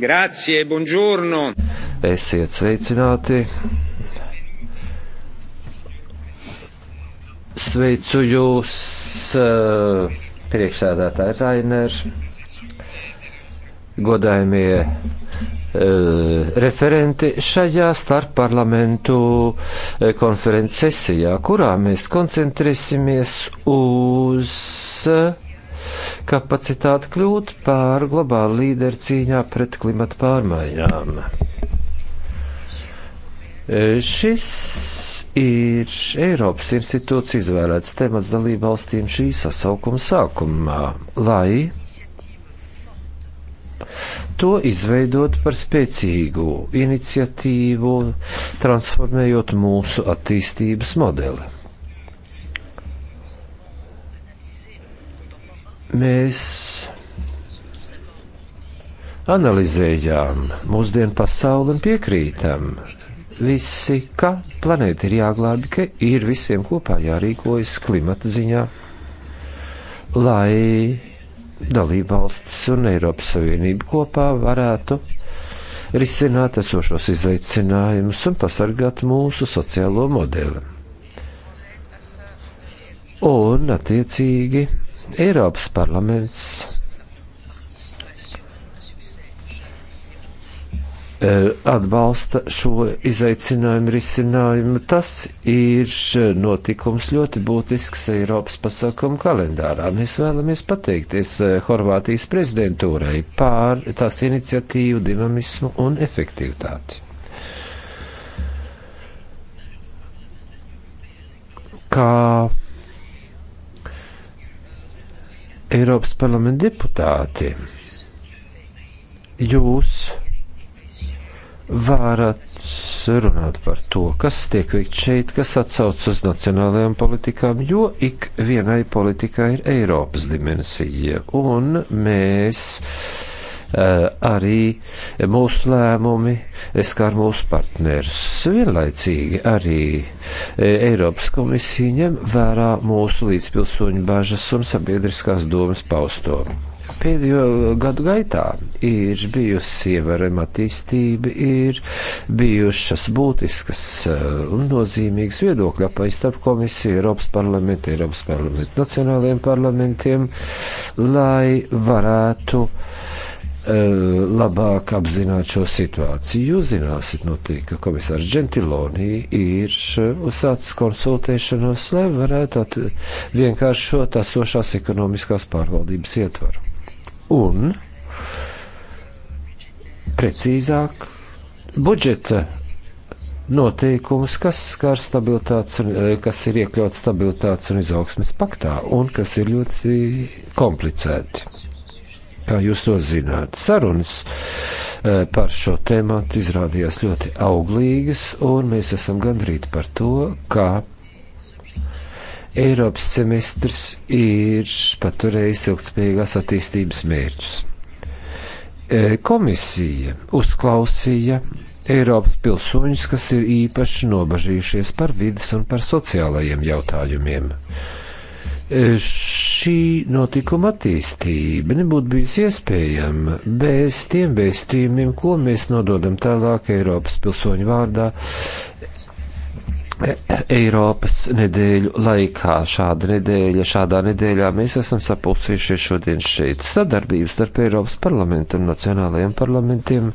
Grazie, buongiorno! Esiet sveicināti! Sveicu jūs, eh, priekšsēdētāji Rainer, godājumie eh, referenti šajā starpparlamentu eh, konferences sesijā, kurā mēs koncentrēsimies uz kapacitāti kļūt par globālu līderu cīņā pret klimatu pārmaiņām. Šis ir Eiropas institūts izvēlēts temats dalību valstīm šī sasaukuma sākumā, lai to izveidot par spēcīgu iniciatīvu, transformējot mūsu attīstības modeli. Mēs analizējām mūsdienu pasauli un piekrītam. Visi, ka planēta ir jāglābi, ka ir visiem kopā jārīkojas klimata ziņā, lai dalībvalsts un Eiropas Savienība kopā varētu risināt esošos izaicinājumus un pasargāt mūsu sociālo modeli. Un, attiecīgi, Eiropas parlaments eh, atbalsta šo izaicinājumu risinājumu. Tas ir eh, notikums ļoti būtisks Eiropas pasākumu kalendārā. Mēs vēlamies pateikties eh, Horvātijas prezidentūrai pār tās iniciatīvu, dinamismu un efektivitāti. Kā Eiropas parlamenta deputāti, jūs varat runāt par to, kas tiek veikts šeit, kas atsauc uz nacionālajām politikām, jo ik vienai politikai ir Eiropas dimensija, un mēs Eh, arī mūsu lēmumi skar mūsu partnerus. Vienlaicīgi arī eh, Eiropas komisija ņem vērā mūsu līdzpilsoņu bažas un sabiedriskās domas pausto. Pēdējo gadu gaitā ir bijusi ievērojama attīstība, ir bijušas būtiskas eh, un nozīmīgas viedokļa apmaiņas starp komisiju, Eiropas parlamentu, Eiropas parlamentu, nacionālajiem parlamentiem, lai varētu uh, Eh, labāk apzināt šo situāciju. Jūs zināsiet noteikti, ka komisārs Gentiloni ir eh, uzsācis konsultēšanos, lai varētu vienkāršot esošās ekonomiskās pārvaldības ietvaru. Un precīzāk budžeta noteikumus, kas skar stabilitātes, un, eh, kas ir iekļauts stabilitātes un izaugsmes paktā un kas ir ļoti komplicēti kā jūs to zināt. Sarunas eh, par šo tēmatu izrādījās ļoti auglīgas, un mēs esam gandrīz par to, kā Eiropas semestrs ir paturējis ilgspējīgās attīstības mērķus. Eh, komisija uzklausīja Eiropas pilsoņus, kas ir īpaši nobažījušies par vidas un par sociālajiem jautājumiem. Šī notikuma attīstība nebūtu bijusi iespējama bez tiem vēstījumiem, ko mēs nododam tālāk Eiropas pilsoņu vārdā, Eiropas nedēļu laikā. Šāda nedēļa, šādā nedēļā mēs esam sapulcējušies šodien šeit. Sadarbības starp Eiropas parlamentu un nacionālajiem parlamentiem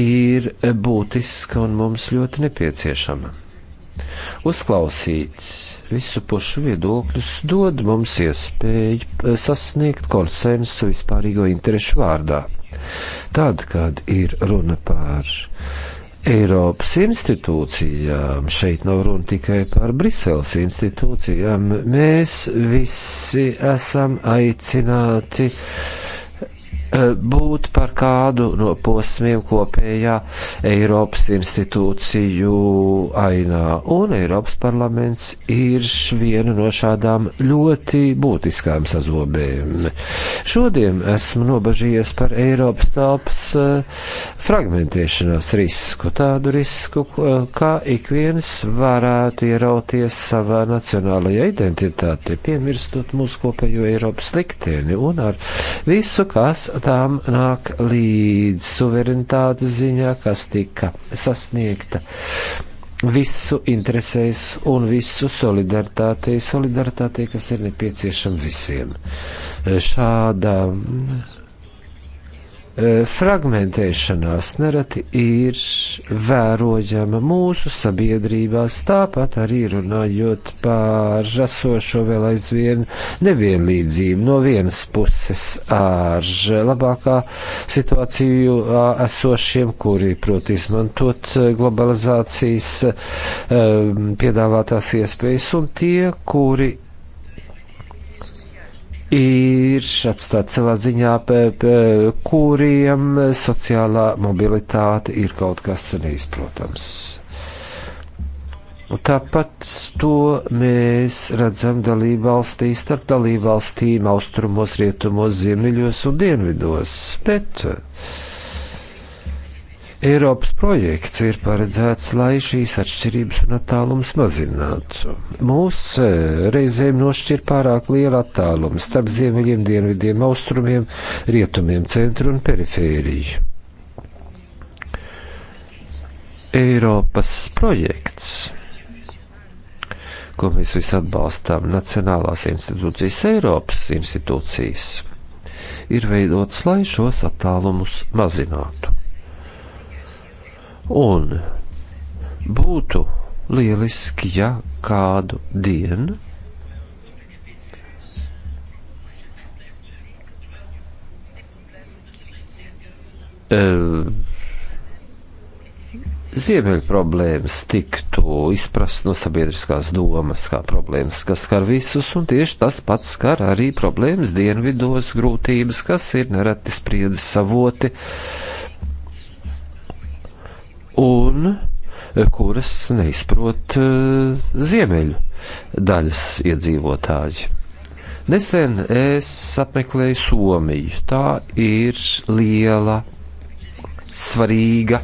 ir būtiska un mums ļoti nepieciešama. Uzklausīt visu pušu viedokļus dod mums iespēju eh, sasniegt konsensu vispārīgo interešu vārdā. Tad, kad ir runa par Eiropas institūcijām, šeit nav runa tikai par Briseles institūcijām, mēs visi esam aicināti Eh, būt par kādu no posmiem kopējā Eiropas institūciju ainā. Un Eiropas parlaments ir viena no šādām ļoti būtiskām sazobēm. Šodien esmu nobažījies par Eiropas telpas eh, fragmentēšanās risku, tādu risku, kā ik viens varētu ierauties savā nacionālajā identitātē, piemirstot mūsu kopējo Eiropas likteni un ar visu, kas tām nāk līdz suverenitātes ziņā, kas tika sasniegta visu interesēs un visu solidaritātei, solidaritātei, kas ir nepieciešama visiem. Šāda Eh, fragmentēšanās nereti ir vērojama mūsu sabiedrībās, tāpat arī runājot par rasošo vēl aizvien nevienlīdzību no vienas puses ar labākā situāciju esošiem, kuri prot izmantot eh, globalizācijas eh, piedāvātās iespējas, un tie, kuri ir atstāt savā ziņā, kuriem sociālā mobilitāte ir kaut kas neizprotams. Tāpat to mēs redzam dalību valstīs, starp dalību valstīm, austrumos, rietumos, ziemeļos un dienvidos. Bet uh, Eiropas projekts ir paredzēts, lai šīs atšķirības un attālums mazinātu. Mūs e, reizēm nošķir pārāk liela attāluma starp ziemeļiem, dienvidiem, austrumiem, rietumiem, centru un perifēriju. Eiropas projekts, ko mēs visi atbalstām, nacionālās institūcijas, Eiropas institūcijas, ir veidots, lai šos attālumus mazinātu. Un būtu lieliski, ja kādu dienu eh, Ziemeļu problēmas tiktu izprast no sabiedriskās domas kā problēmas, kas skar visus, un tieši tas pats skar arī problēmas dienvidos, grūtības, kas ir nereti spriedzes savoti. Uh, un eh, kuras neizprot eh, ziemeļu daļas iedzīvotāji. Nesen es apmeklēju Somiju. Tā ir liela, svarīga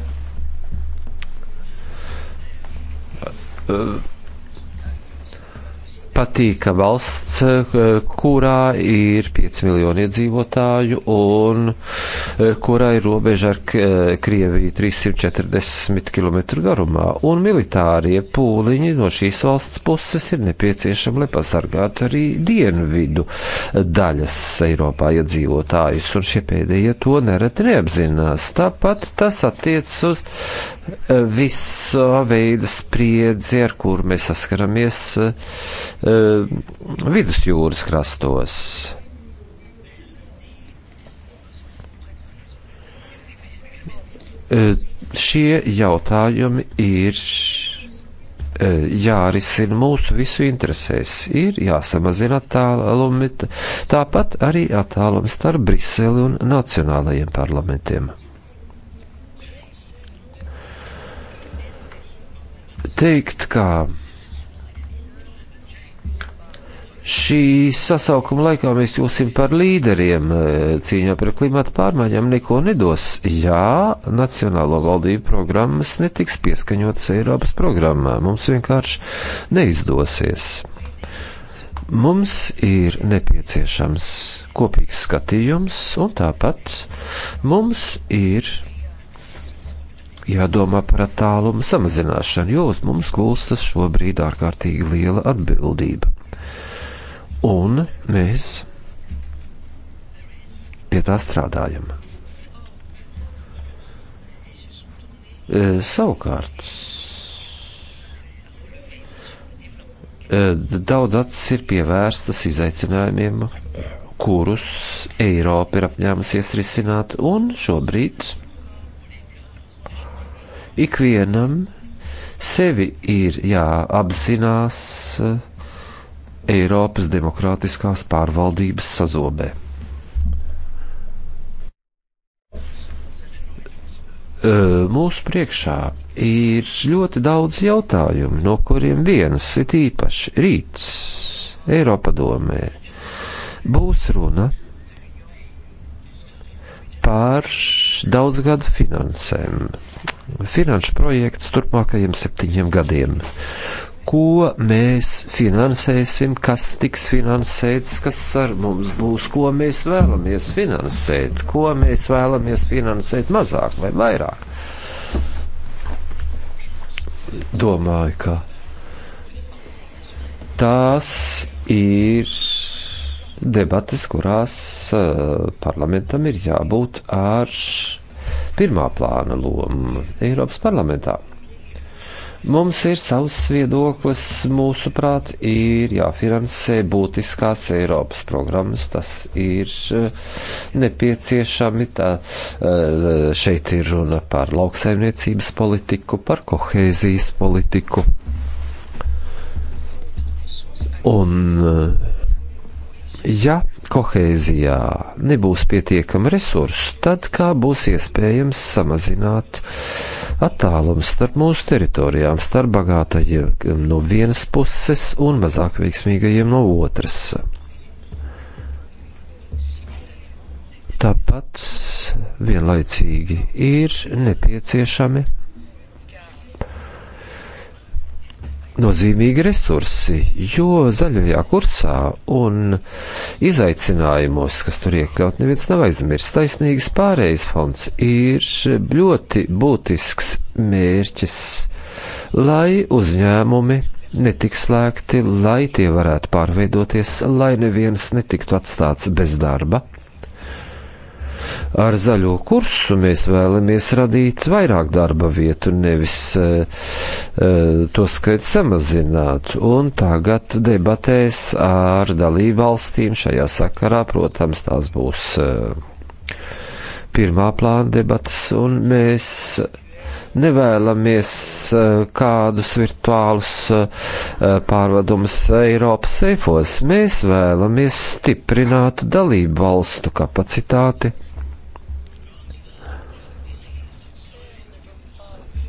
eh, patīka valsts, eh, kurā ir 5 miljoni iedzīvotāju un eh, kurā ir robeža ar eh, Krieviju 340 km garumā. Un militārie pūliņi no šīs valsts puses ir nepieciešami, lai pasargātu arī dienvidu daļas Eiropā iedzīvotājus, un šie pēdējie to nereti neapzinās. Tāpat tas attiec uz visu veidu spriedzi, ar kuru mēs saskaramies Eh, vidusjūras krastos. Eh, šie jautājumi ir eh, jārisina mūsu visu interesēs. Ir jāsamazina attālumi, tāpat arī attālumi starp Briseli un nacionālajiem parlamentiem. Teikt, ka šī sasaukuma laikā mēs kļūsim par līderiem e, cīņā par klimatu pārmaiņām, neko nedos, ja Nacionālo valdību programmas netiks pieskaņotas Eiropas programmā. Mums vienkārši neizdosies. Mums ir nepieciešams kopīgs skatījums, un tāpat mums ir jādomā par attālumu samazināšanu, jo uz mums gulstas šobrīd ārkārtīgi liela atbildība. Un mēs pie tā strādājam. E, savukārt, e, daudz acis ir pievērstas izaicinājumiem, kurus Eiropa ir apņēmusies risināt, un šobrīd ikvienam sevi ir jāapzinās, uh, Eiropas demokrātiskās pārvaldības sazobē. Mūsu priekšā ir ļoti daudz jautājumu, no kuriem viens ir īpaši rīts Eiropadomē. Būs runa par daudzgadu finansēm. Finanšu projekts turpmākajiem septiņiem gadiem ko mēs finansēsim, kas tiks finansēts, kas ar mums būs, ko mēs vēlamies finansēt, ko mēs vēlamies finansēt mazāk vai vairāk. Domāju, ka tās ir debates, kurās uh, parlamentam ir jābūt ar pirmā plāna lomu Eiropas parlamentā. Mums ir savs viedoklis, mūsuprāt, ir jāfinansē būtiskās Eiropas programmas, tas ir eh, nepieciešami. Tā, eh, šeit ir runa par lauksaimniecības politiku, par kohēzijas politiku. Un eh, Ja kohēzijā nebūs pietiekami resursu, tad kā būs iespējams samazināt attālumu starp mūsu teritorijām, starp bagātajiem no vienas puses un mazāk veiksmīgajiem no otras? Tāpat vienlaicīgi ir nepieciešami nozīmīgi resursi, jo zaļajā kursā un izaicinājumos, kas tur iekļaut, neviens nav aizmirsts. Taisnīgs pārējais fonds ir ļoti būtisks mērķis, lai uzņēmumi netik slēgti, lai tie varētu pārveidoties, lai neviens netiktu atstāts bez darba Ar zaļo kursu mēs vēlamies radīt vairāk darba vietu, nevis uh, uh, to skaitu samazināt. Un tagad debatēs ar dalībvalstīm šajā sakarā, protams, tās būs uh, pirmā plāna debatas, un mēs nevēlamies kādus virtuālus pārvadumus Eiropas seifos. Mēs vēlamies stiprināt dalību valstu kapacitāti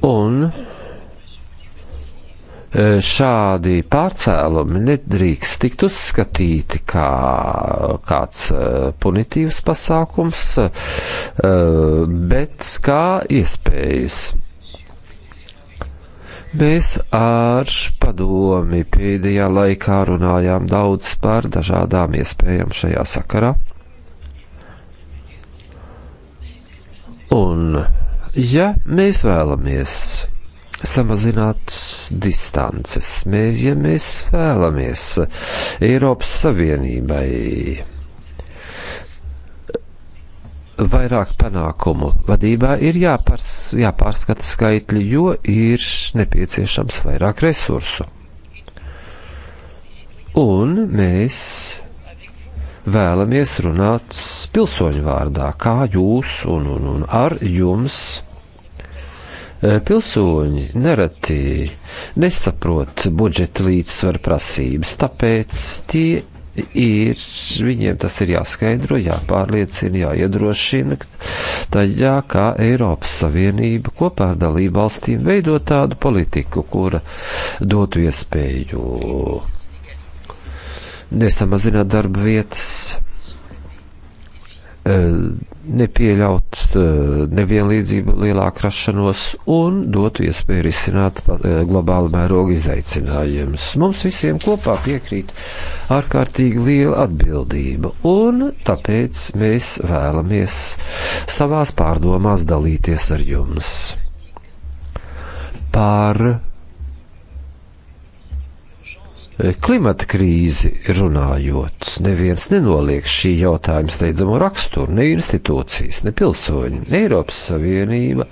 Un e, šādi pārcēlumi nedrīkst tikt uzskatīti kā kāds e, punitīvs pasākums, e, bet kā iespējas. Mēs ar padomi pēdējā laikā runājām daudz par dažādām iespējām šajā sakarā. Un Ja mēs vēlamies samazināt distances, mēs, ja mēs vēlamies Eiropas Savienībai vairāk panākumu vadībā ir jāpārs, jāpārskata skaitļi, jo ir nepieciešams vairāk resursu. Un mēs vēlamies runāt pilsoņu vārdā, kā jūs un, un, un ar jums. E, pilsoņi nereti nesaprot budžeta līdzsvaru prasības, tāpēc tie ir, viņiem tas ir jāskaidro, jāpārliecina, jāiedrošina tajā, kā Eiropas Savienība kopā ar dalību valstīm veido tādu politiku, kura dotu iespēju nesamazināt darba vietas, e, nepieļaut e, nevienlīdzību, lielāku rašanos un dotu iespēju risināt e, globāla mēroga izaicinājumus. Mums visiem kopā piekrīt ārkārtīgi liela atbildība, un tāpēc mēs vēlamies savās pārdomās dalīties ar jums par Klimata krīzi runājot, neviens nenoliek šī jautājuma steidzamo raksturu, ne institūcijas, ne pilsoņi. Eiropas Savienība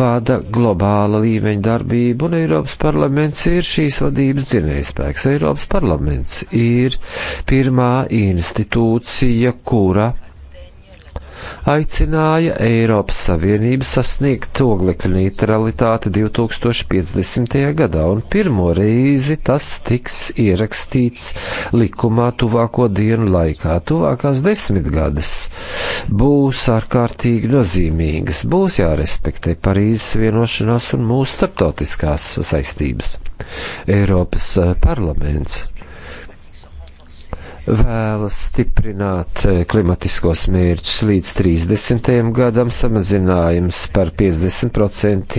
vada globāla līmeņa darbību, un Eiropas parlaments ir šīs vadības dzinējspēks. Eiropas parlaments ir pirmā institūcija, kura aicināja Eiropas Savienību sasniegt oglekļa neutralitāti 2050. gadā, un pirmo reizi tas tiks ierakstīts likumā tuvāko dienu laikā. Tuvākās desmitgades būs ārkārtīgi nozīmīgas, būs jārespektē Parīzes vienošanās un mūsu starptautiskās saistības. Eiropas eh, parlaments vēlas stiprināt eh, klimatiskos mērķus līdz 30. gadam, samazinājums par 50%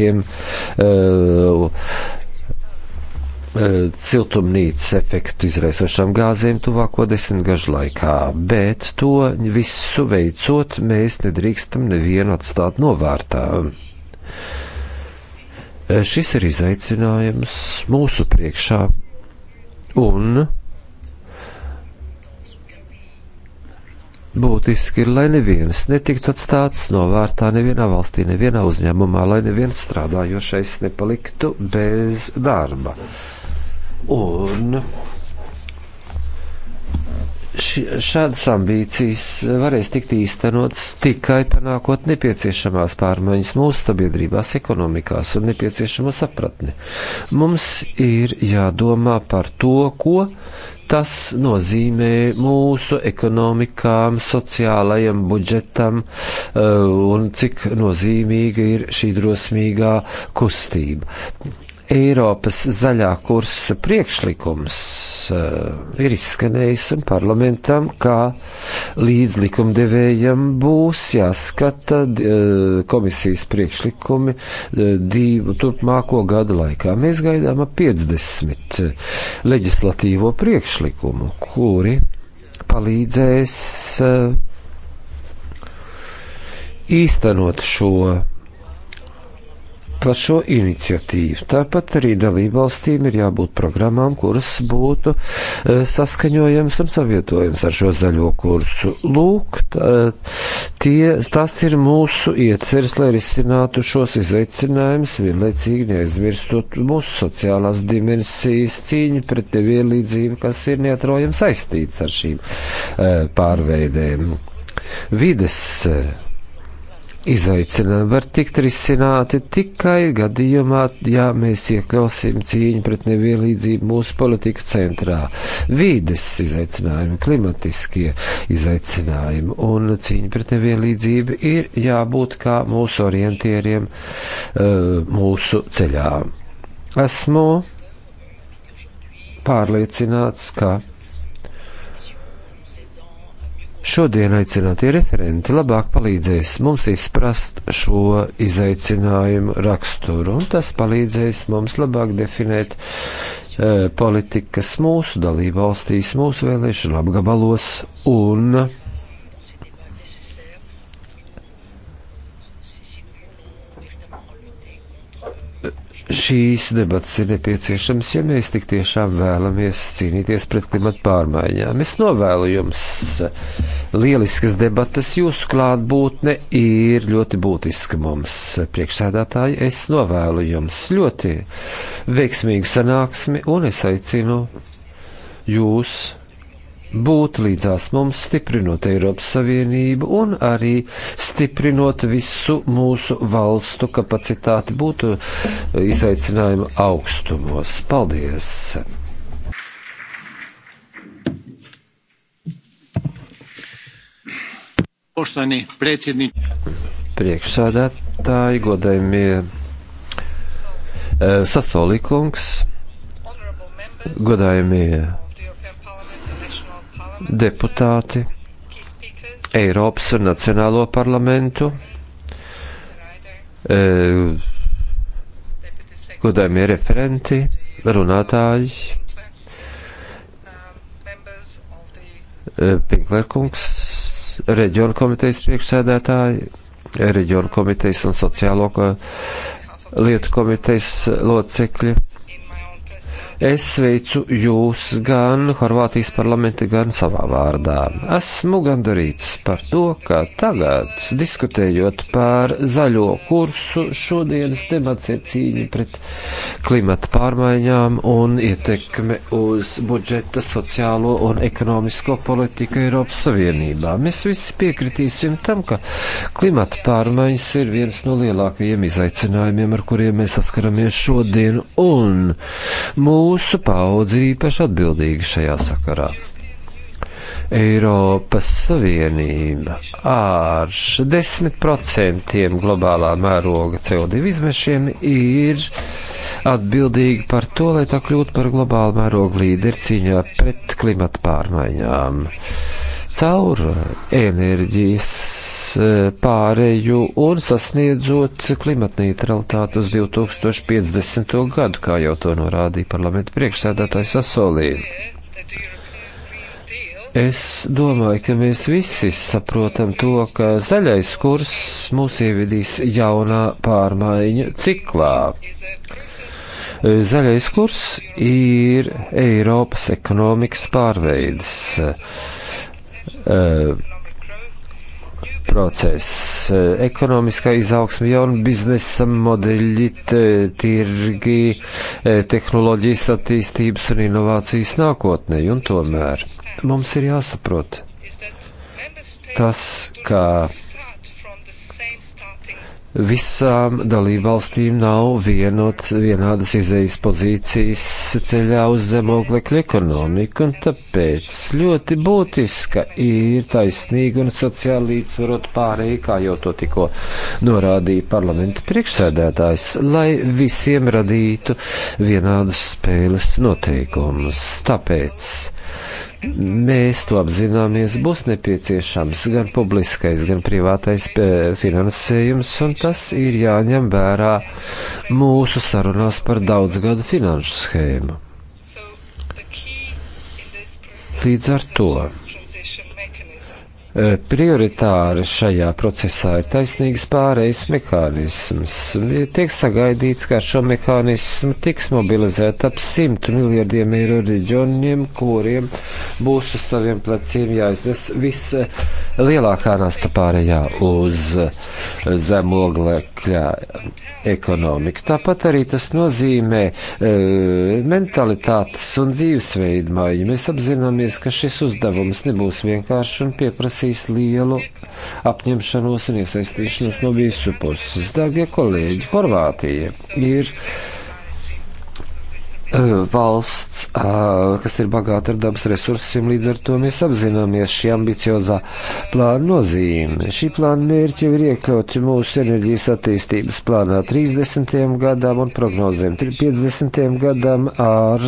ciltumnīcas eh, eh, efektu izraisošām gāzēm tuvāko desmitgažu laikā, bet to visu veicot, mēs nedrīkstam nevienu atstāt novārtā. Šis ir izaicinājums mūsu priekšā, un Būtiski ir, lai neviens netiktu atstāts novārtā nevienā valstī, nevienā uzņēmumā, lai neviens strādājošais nepaliktu bez darba. Un šādas ambīcijas varēs tikt īstenotas tikai panākot nepieciešamās pārmaiņas mūsu sabiedrībās, ekonomikās un nepieciešamo sapratni. Mums ir jādomā par to, ko tas nozīmē mūsu ekonomikām, sociālajam budžetam eh, un cik nozīmīga ir šī drosmīgā kustība Eiropas zaļā kursa priekšlikums eh, ir izskanējis un parlamentam, kā līdzlikumdevējam būs jāskata eh, komisijas priekšlikumi eh, divu turpmāko gadu laikā. Mēs gaidām ap 50 leģislatīvo priekšlikumu, kuri palīdzēs īstenot šo par šo iniciatīvu. Tāpat arī dalībvalstīm ir jābūt programmām, kuras būtu e, saskaņojams un savietojams ar šo zaļo kursu. Lūk, tā, tie, tas ir mūsu ieceres, lai risinātu šos izaicinājumus, vienlaicīgi neaizmirstot mūsu sociālās dimensijas cīņu pret nevienlīdzību, kas ir neatrojams saistīts ar šīm e, pārveidēm. Vides e, izaicinājumi var tikt risināti tikai gadījumā, ja mēs iekļausim cīņu pret nevienlīdzību mūsu politiku centrā. Vīdes izaicinājumi, klimatiskie izaicinājumi un cīņa pret nevienlīdzību ir jābūt kā mūsu orientieriem eh, mūsu ceļā. Esmu pārliecināts, ka Šodien aicinātie referenti labāk palīdzēs mums izprast šo izaicinājumu raksturu, un tas palīdzēs mums labāk definēt e, politikas mūsu dalībvalstīs, mūsu vēlēšanu apgabalos un šīs debats ir nepieciešams, ja mēs tik tiešām vēlamies cīnīties pret klimatu pārmaiņām. Es novēlu jums lieliskas debatas, jūsu klātbūtne ir ļoti būtiska mums. Priekšsēdētāji, es novēlu jums ļoti veiksmīgu sanāksmi un es aicinu jūs būt līdzās mums, stiprinot Eiropas Savienību un arī stiprinot visu mūsu valstu kapacitāti būt uh, izaicinājuma augstumos. Paldies! Priekšsādātāji, godējumie uh, Sasolīkungs, godājumie deputāti, Eiropas un Nacionālo parlamentu, eh, godājumie referenti, runātāji, eh, Pinklerkungs, reģionu komitejas priekšsēdētāji, reģionu komitejas un sociālo eh, lietu komitejas locekļi Es sveicu jūs gan Horvātijas parlamenta, gan savā vārdā. Esmu gandarīts par to, ka tagad, diskutējot par zaļo kursu, šodienas temats ir cīņa pret klimata pārmaiņām un ietekme uz budžeta, sociālo un ekonomisko politiku Eiropas Savienībā. Mēs visi piekritīsim tam, ka klimata pārmaiņas ir viens no lielākajiem izaicinājumiem, ar kuriem mēs saskaramies šodien. Un mūsu mūsu paudzi īpaši atbildīgi šajā sakarā. Eiropas Savienība ar 10% globālā mēroga CO2 izmešiem ir atbildīga par to, lai tā kļūtu par globālu mērogu līderi cīņā pret klimata pārmaiņām. Uh, caur enerģijas e, pāreju un sasniedzot klimatneutralitāti uz 2050. gadu, kā jau to norādīja parlamenta priekšsēdētājs Asolī. Es domāju, ka mēs visi saprotam to, ka zaļais kurs mūs ievedīs jaunā pārmaiņu ciklā. Zaļais kurs ir Eiropas ekonomikas pārveids. Uh, process. Uh, Ekonomiskā izaugsme, jauni biznesa modeļi, te, tirgi, uh, tehnoloģijas attīstības un inovācijas nākotnē. Un tomēr mums ir jāsaprot tas, ka visām dalībvalstīm nav vienots, vienādas izējas pozīcijas ceļā uz zemoglekļa ekonomiku, un tāpēc ļoti būtiska ir taisnīga un sociāli līdzsvarot pārēj, kā jau to tikko norādīja parlamenta priekšsēdētājs, lai visiem radītu vienādus spēles noteikumus. Tāpēc Mēs to apzināmies, būs nepieciešams gan publiskais, gan privātais eh, finansējums, un tas ir jāņem vērā mūsu sarunās par daudzgadu finanšu schēmu. Līdz ar to Eh, prioritāri šajā procesā ir taisnīgs pārejas mehānisms. Tiek sagaidīts, ka šo mehānismu tiks mobilizēt ap 100 miljardiem eiro reģioniem, kuriem būs uz saviem pleciem jāiznes vislielākā nasta pārējā uz zemoglekļa ekonomiku. Tāpat arī tas nozīmē e, mentalitātes un dzīvesveidu maiņu. Mēs apzināmies, ka šis uzdevums nebūs vienkāršs un pieprasīts prasīs lielu apņemšanos un iesaistīšanos no visu puses. Dārgie kolēģi, Horvātija ir Eh, valsts, eh, kas ir bagāta ar dabas resursiem, līdz ar to mēs apzināmies šī ambiciozā plāna nozīmi. Šī plāna mērķi ir iekļauti mūsu enerģijas attīstības plānā 30. gadam un prognozēm 50. gadam ar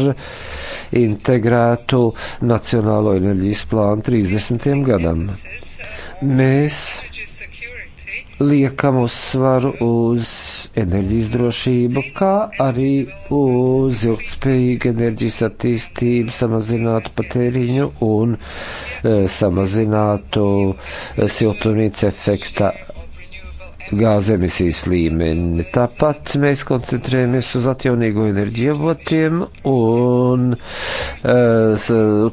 integrētu nacionālo enerģijas plānu 30. gadam. Mēs liekam uzsvaru uz enerģijas drošību, kā arī uz ilgspējīgu enerģijas attīstību, samazinātu patēriņu un e, samazinātu e, siltumnīca efekta gāzes emisijas līmeni. Tāpat mēs koncentrējamies uz atjaunīgo enerģiju avotiem un uh,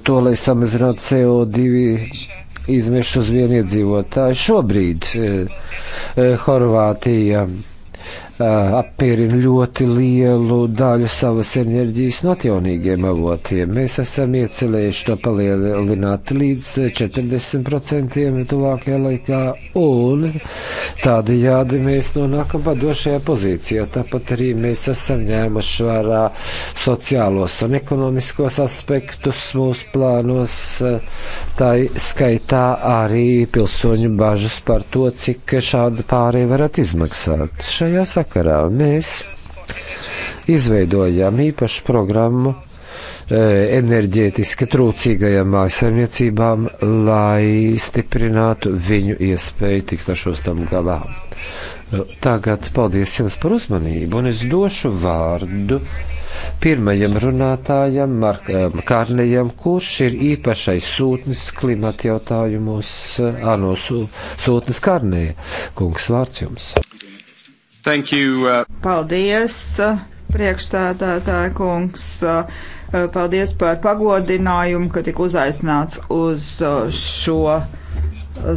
to, lai samazinātu CO2 izmešs uz vienu iedzīvotāju. Šobrīd eh, eh, Horvātija apmierina ļoti lielu daļu savas enerģijas no atjaunīgiem avotiem. Mēs esam iecerējuši to palielināt līdz 40% tuvākajā laikā, un tādējādi mēs nonākam padošajā pozīcijā. Tāpat arī mēs esam ņēmuši vērā sociālos un ekonomiskos aspektus mūsu plānos, tā skaitā arī pilsoņu bažas par to, cik šāda pārēja varat izmaksāt. Šajā sakā sakarā. Mēs izveidojām īpašu programmu e, enerģētiski trūcīgajām mājasaimniecībām, lai stiprinātu viņu iespēju tikt ar šos tam galā. Nu, tagad paldies jums par uzmanību, un es došu vārdu pirmajam runātājam, Markam e, Kārnejam, kurš ir īpašais sūtnis klimata jautājumos, ANO sūtnis Kārnē. Kungs, vārds jums! Thank you. Uh... Paldies, uh, priekšstādātāja kungs. Uh, uh, paldies par pagodinājumu, ka tik uzaicināts uz šo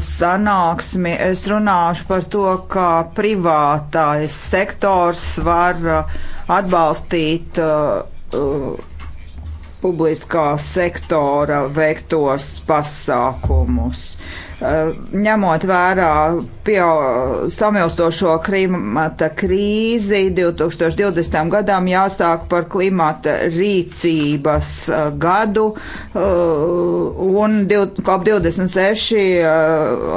sanāksmi. Es runāšu par to, kā privātais sektors var atbalstīt uh, publiskā sektora veiktos pasākumus. Eh, ņemot vērā pie samilstošo klimata krīzi 2020. gadam jāsāk par klimata rīcības eh, gadu eh, un COP26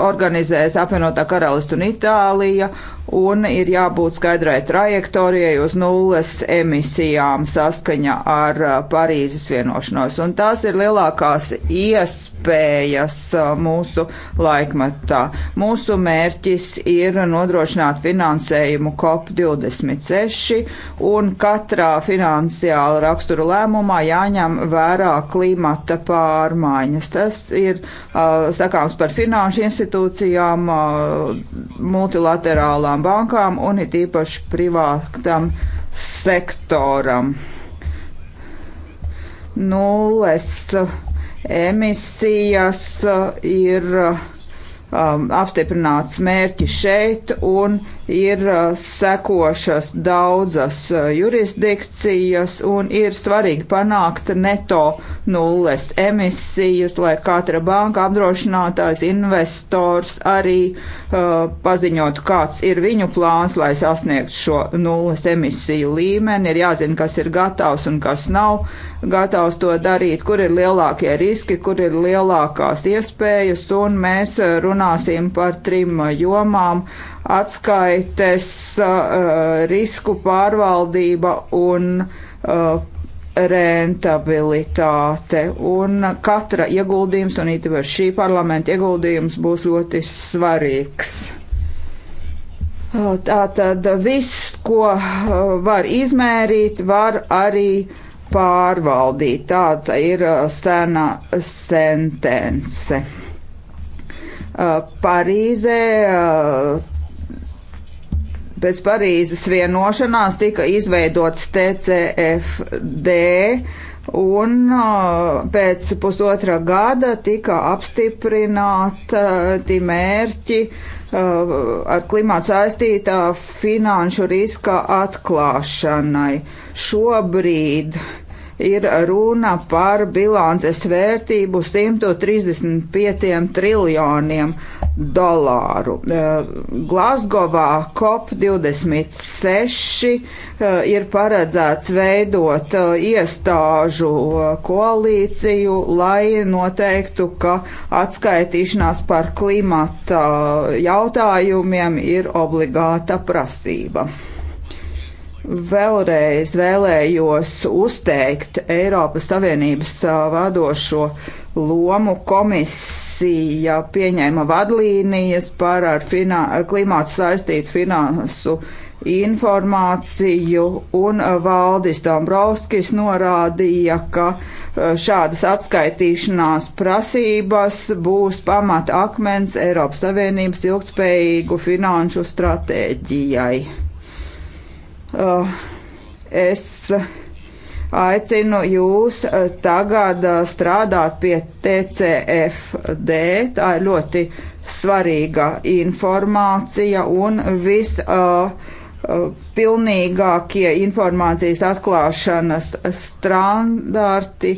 organizēs apvienotā karalista un Itālija un ir jābūt skaidrai trajektorijai uz nulles emisijām saskaņa ar uh, Parīzes vienošanos. Un tās ir lielākās iespējas uh, mūsu laikmatā. Mūsu mērķis ir nodrošināt finansējumu COP26 un katrā finansiāla rakstura lēmumā jāņem vērā klimata pārmaiņas. Tas ir uh, sakāms par finanšu institūcijām, multilaterālām privātām bankām un it īpaši privātam sektoram. Nulles emisijas ir um, apstiprināts mērķis šeit un uh, ir sekošas daudzas jurisdikcijas un ir svarīgi panākt neto nulles emisijas, lai katra banka apdrošinātājs investors arī uh, paziņotu, kāds ir viņu plāns, lai sasniegtu šo nulles emisiju līmeni. Ir jāzina, kas ir gatavs un kas nav gatavs to darīt, kur ir lielākie riski, kur ir lielākās iespējas, un mēs runāsim par trim jomām atskaitīt apraites, uh, uh, risku pārvaldība un uh, rentabilitāte. Un katra ieguldījums, un īpaši šī parlamenta ieguldījums, būs ļoti svarīgs. Tātad viss, ko var izmērīt, var arī pārvaldīt. Tāda ir sena sentence. Parīzē pēc Parīzes vienošanās tika izveidots TCFD, un uh, pēc pusotra gada tika apstiprināti uh, mērķi uh, ar klimātu saistītā finanšu riska atklāšanai. Šobrīd uh, ir runa par bilances vērtību 135 triljoniem dolāru. Eh, Glasgovā COP26 eh, ir paredzēts veidot eh, iestāžu koalīciju, lai noteiktu, ka atskaitīšanās par klimata jautājumiem ir obligāta prasība. Vēlreiz vēlējos uzteikt Eiropas Savienības vadošo lomu. Komisija pieņēma vadlīnijas par ar finā, klimātu saistītu finansu informāciju, un Valdis Dombrovskis norādīja, ka šādas atskaitīšanās prasības būs pamata akmens Eiropas Savienības ilgspējīgu finanšu stratēģijai Eh, es aicinu jūs eh, tagad eh, strādāt pie TCFD. Tā ir ļoti svarīga informācija un viss. Uh, pilnīgākie informācijas atklāšanas standarti,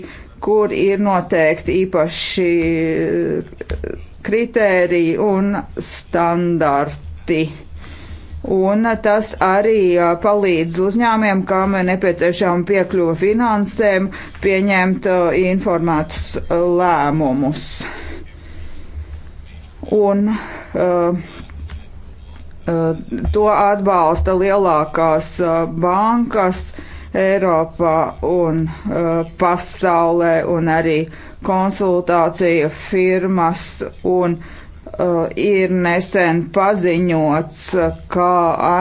kur ir noteikti īpaši kritēriji un standarti. Un tas arī palīdz uzņēmiem, kam nepieciešama piekļuva finansēm, pieņemt informētus lēmumus. Un uh, uh, to atbalsta lielākās bankas Eiropā un uh, pasaulē, un arī konsultācija firmas un uh, Eh, ir nesen paziņots, ka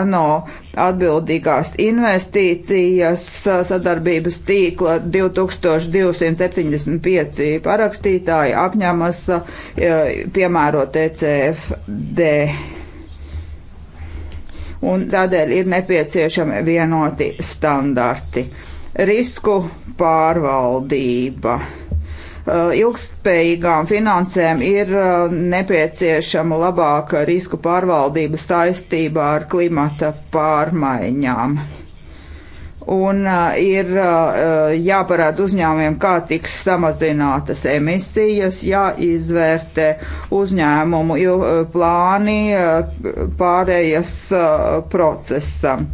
ANO atbildīgās investīcijas eh, sadarbības tīkla 2275 parakstītāji apņemas eh, piemērot ECFD. Un tādēļ ir nepieciešami vienoti standarti. Risku pārvaldība Eh, ilgspējīgām finansēm ir eh, nepieciešama labāka risku pārvaldība saistībā ar klimata pārmaiņām. Un eh, ir jāparāda uzņēmumiem, kā tiks samazinātas emisijas, jāizvērtē uzņēmumu plāni pārējas procesam.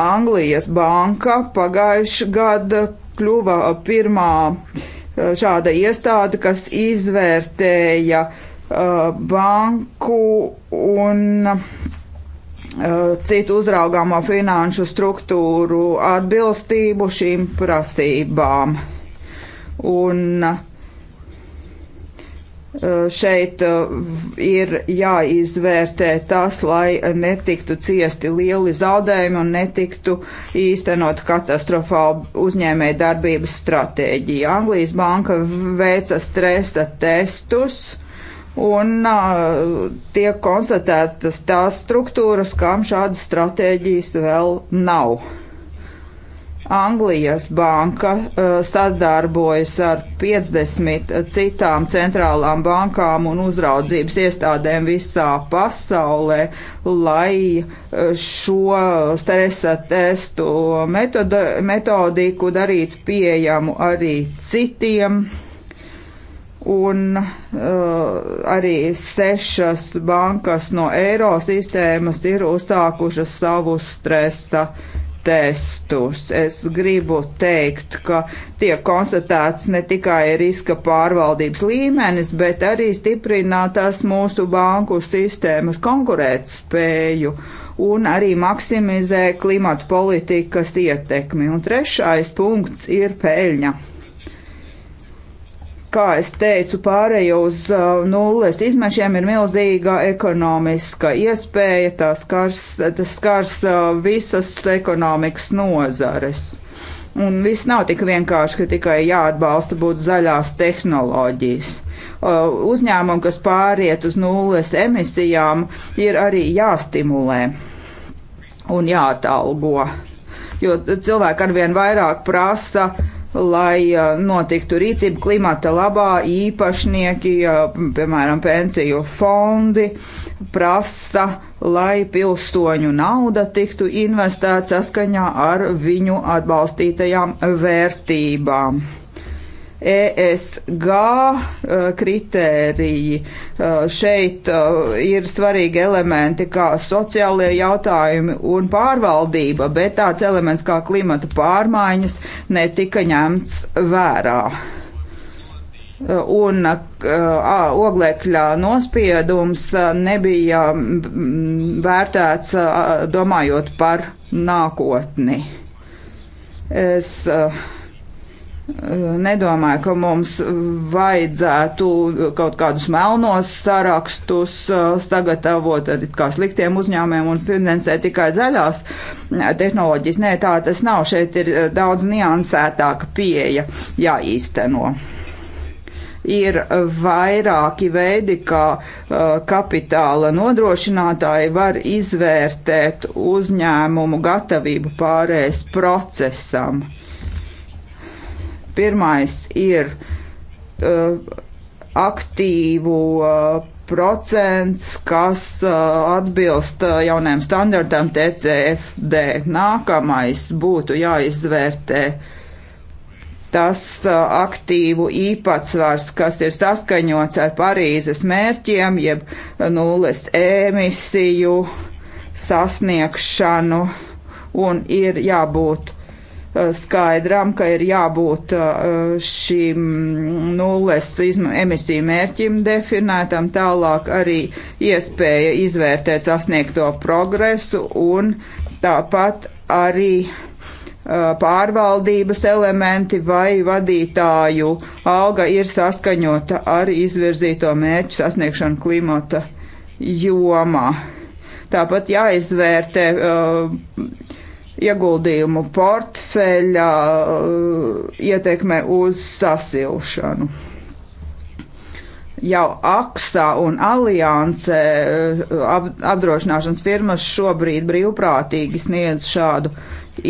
Anglijas banka pagājuši gada kļuva uh, pirmā uh, šāda iestāde, kas izvērtēja uh, banku un citu uzraugāmo finanšu struktūru atbilstību šīm prasībām. Un uh, Eh, šeit eh, ir jāizvērtē tas, lai netiktu ciesti lieli zaudējumi un netiktu īstenot katastrofālu uzņēmēju darbības stratēģiju. Anglijas banka veica stresa testus un uh, tiek konstatētas tās struktūras, kam šādas stratēģijas vēl nav. Anglijas banka uh, sadarbojas ar 50 citām centrālām bankām un uzraudzības iestādēm visā pasaulē, lai uh, šo stresa testu metodu, metodiku darītu pieejamu arī citiem un uh, arī sešas bankas no eiro sistēmas ir uzsākušas savu stresa testus. Es gribu teikt, ka tiek konstatēts ne tikai riska pārvaldības līmenis, bet arī stiprinātās mūsu banku sistēmas konkurētspēju un arī maksimizē klimatu politikas ietekmi. Un trešais punkts ir peļņa kā es teicu, pārējo uz uh, nulles izmešiem ir milzīga ekonomiska iespēja, tas skars, tas skars uh, visas ekonomikas nozares. Un viss nav tik vienkārši, ka tikai jāatbalsta būtu zaļās tehnoloģijas. Uh, uzņēmumi, kas pāriet uz nulles emisijām, ir arī jāstimulē un jāatalgo, jo cilvēki arvien vairāk prasa uh, lai notiktu rīcība klimata labā, īpašnieki, piemēram, pensiju fondi prasa, lai pilsoņu nauda tiktu investēta saskaņā ar viņu atbalstītajām vērtībām. ESG e, kritēriji. E, šeit e, ir svarīgi elementi kā sociālie jautājumi un pārvaldība, bet tāds elements kā klimata pārmaiņas netika ņemts vērā. Un a, oglekļa nospiedums nebija vērtēts domājot par nākotni. Es uh, Nedomāju, ka mums vajadzētu kaut kādus melnos sarakstus uh, sagatavot ar kā sliktiem uzņēmumiem un finansēt tikai zaļās uh, tehnoloģijas. Nē, tā tas nav. Šeit ir uh, daudz niansētāka pieeja jāīsteno ir vairāki veidi, kā kapitāla nodrošinātāji var izvērtēt uzņēmumu gatavību pārējais procesam. Pirmais ir uh, aktīvu uh, procents, kas uh, atbilst uh, jaunajam standartam TCFD. Nākamais būtu jāizvērtē tas uh, aktīvu īpatsvars, kas ir saskaņots ar Parīzes mērķiem, jeb nulles emisiju sasniegšanu un ir jābūt Eh, skaidrām, ka ir jābūt eh, šīm nulles emisiju mērķim definētam, tālāk arī iespēja izvērtēt sasniegto progresu un tāpat arī eh, pārvaldības elementi vai vadītāju alga ir saskaņota ar izvirzīto mērķu sasniegšanu klimata jomā. Tāpat jāizvērtē uh, ieguldījumu portfeļa uh, ietekme uz sasilšanu. Jau AXA un Alianse uh, apdrošināšanas firmas šobrīd brīvprātīgi sniedz šādu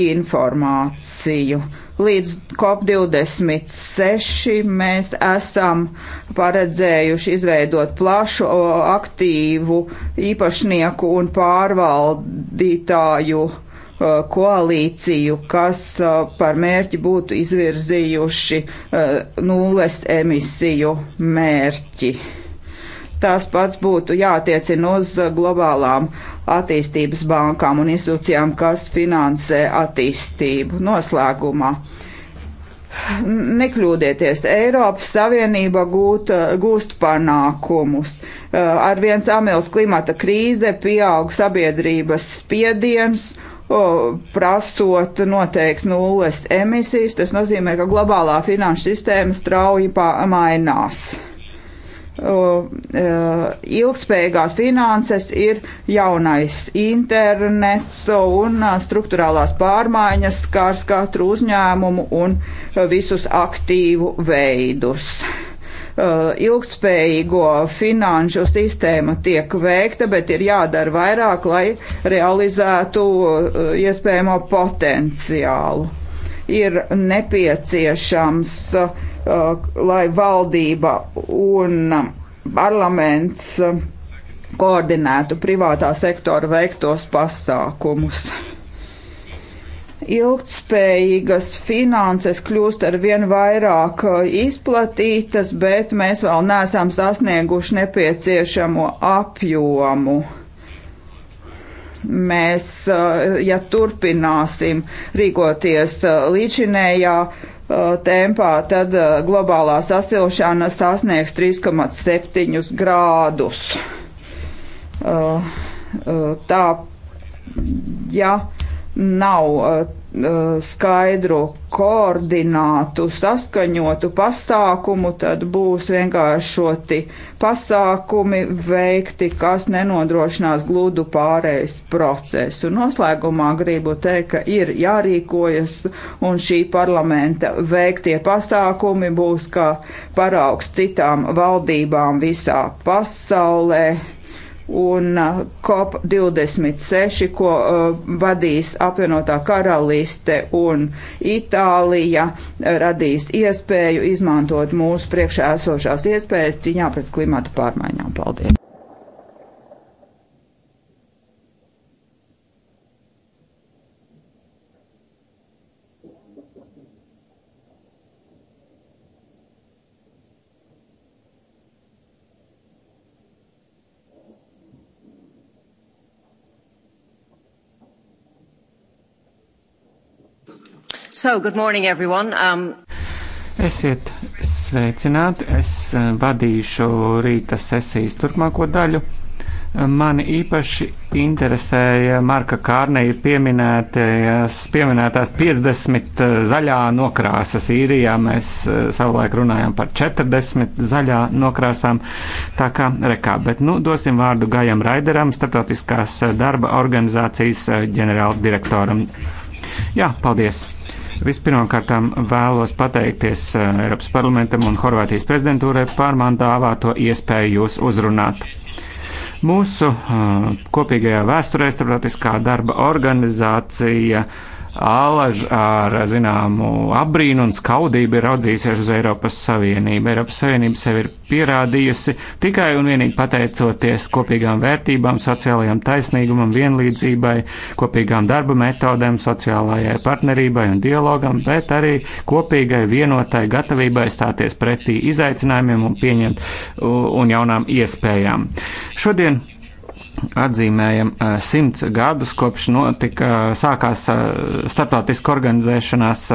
informāciju. Līdz COP26 mēs esam paredzējuši izveidot plašu aktīvu īpašnieku un pārvaldītāju uh, Uh, koalīciju, kas uh, par mērķi būtu izvirzījuši uh, nulles emisiju mērķi. Tas pats būtu jātiecina uz globālām attīstības bankām un institūcijām, kas finansē attīstību noslēgumā. Nekļūdieties, Eiropas Savienība gūt, gūst panākumus. Ar viens amils klimata krīze pieaug sabiedrības spiediens prasot noteikti nulles emisijas. Tas nozīmē, ka globālā finanšu sistēma strauji mainās. E, ilgspējīgās finanses ir jaunais internets un e, struktūrālās pārmaiņas skars katru uzņēmumu un visus aktīvu veidus. Eh, ilgspējīgo finanšu sistēma tiek veikta, bet ir jādara vairāk, lai realizētu eh, iespējamo potenciālu. Ir nepieciešams, eh, lai valdība un parlaments koordinētu privātā sektora veiktos pasākumus ilgtspējīgas finanses kļūst ar vien vairāk uh, izplatītas, bet mēs vēl neesam sasnieguši nepieciešamo apjomu. Mēs, uh, ja turpināsim rīkoties uh, līdzinējā tempā, tad globālā sasilšana sasniegs 3,7 grādus. Tā, ja nav eh, eh, skaidru, koordinātu, saskaņotu pasākumu, tad būs vienkāršoti pasākumi veikti, kas nenodrošinās glūdu pārējais procesu. Noslēgumā gribu teikt, ka ir jārīkojas un šī parlamenta veiktie pasākumi būs kā paraugs citām valdībām visā pasaulē un COP26, ko uh, vadīs apvienotā karaliste un Itālija, radīs iespēju izmantot mūsu priekšā esošās iespējas cīņā pret klimata pārmaiņām. Paldies! So, good morning, everyone. Um... Esiet sveicināti, es eh, vadīšu rīta sesijas turpmāko daļu. Mani īpaši interesēja Marka Kārneja pieminētās 50 eh, zaļā nokrāsas īrijā. Mēs eh, savulaik runājām par 40 zaļā nokrāsām, tā kā rekā. Bet, nu, dosim vārdu Gajam Raideram, starptautiskās darba organizācijas ģenerāldirektoram. Jā, paldies! Vispirmkārtām vēlos pateikties eh, Eiropas parlamentam un Horvātijas prezidentūrai par man dāvāto iespēju jūs uzrunāt. Mūsu eh, kopīgajā vēsturē starptautiskā darba organizācija uh, Alaž ar zināmu apbrīnu un skaudību ir raudzījusies uz Eiropas Savienību. Eiropas Savienība sev ir pierādījusi tikai un vienīgi pateicoties kopīgām vērtībām, sociālajām taisnīgumam, vienlīdzībai, kopīgām darba metodēm, sociālajai partnerībai un dialogam, bet arī kopīgai vienotai gatavībai stāties pretī izaicinājumiem un pieņemt un jaunām iespējām. Šodien atzīmējam simts gadus kopš notika, sākās starptautiska organizēšanās,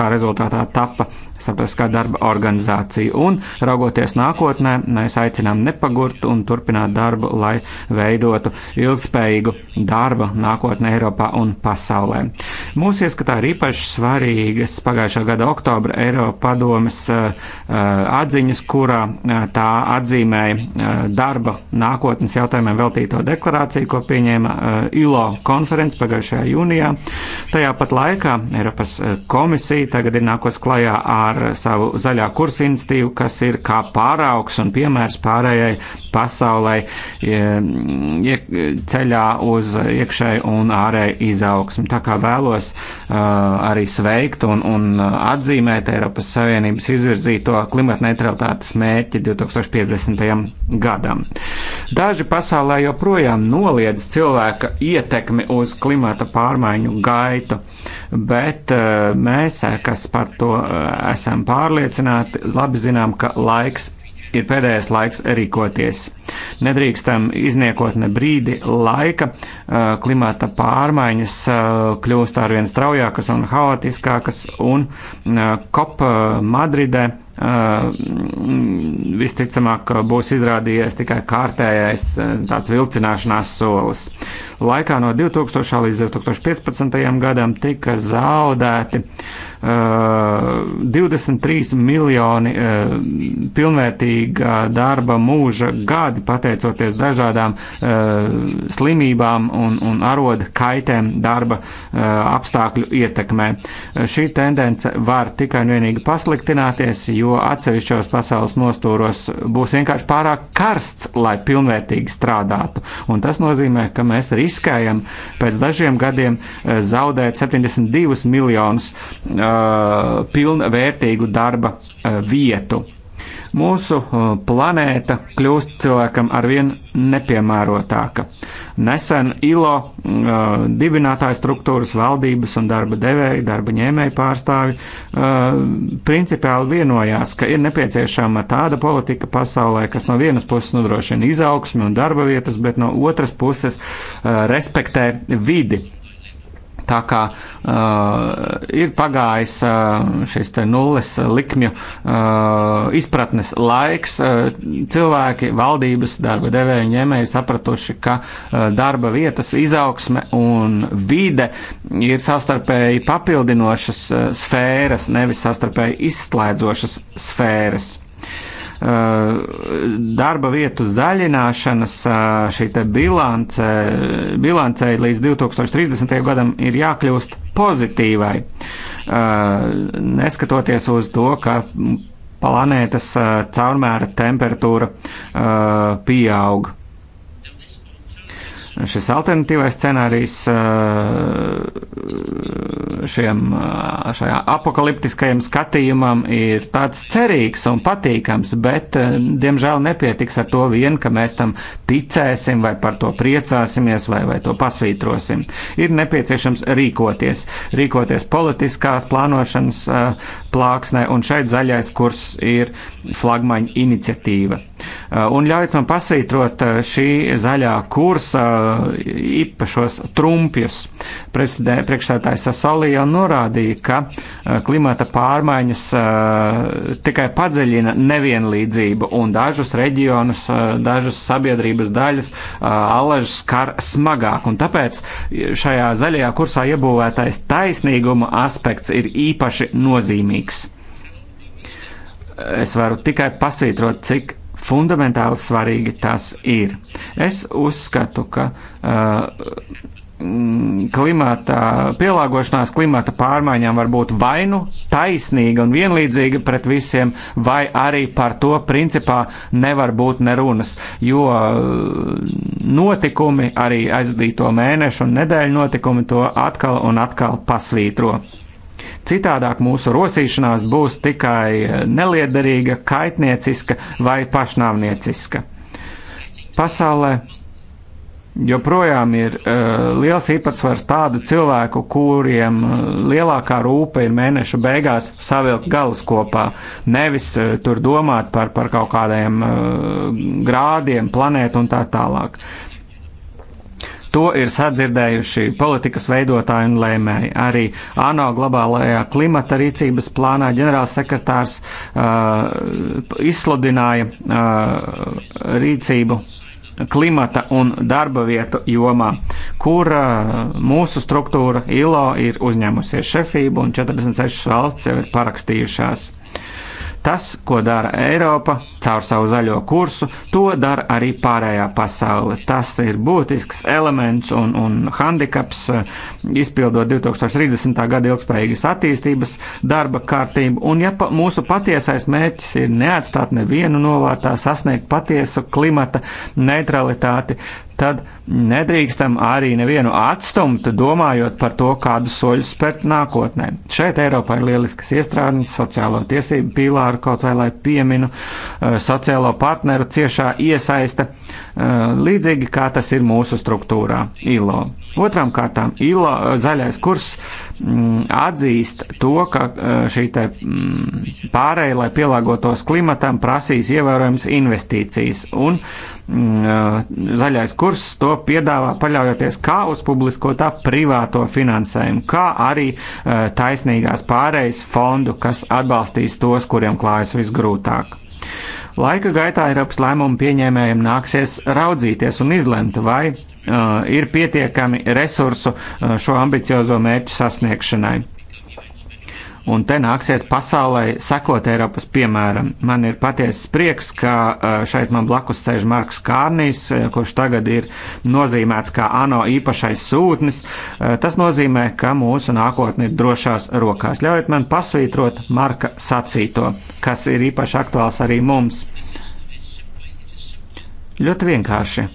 kā rezultātā tappa starptautiskā darba organizācija. Un, raugoties nākotnē, mēs aicinām nepagurt un turpināt darbu, lai veidotu ilgspējīgu darbu nākotnē Eiropā un pasaulē. Mūsu ieskatā ir īpaši svarīgas pagājušā gada oktobra Eiropa padomes eh, eh, atziņas, kurā eh, tā atzīmēja darba nākotnes jautājumiem veltīto deklarāciju, ko pieņēma ILO konferences pagājušajā jūnijā. Tajā pat laikā Eiropas komisija tagad ir nākos klajā ar par savu zaļā kursa institīvu, kas ir kā pāraugs un piemērs pārējai pasaulē ceļā uz iekšēju un ārēju izaugsmu. Tā kā vēlos uh, arī sveikt un, un atzīmēt Eiropas Savienības izvirzīto klimatneutralitātes mērķi 2050. gadam. Daži pasaulē joprojām noliedz cilvēka ietekmi uz klimata pārmaiņu gaitu, bet uh, mēs, kas par to esam uh, esam pārliecināti, labi zinām, ka laiks ir pēdējais laiks rīkoties. Nedrīkstam izniekot ne brīdi laika, klimata pārmaiņas kļūst arvien straujākas un haotiskākas, un COP Madridē visticamāk būs izrādījies tikai kārtējais tāds vilcināšanās solis laikā no 2000. līdz 2015. gadam tika zaudēti uh, 23 miljoni uh, pilnvērtīga darba mūža gadi, pateicoties dažādām uh, slimībām un, un arodu kaitēm darba uh, apstākļu ietekmē. Uh, šī tendence var tikai un vienīgi pasliktināties, jo atsevišķos pasaules nostūros būs vienkārši pārāk karsts, lai pilnvērtīgi strādātu. Un tas nozīmē, ka mēs arī riskējam pēc dažiem gadiem eh, zaudēt 72 miljonus uh, pilnvērtīgu darba uh, vietu. Mūsu uh, planēta kļūst cilvēkam arvien nepiemērotāka. Nesen ILO uh, dibinātāja struktūras, valdības un darba devēja, darba ņēmēja pārstāvi uh, principiāli vienojās, ka ir nepieciešama tāda politika pasaulē, kas no vienas puses nodrošina izaugsmi un darba vietas, bet no otras puses uh, respektē vidi Tā kā uh, ir pagājis uh, šis nulles likmju uh, izpratnes laiks, uh, cilvēki, valdības, darba devēja ņēmēji sapratuši, ka uh, darba vietas izaugsme un vide ir savstarpēji papildinošas uh, sfēras, nevis savstarpēji izslēdzošas sfēras. Eh, darba vietu zaļināšanas eh, šī te bilance, bilancē līdz 2030. gadam ir jākļūst pozitīvai, eh, neskatoties uz to, ka planētas caurmēra temperatūra pieauga šis alternatīvais scenārijs uh, šiem, uh, šajā apakaliptiskajam skatījumam ir tāds cerīgs un patīkams, bet, uh, diemžēl, nepietiks ar to vien, ka mēs tam ticēsim vai par to priecāsimies vai, vai to pasvītrosim. Ir nepieciešams rīkoties, rīkoties politiskās plānošanas plāksnē, un šeit zaļais kurs ir flagmaņa iniciatīva. Uh, un ļaujiet man pasvītrot uh, šī zaļā kursa uh, īpašos trumpjus. Priekšstādājs Sasolī jau norādīja, ka klimata pārmaiņas tikai padziļina nevienlīdzību un dažus reģionus, dažas sabiedrības daļas alažas skar smagāk. Un tāpēc šajā zaļajā kursā iebūvētais taisnīguma aspekts ir īpaši nozīmīgs es varu tikai pasvītrot, cik fundamentāli svarīgi tas ir. Es uzskatu, ka uh, mm, klimata pielāgošanās klimata pārmaiņām var būt vai nu taisnīga un vienlīdzīga pret visiem, vai arī par to principā nevar būt nerunas, jo uh, notikumi, arī aizdīto mēnešu un nedēļu notikumi to atkal un atkal pasvītro. Citādāk mūsu rosīšanās būs tikai neliederīga, kaitnieciska vai pašnāvnieciska. Pasaulē joprojām ir uh, liels īpatsvars tādu cilvēku, kuriem uh, lielākā rūpe ir mēneša beigās savilkt galus kopā, nevis uh, tur domāt par, par kaut kādiem uh, grādiem, planētu un tā tālāk. Uh, To ir sadzirdējuši politikas veidotāji un lēmēji. Arī ANO globālajā klimata rīcības plānā ģenerālsekretārs uh, izsludināja uh, rīcību klimata un darba vietu jomā, kur uh, mūsu struktūra ILO ir uzņēmusies šefību un 46 valsts jau ir parakstījušās. Tas, ko dara Eiropa caur savu zaļo kursu, to dara arī pārējā pasaule. Tas ir būtisks elements un, un handikaps, eh, izpildot 2030. gada ilgspējīgas attīstības darba kārtību. Un ja pa, mūsu patiesais mērķis ir neatstāt nevienu novārtā, sasniegt patiesu klimata neutralitāti, tad nedrīkstam arī nevienu atstumt, domājot par to, kādu soļu spērt nākotnē. Šeit Eiropā ir lieliskas iestrādes, sociālo tiesību pīlāru kaut vai lai pieminu, eh, sociālo partneru ciešā iesaista, eh, līdzīgi kā tas ir mūsu struktūrā ILO. Otram kārtām ILO eh, zaļais kurs Mm, atzīst to, ka e, šī mm, pārēja, lai pielāgotos klimatam, prasīs ievērojams investīcijas. Un mm, e, zaļais kurs to piedāvā paļaujoties kā uz publisko, tā privāto finansējumu, kā arī e, taisnīgās pārējas fondu, kas atbalstīs tos, kuriem klājas visgrūtāk. Laika gaitā Eiropas lēmumu pieņēmējiem nāksies raudzīties un izlemt, vai Uh, ir pietiekami resursu uh, šo ambiciozo mērķu sasniegšanai. Un te nāksies pasaulē sekot Eiropas piemēram. Man ir patiesa prieks, ka uh, šeit man blakus sēž Marks Kārnīs, kurš tagad ir nozīmēts kā ANO īpašais sūtnis. Tas nozīmē, ka mūsu nākotne ir drošās rokās. Ļaujiet man pasvītrot Marka sacīto, kas ir īpaši aktuāls arī mums. Ļoti vienkārši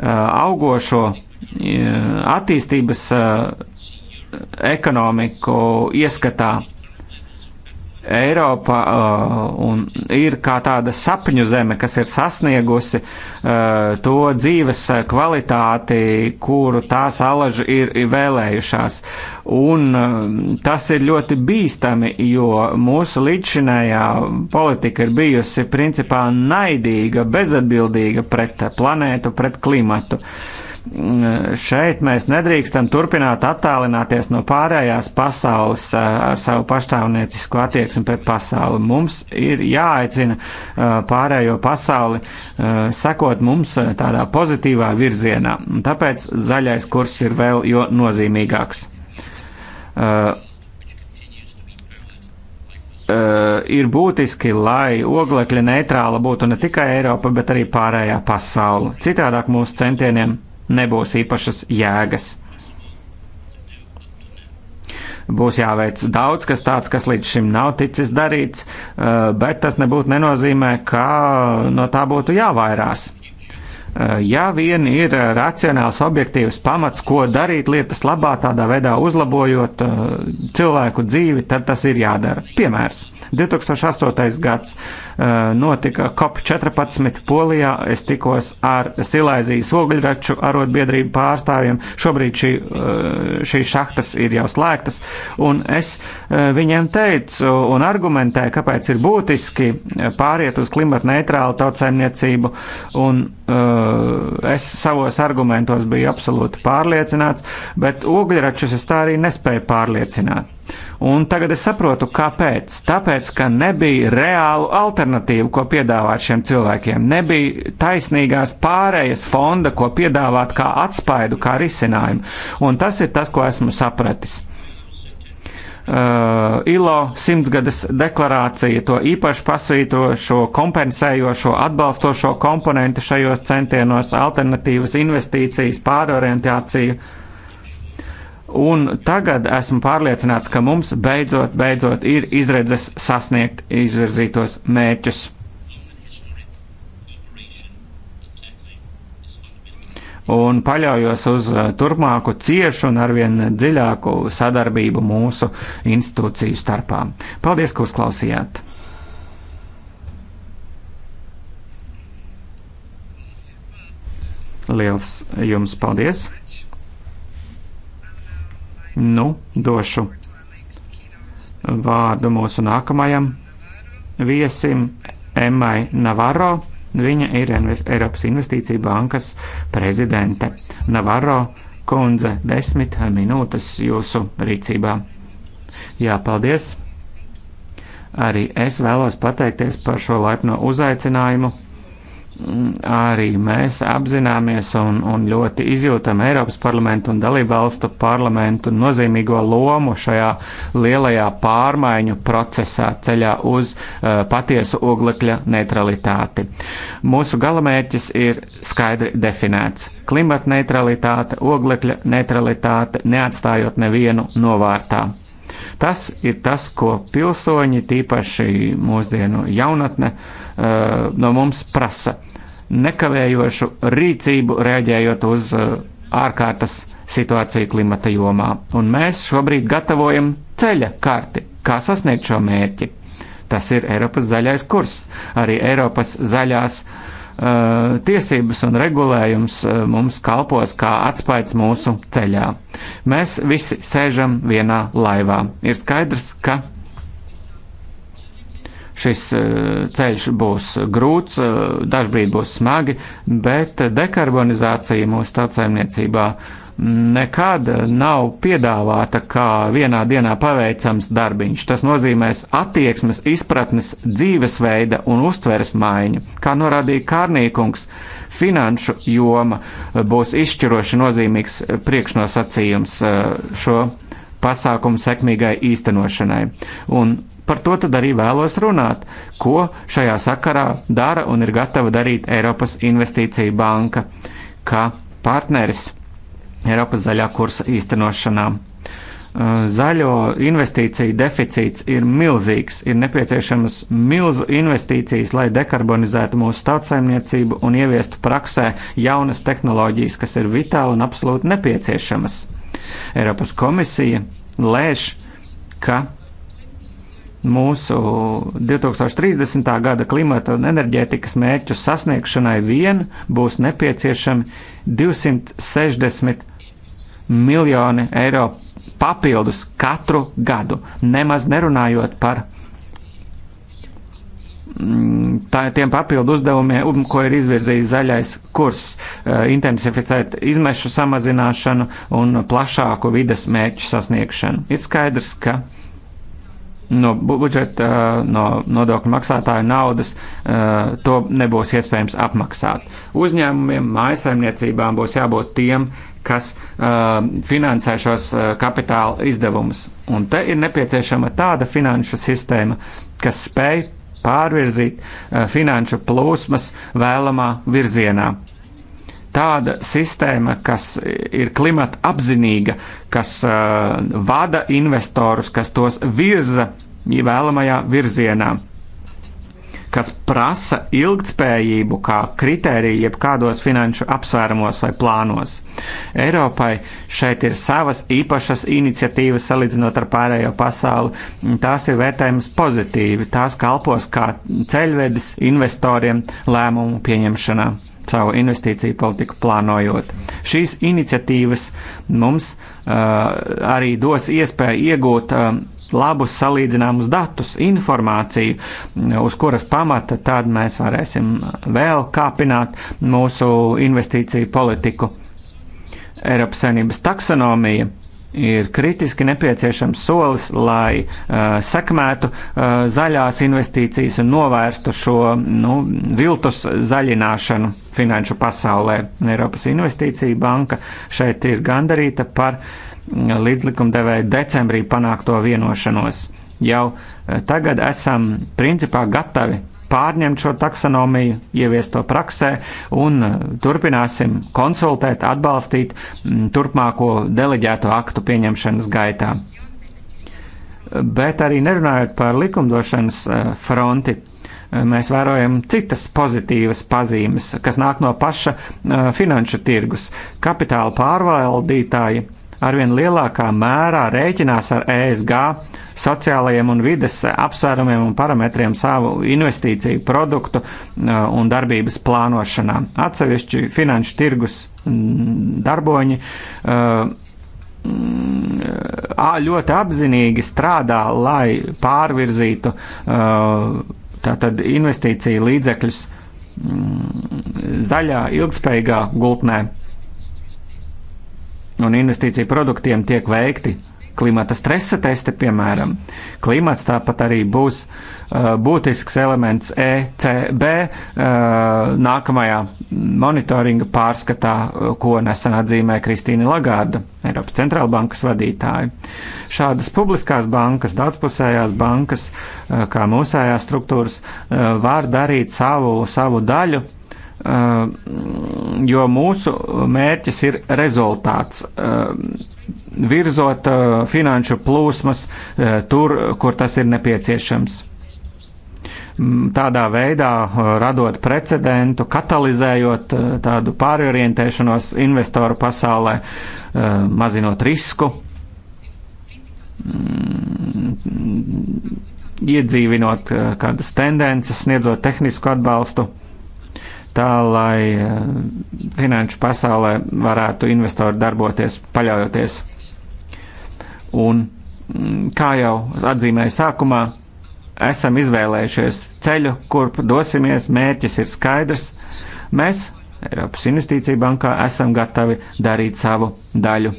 Uh, augošo uh, attīstības uh, ekonomiku ieskatā Eiropa uh, ir kā tāda sapņu zeme, kas ir sasniegusi uh, to dzīves uh, kvalitāti, kuru tās alaži ir vēlējušās. Un uh, tas ir ļoti bīstami, jo mūsu līdzinējā politika ir bijusi principā naidīga, bezatbildīga pret planētu, pret klimatu. Uh, šeit mēs nedrīkstam turpināt attālināties no pārējās pasaules ar savu pašstāvniecisko attieksmi pret pasauli. Mums ir jāaicina pārējo pasauli sekot mums tādā pozitīvā virzienā. Tāpēc zaļais kurs ir vēl jo nozīmīgāks. Uh, ir būtiski, lai oglekļa neitrāla būtu ne tikai Eiropa, bet arī pārējā pasaule. Citādāk mūsu centieniem nebūs īpašas jēgas. Būs jāveic daudz kas tāds, kas līdz šim nav ticis darīts, eh, bet tas nebūtu nenozīmē, ka no tā būtu jāvairās. Eh, ja vien ir eh, racionāls, objektīvs pamats, ko darīt lietas labā, tādā veidā uzlabojot eh, cilvēku dzīvi, tad tas ir jādara. Piemērs. 2008. gads notika COP14 Polijā. Es tikos ar Silēzijas ogļraču arotbiedrību pārstāvjiem. Šobrīd šī, šī šahtas ir jau slēgtas, un es viņiem teicu un argumentēju, kāpēc ir būtiski pāriet uz klimata neitrālu tautsēmniecību un uh, Eh, es savos argumentos biju absolūti pārliecināts, bet ogļračus es tā arī nespēju pārliecināt. Un tagad es saprotu, kāpēc. Tāpēc, ka nebija reālu alternatīvu, ko piedāvāt šiem cilvēkiem. Nebija taisnīgās pārējas fonda, ko piedāvāt kā atspaidu, kā risinājumu. Un tas ir tas, ko esmu sapratis uh, ILO simtsgades deklarācija, to īpaši pasvītrošo, kompensējošo, atbalstošo komponentu šajos centienos, alternatīvas investīcijas, pārorientāciju. Un tagad esmu pārliecināts, ka mums beidzot, beidzot ir izredzes sasniegt izvirzītos mērķus. un paļaujos uz uh, turpmāku ciešu un arvien dziļāku sadarbību mūsu institūciju starpā. Paldies, ka uzklausījāt! Liels jums paldies! Nu, došu vārdu mūsu nākamajam viesim Emmai Navarro Viņa ir invest Eiropas Investīcija bankas prezidente. Navarro kundze, desmit minūtes jūsu rīcībā. Jā, paldies! Arī es vēlos pateikties par šo laipno uzaicinājumu arī mēs apzināmies un, un ļoti izjūtam Eiropas parlamentu un dalību valstu parlamentu nozīmīgo lomu šajā lielajā pārmaiņu procesā ceļā uz uh, patiesu oglekļa neutralitāti. Mūsu galamērķis ir skaidri definēts - klimata neutralitāte, oglekļa neutralitāte, neatstājot nevienu novārtā. Tas ir tas, ko pilsoņi, tīpaši mūsdienu jaunatne, uh, no mums prasa nekavējošu rīcību, reaģējot uz eh, ārkārtas situāciju klimata jomā. Un mēs šobrīd gatavojam ceļa karti, kā sasniegt šo mērķi. Tas ir Eiropas zaļais kurs, arī Eiropas zaļās eh, tiesības un regulējums eh, mums kalpos kā atspaids mūsu ceļā. Mēs visi sēžam vienā laivā. Ir skaidrs, ka Šis eh, ceļš būs grūts, eh, dažbrīd būs smagi, bet dekarbonizācija mūsu tautsēmniecībā nekad nav piedāvāta kā vienā dienā paveicams darbiņš. Tas nozīmēs attieksmes, izpratnes, dzīvesveida un uztveres maiņu. Kā norādīja Kārnīkungs, finanšu joma būs izšķiroši nozīmīgs priekšnosacījums eh, šo pasākumu sekmīgai īstenošanai. Un Par to tad arī vēlos runāt, ko šajā sakarā dara un ir gatava darīt Eiropas Investīcija banka, kā partneris Eiropas zaļā kursa īstenošanā. Uh, zaļo investīciju deficīts ir milzīgs, ir nepieciešamas milzu investīcijas, lai dekarbonizētu mūsu tautsēmniecību un ieviestu praksē jaunas tehnoloģijas, kas ir vitāli un absolūti nepieciešamas. Eiropas komisija lēš, ka mūsu 2030. gada klimata un enerģētikas mērķu sasniegšanai vien būs nepieciešami 260 miljoni eiro papildus katru gadu, nemaz nerunājot par mm, tā, tiem papildu uzdevumiem, um, ko ir izvirzījis zaļais kurs eh, - intensificēt izmešu samazināšanu un plašāku vides mērķu sasniegšanu. Ir skaidrs, ka no budžeta, no nodokļu maksātāju naudas, eh, to nebūs iespējams apmaksāt. Uzņēmumiem, mājasaimniecībām būs jābūt tiem, kas eh, finansē šos eh, kapitāla izdevumus. Un te ir nepieciešama tāda finanšu sistēma, kas spēj pārvirzīt finanšu plūsmas vēlamā virzienā tāda sistēma, kas ir klimata apzinīga, kas uh, vada investorus, kas tos virza vēlamajā virzienā, kas prasa ilgtspējību kā kritēriju jebkādos finanšu apsvērumos vai plānos. Eiropai šeit ir savas īpašas iniciatīvas salīdzinot ar pārējo pasauli. Tās ir vērtējums pozitīvi, tās kalpos kā ceļvedis investoriem lēmumu pieņemšanā savu investīciju politiku plānojot. Šīs iniciatīvas mums uh, arī dos iespēju iegūt uh, labus salīdzināmus datus, informāciju, mm, uz kuras pamata tad mēs varēsim vēl kāpināt mūsu investīciju politiku. Eiropas Savienības taksonomija ir kritiski nepieciešams solis, lai uh, sekmētu uh, zaļās investīcijas un novērstu šo nu, viltus zaļināšanu finanšu pasaulē. Eiropas Investīcija banka šeit ir gandarīta par mm, līdzlikumdevēju decembrī panākto vienošanos. Jau eh, tagad esam principā gatavi pārņemt šo taksonomiju, ieviest to praksē un uh, turpināsim konsultēt, atbalstīt mm, turpmāko deleģēto aktu pieņemšanas gaitā. Bet arī nerunājot par likumdošanas uh, fronti, uh, mēs vērojam citas pozitīvas pazīmes, kas nāk no paša finanšu tirgus. Kapitāla pārvaldītāji arvien lielākā mērā rēķinās ar ESG sociālajiem un vides apsvērumiem un parametriem savu investīciju produktu uh, un darbības plānošanā. Atsevišķi finanšu tirgus mm, darboņi uh, mm, ļoti apzinīgi strādā, lai pārvirzītu uh, tātad investīciju līdzekļus mm, zaļā, ilgspējīgā gultnē. Un investīcija produktiem tiek veikti klimata stresa testi, piemēram. Klimats tāpat arī būs uh, būtisks elements ECB uh, nākamajā monitoringa pārskatā, uh, ko nesen atzīmē Kristīna Lagarda, Eiropas centrālbankas vadītāja. Šādas publiskās bankas, daudzpusējās bankas, uh, kā mūsējās struktūras, uh, var darīt savu, savu daļu uh, jo mūsu mērķis ir rezultāts. Uh, virzot uh, finanšu plūsmas uh, tur, kur tas ir nepieciešams mm, tādā veidā uh, radot precedentu, katalizējot tādu pārorientēšanos investoru pasaulē, mazinot risku, mm, iedzīvinot kādas tendences, sniedzot tehnisku atbalstu. Tā lai finanšu pasaulē varētu investori darboties, paļaujoties Un, mm, kā jau atzīmēju sākumā, esam izvēlējušies ceļu, kurp dosimies, mērķis ir skaidrs. Mēs Eiropas Investīcija bankā esam gatavi darīt savu daļu.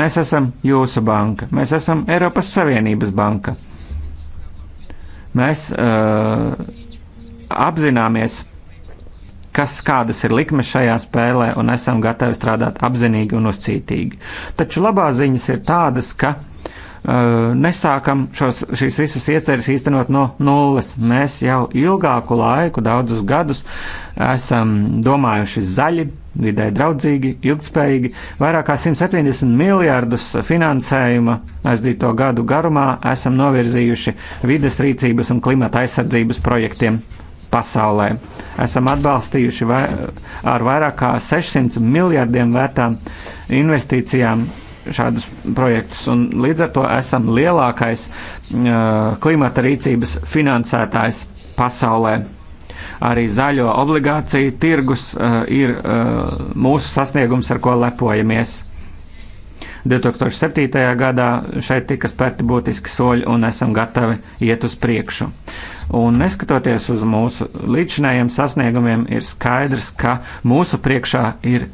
Mēs esam jūsu banka, mēs esam Eiropas Savienības banka. Mēs uh, apzināmies kas kādas ir likmes šajā spēlē un esam gatavi strādāt apzinīgi un uzcītīgi. Taču labā ziņas ir tādas, ka uh, nesākam šos, šīs visas ieceres īstenot no nulles. Mēs jau ilgāku laiku, daudzus gadus, esam domājuši zaļi, vidē draudzīgi, ilgspējīgi. Vairāk kā 170 miljārdus finansējuma aizdīto gadu garumā esam novirzījuši vides rīcības un klimata aizsardzības projektiem pasaulē. Esam atbalstījuši vai, ar vairāk kā 600 miljardiem vērtām investīcijām šādus projektus, un līdz ar to esam lielākais uh, klimata rīcības finansētājs pasaulē. Arī zaļo obligāciju tirgus uh, ir uh, mūsu sasniegums, ar ko lepojamies. 2007. gadā šeit tika spērti būtiski soļi un esam gatavi iet uz priekšu. Un neskatoties uz mūsu līdzinējiem sasniegumiem, ir skaidrs, ka mūsu priekšā ir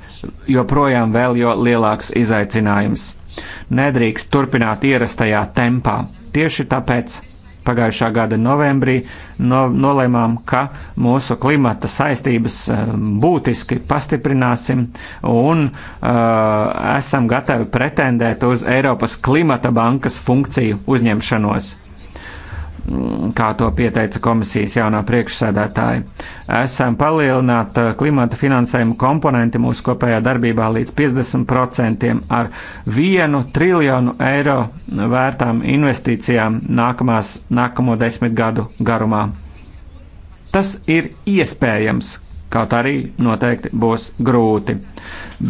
joprojām vēl jo lielāks izaicinājums. Nedrīkst turpināt ierastajā tempā. Tieši tāpēc Pagājušā gada novembrī no, nolēmām, ka mūsu klimata saistības eh, būtiski pastiprināsim un uh, esam gatavi pretendēt uz Eiropas klimata bankas funkciju uzņemšanos kā to pieteica komisijas jaunā priekšsēdētāja. Esam palielināt uh, klimata finansējumu komponenti mūsu kopējā darbībā līdz 50% ar vienu triljonu eiro vērtām investīcijām nākamās, nākamo desmit gadu garumā. Tas ir iespējams Kaut arī noteikti būs grūti.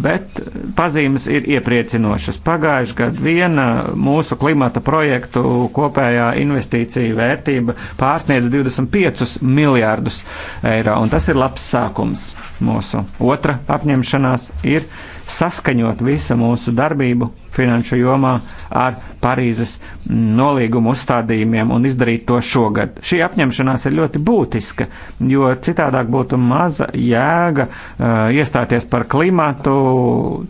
Bet pazīmes ir iepriecinošas. Pagājuši gadu viena uh, mūsu klimata projektu kopējā investīcija vērtība pārsniedz 25 miljārdus eiro, un tas ir labs sākums. Mūsu otra apņemšanās ir saskaņot visu mūsu darbību finanšu jomā ar Parīzes nolīgumu uzstādījumiem un izdarīt to šogad. Šī apņemšanās ir ļoti būtiska, jo citādāk būtu maza jēga uh, iestāties par klimatu,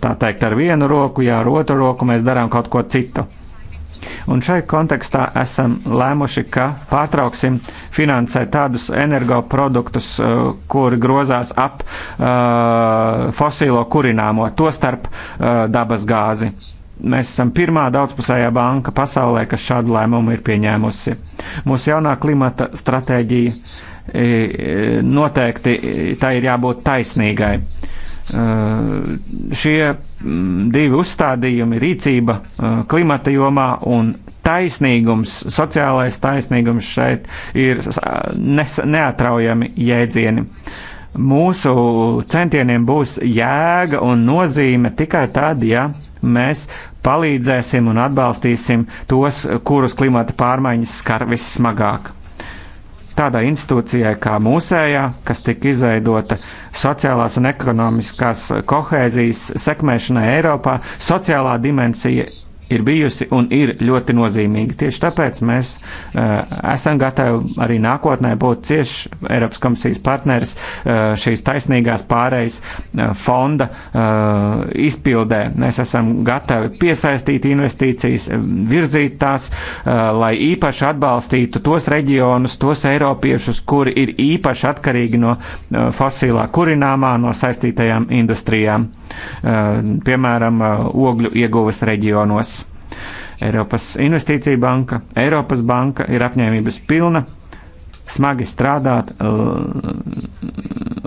tā teikt, ar vienu roku, ja ar otru roku mēs darām kaut ko citu. Un šai kontekstā esam lēmuši, ka pārtrauksim finansēt tādus energoproduktus, eh, kuri grozās ap uh, fosīlo kurināmo, tostarp uh, dabas gāzi. Mēs esam pirmā daudzpusējā banka pasaulē, kas šādu lēmumu ir pieņēmusi. Mūsu jaunā klimata stratēģija e, noteikti e, tā ir jābūt taisnīgai. E, šie divi uzstādījumi - rīcība klimata jomā un taisnīgums, sociālais taisnīgums šeit ir neatraujami jēdzieni mūsu centieniem būs jēga un nozīme tikai tad, ja mēs palīdzēsim un atbalstīsim tos, kurus klimata pārmaiņas skar vissmagāk. Tādai institūcijai kā mūsējā, kas tika izveidota sociālās un ekonomiskās kohēzijas sekmēšanai Eiropā, sociālā dimensija ir bijusi un ir ļoti nozīmīga. Tieši tāpēc mēs uh, esam gatavi arī nākotnē būt cieši Eiropas komisijas partneris uh, šīs taisnīgās pārējas uh, eh, fonda uh, izpildē. Mēs esam gatavi piesaistīt investīcijas, virzīt tās, uh, lai īpaši atbalstītu tos reģionus, tos eiropiešus, kuri ir īpaši atkarīgi no uh, fosilā kurināmā, no saistītajām industrijām, uh, piemēram, uh, ogļu ieguves reģionos. Eiropas Investīcija banka, Eiropas banka ir apņēmības pilna smagi strādāt,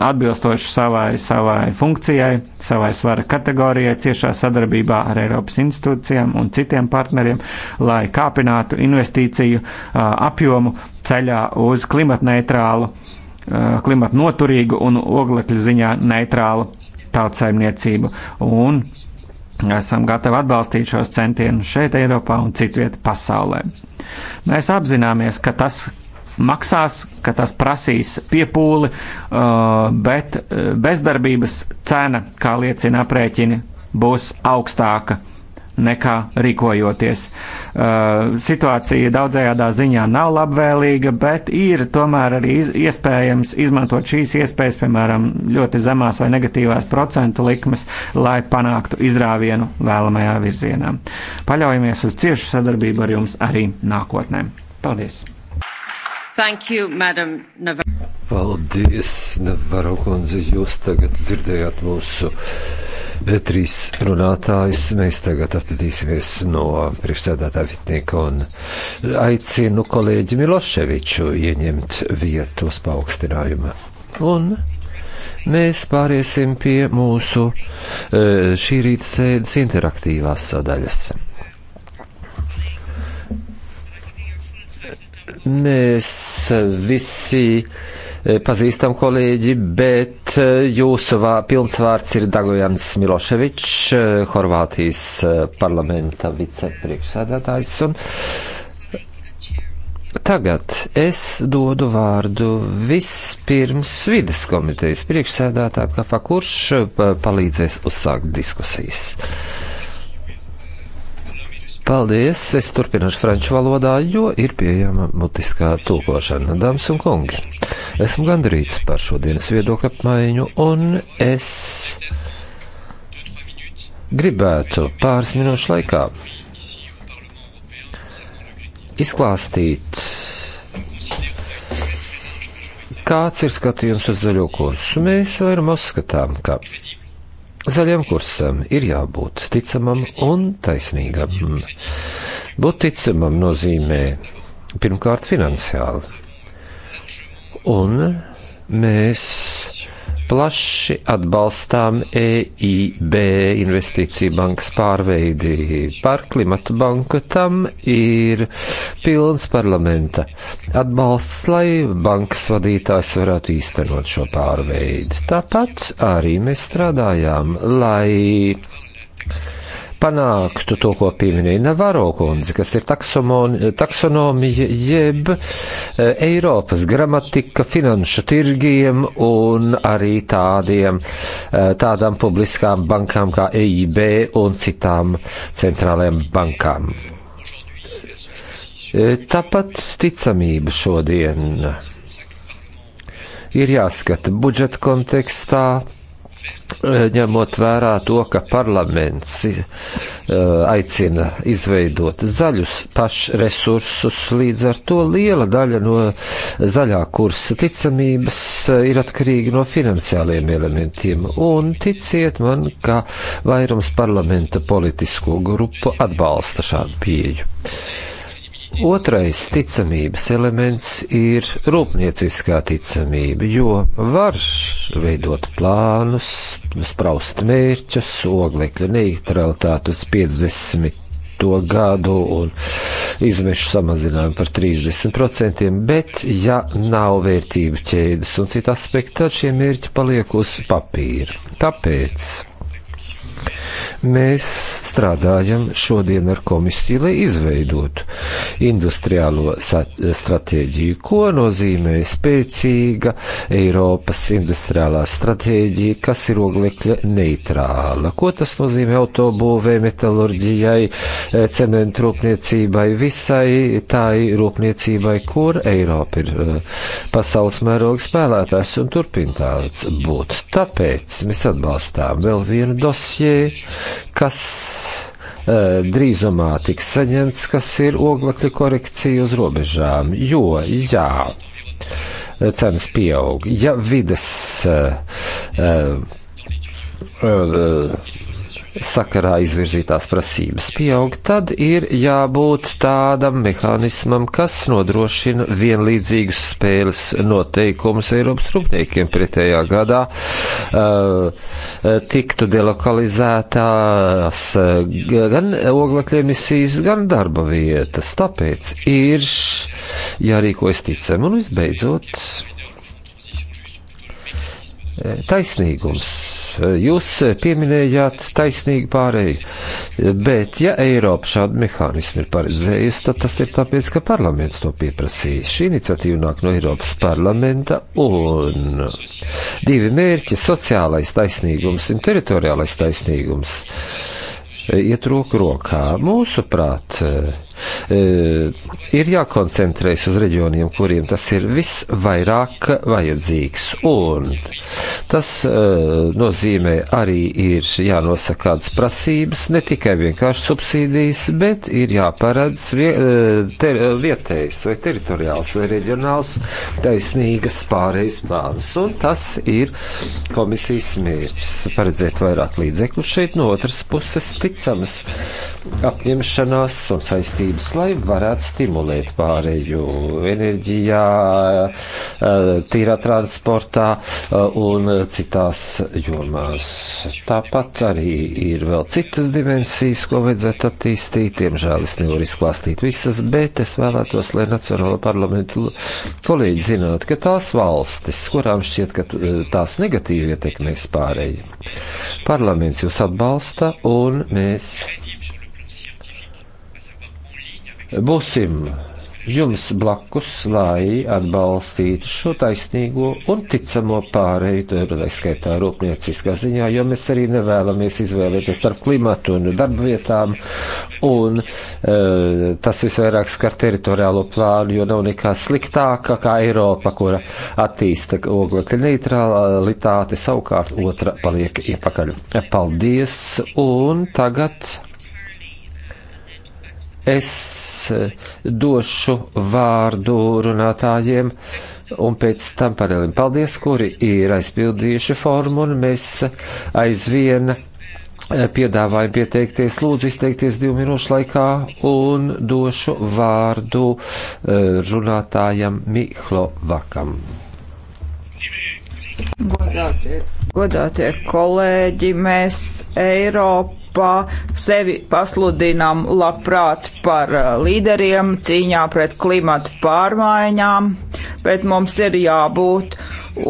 atbilstoši savai, savai funkcijai, savai svara kategorijai, ciešā sadarbībā ar Eiropas institūcijām un citiem partneriem, lai kāpinātu investīciju apjomu ceļā uz klimatneitrālu, klimatu noturīgu un oglekļa ziņā neitrālu tautsaimniecību. Un Esam gatavi atbalstīt šos centienus šeit, Eiropā un citviet pasaulē. Mēs apzināmies, ka tas maksās, ka tas prasīs piepūli, uh, bet uh, bezdarbības cena, kā liecina aprēķini, būs augstāka nekā rīkojoties. Uh, situācija daudzējādā ziņā nav labvēlīga, bet ir tomēr arī iz, iespējams izmantot šīs iespējas, piemēram, ļoti zemās vai negatīvās procentu likmes, lai panāktu izrāvienu vēlamajā virzienā. Paļaujamies uz ciešu sadarbību ar jums arī nākotnē. Paldies! Thank you, Madam Navarro. Paldies, Navarro kundze. Jūs tagad dzirdējāt mūsu eh, trīs runātājus. Mēs tagad atradīsimies no priekšsēdētāja vietnieka un aicinu kolēģi Miloševiču ieņemt vietu uz paaugstinājuma. Un mēs pāriesim pie mūsu eh, šī rīta sēdes interaktīvās sadaļas. Mēs visi eh, pazīstam kolēģi, bet eh, jūsu vā, pilnsvārds ir Dagojans Miloševičs, eh, Horvātijas parlamenta vicepriekšsēdētājs. Tagad es dodu vārdu vispirms vides komitejas priekšsēdētājiem, kurš palīdzēs uzsākt diskusijas. Paldies! Es turpināšu franču valodā, jo ir pieejama mutiskā tulkošana. Dāmas un kungi, esmu gandrīz par šodienas viedokļu apmaiņu, un es gribētu pāris minūšu laikā izklāstīt Kāds ir skatījums uz zaļo kursu? Mēs varam uzskatām, ka Zaļam kursam ir jābūt ticamam un taisnīgam. Būt ticamam nozīmē pirmkārt finansiāli. Un mēs plaši atbalstām EIB investīciju bankas pārveidi par klimatu banku. Tam ir pilns parlamenta atbalsts, lai bankas vadītājs varētu īstenot šo pārveidi. Tāpat arī mēs strādājām, lai panāktu to, ko pieminēja Navaro kundze, kas ir taksonomija jeb e, Eiropas gramatika finanšu tirgiem un arī tādiem, e, tādām publiskām bankām kā EIB un citām centrālajām bankām. E, tāpat ticamība šodien ir jāskata budžeta kontekstā Eh, ņemot vērā to, ka parlaments eh, aicina izveidot zaļus pašresursus, līdz ar to liela daļa no zaļā kursa ticamības eh, ir atkarīga no finansiāliem elementiem. Un ticiet man, ka vairums parlamenta politisko grupu atbalsta šādu pieeju. Otrais ticamības elements ir rūpnieciskā ticamība, jo var veidot plānus, spraust mērķus, oglekļa neutralitāti uz 50 gadu un izmešu samazinājumu par 30%, bet ja nav vērtību ķēdes un citu aspektu, tad šie mērķi paliek uz papīra. Tāpēc Mēs strādājam šodien ar komisiju, lai izveidotu industriālo stratēģiju, ko nozīmē spēcīga Eiropas industriālā stratēģija, kas ir oglekļa neitrāla. Ko tas nozīmē autobūvē, metalurģijai, cementu rūpniecībai, visai tai rūpniecībai, kur Eiropa ir eh, pasaules mēroga spēlētājs un turpina tāds būt. Tāpēc mēs atbalstām vēl vienu dosieru kas eh, drīzumā tiks saņemts, kas ir oglekļa korekcija uz robežām. Jo, jā, eh, cenas pieaug, ja vides uh, uh, Eh, sakarā izvirzītās prasības pieaug, tad ir jābūt tādam mehānismam, kas nodrošina vienlīdzīgus spēles noteikumus Eiropas rūpniekiem. Pretējā gadā uh, tiktu delokalizētās eh, gan oglekļa emisijas, gan darba vietas. Tāpēc ir jārīkojas ticam un visbeidzot Taisnīgums. Jūs pieminējāt taisnīgu pārēju, bet ja Eiropa šādu mehānismu ir paredzējusi, tad tas ir tāpēc, ka parlaments to pieprasīja. Šī iniciatīva nāk no Eiropas parlamenta un divi mērķi - sociālais taisnīgums un teritoriālais taisnīgums iet roku rokā. Mūsuprāt, ir jākoncentrējas uz reģioniem, kuriem tas ir visvairāk vajadzīgs. Un tas nozīmē arī ir jānosaka kādas prasības, ne tikai vienkārši subsīdijas, bet ir jāparedz vietējas vai teritoriāls vai reģionāls taisnīgas pārējas plānas. Un tas ir komisijas mērķis - paredzēt vairāk līdzekļu šeit no otras puses ticamas apņemšanās un saistības darbības, lai varētu stimulēt pārēju enerģijā, eh, tīrā transportā eh, un citās jomās. Tāpat arī ir vēl citas dimensijas, ko vajadzētu attīstīt. Diemžēl es nevaru izklāstīt visas, bet es vēlētos, lai Nacionāla parlamentu kolēģi zinātu, ka tās valstis, kurām šķiet, ka eh, tās negatīvi ietekmēs pārēju, parlaments jūs atbalsta un mēs Būsim jums blakus, lai atbalstītu šo taisnīgo un ticamo pārēju, tā skaitā rūpnieciskā ziņā, jo mēs arī nevēlamies izvēlēties starp klimatu un darba vietām, un e, tas visvairāk skar teritoriālo plānu, jo nav nekā sliktāka kā Eiropa, kura attīsta oglekļa neutralitāti, savukārt otra paliek iepakaļ. Paldies, un tagad. Es eh, došu vārdu runātājiem un pēc tam panelim. Paldies, kuri ir aizpildījuši formu un mēs aizvien eh, piedāvājumu pieteikties, lūdzu izteikties divu minūšu laikā un došu vārdu eh, runātājam Mihlovakam. Ģimē. Godātie, godātie kolēģi, mēs Eiropā sevi pasludinām labprāt par uh, līderiem cīņā pret klimatu pārmaiņām, bet mums ir jābūt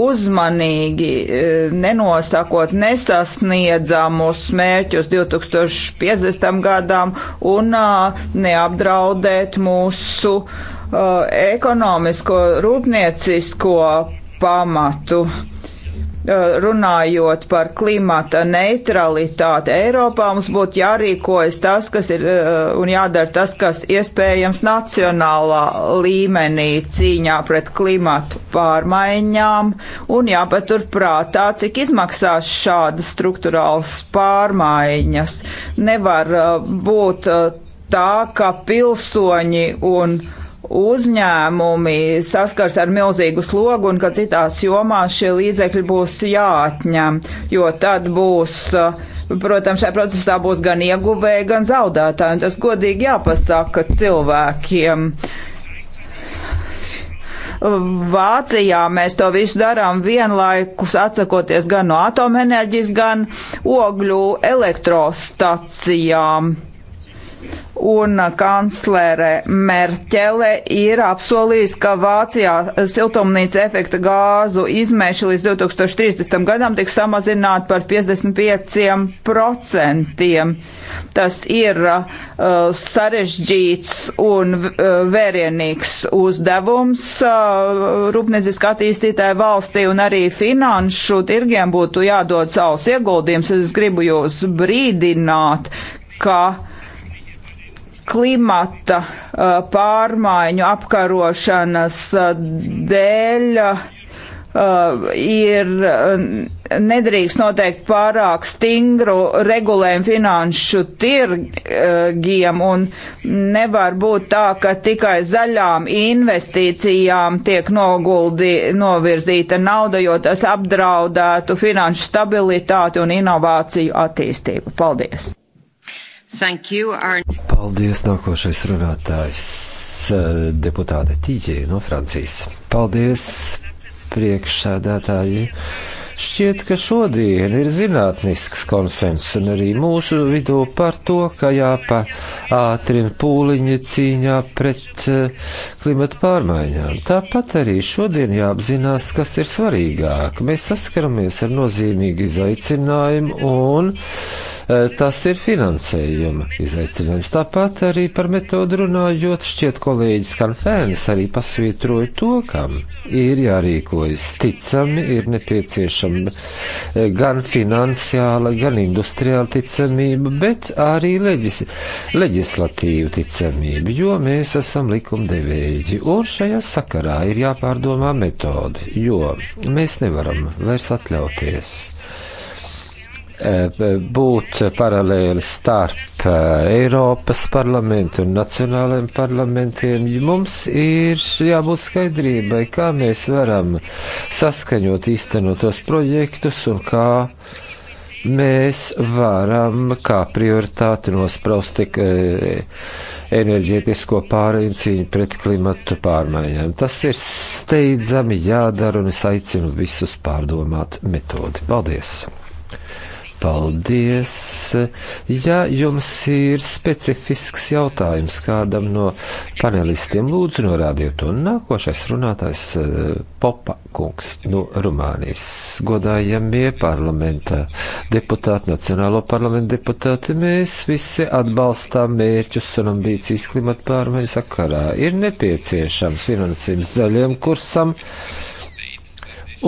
uzmanīgi uh, nenosakot nesasniedzamus mērķus 2050. gadam un uh, neapdraudēt mūsu ekonomisko, rūpniecisko pamatu. Eh, runājot par klimata neutralitāti Eiropā, mums būtu jārīkojas tas, kas ir eh, un jādara tas, kas iespējams nacionālā līmenī cīņā pret klimatu pārmaiņām un jāpatur prātā, cik izmaksās šādas struktūrāls pārmaiņas. Nevar eh, būt tā, ka pilsoņi un uh, uzņēmumi saskars ar milzīgu slogu un ka citās jomās šie līdzekļi būs jāatņem, jo tad būs, uh, protams, šajā procesā būs gan ieguvēji, gan zaudētāji, un tas godīgi jāpasaka cilvēkiem. Vācijā mēs to visu darām vienlaikus atsakoties gan no atomenerģijas, gan ogļu elektrostacijām un kanclere Merķele ir apsolījusi, ka Vācijā siltumnīca efekta gāzu izmēši līdz 2030. gadam tiks samazināti par 55%. Tas ir uh, sarežģīts un uh, vērienīgs uzdevums uh, rūpnieciski attīstītāji valstī un arī finanšu tirgiem būtu jādod savus ieguldījumus. Es gribu jūs brīdināt, ka klimata uh, pārmaiņu apkarošanas uh, dēļ uh, ir nedrīkst noteikt pārāk stingru regulējumu finanšu tirgiem un nevar būt tā, ka tikai zaļām investīcijām tiek noguldi, novirzīta nauda, jo tas apdraudētu finanšu stabilitāti un inovāciju attīstību. Paldies! Thank you, our... Paldies, nākošais runātājs, eh, deputāte Tīģē no Francijas. Paldies, priekšsēdētāji. Šķiet, ka šodien ir zinātnisks konsens un arī mūsu vidū par to, ka jāpaātrina pūliņi cīņā pret eh, klimata pārmaiņām. Tāpat arī šodien jāapzinās, kas ir svarīgāk. Mēs saskaramies ar nozīmīgu izaicinājumu un Eh, tas ir finansējuma izaicinājums. Tāpat arī par metodu runājot, šķiet kolēģis Kanfēns arī pasvītroja to, kam ir jārīkojas ticami, ir nepieciešama eh, gan finansiāla, gan industriāla ticamība, bet arī leģis, leģislatīva ticamība, jo mēs esam likumdevēji. Un šajā sakarā ir jāpārdomā metodi, jo mēs nevaram vairs atļauties. Yeah būt paralēli starp eh, Eiropas parlamentu un nacionālajiem parlamentiem. Mums ir jābūt skaidrībai, kā mēs varam saskaņot īstenotos projektus un kā mēs varam kā prioritāti nospraust tik eh, enerģētisko pārējumu cīņu pret klimatu pārmaiņām. Tas ir steidzami jādara un es aicinu visus pārdomāt metodi. Paldies! Paldies! Ja jums ir specifisks jautājums kādam no panelistiem, lūdzu norādiet to. Nākošais runātājs eh, Popa kungs no Rumānijas. Godājamie parlamenta deputāti, Nacionālo parlamentu deputāti, mēs visi atbalstām mērķus un ambīcijas klimata pārmaiņu sakarā. Ir nepieciešams finansējums zaļiem kursam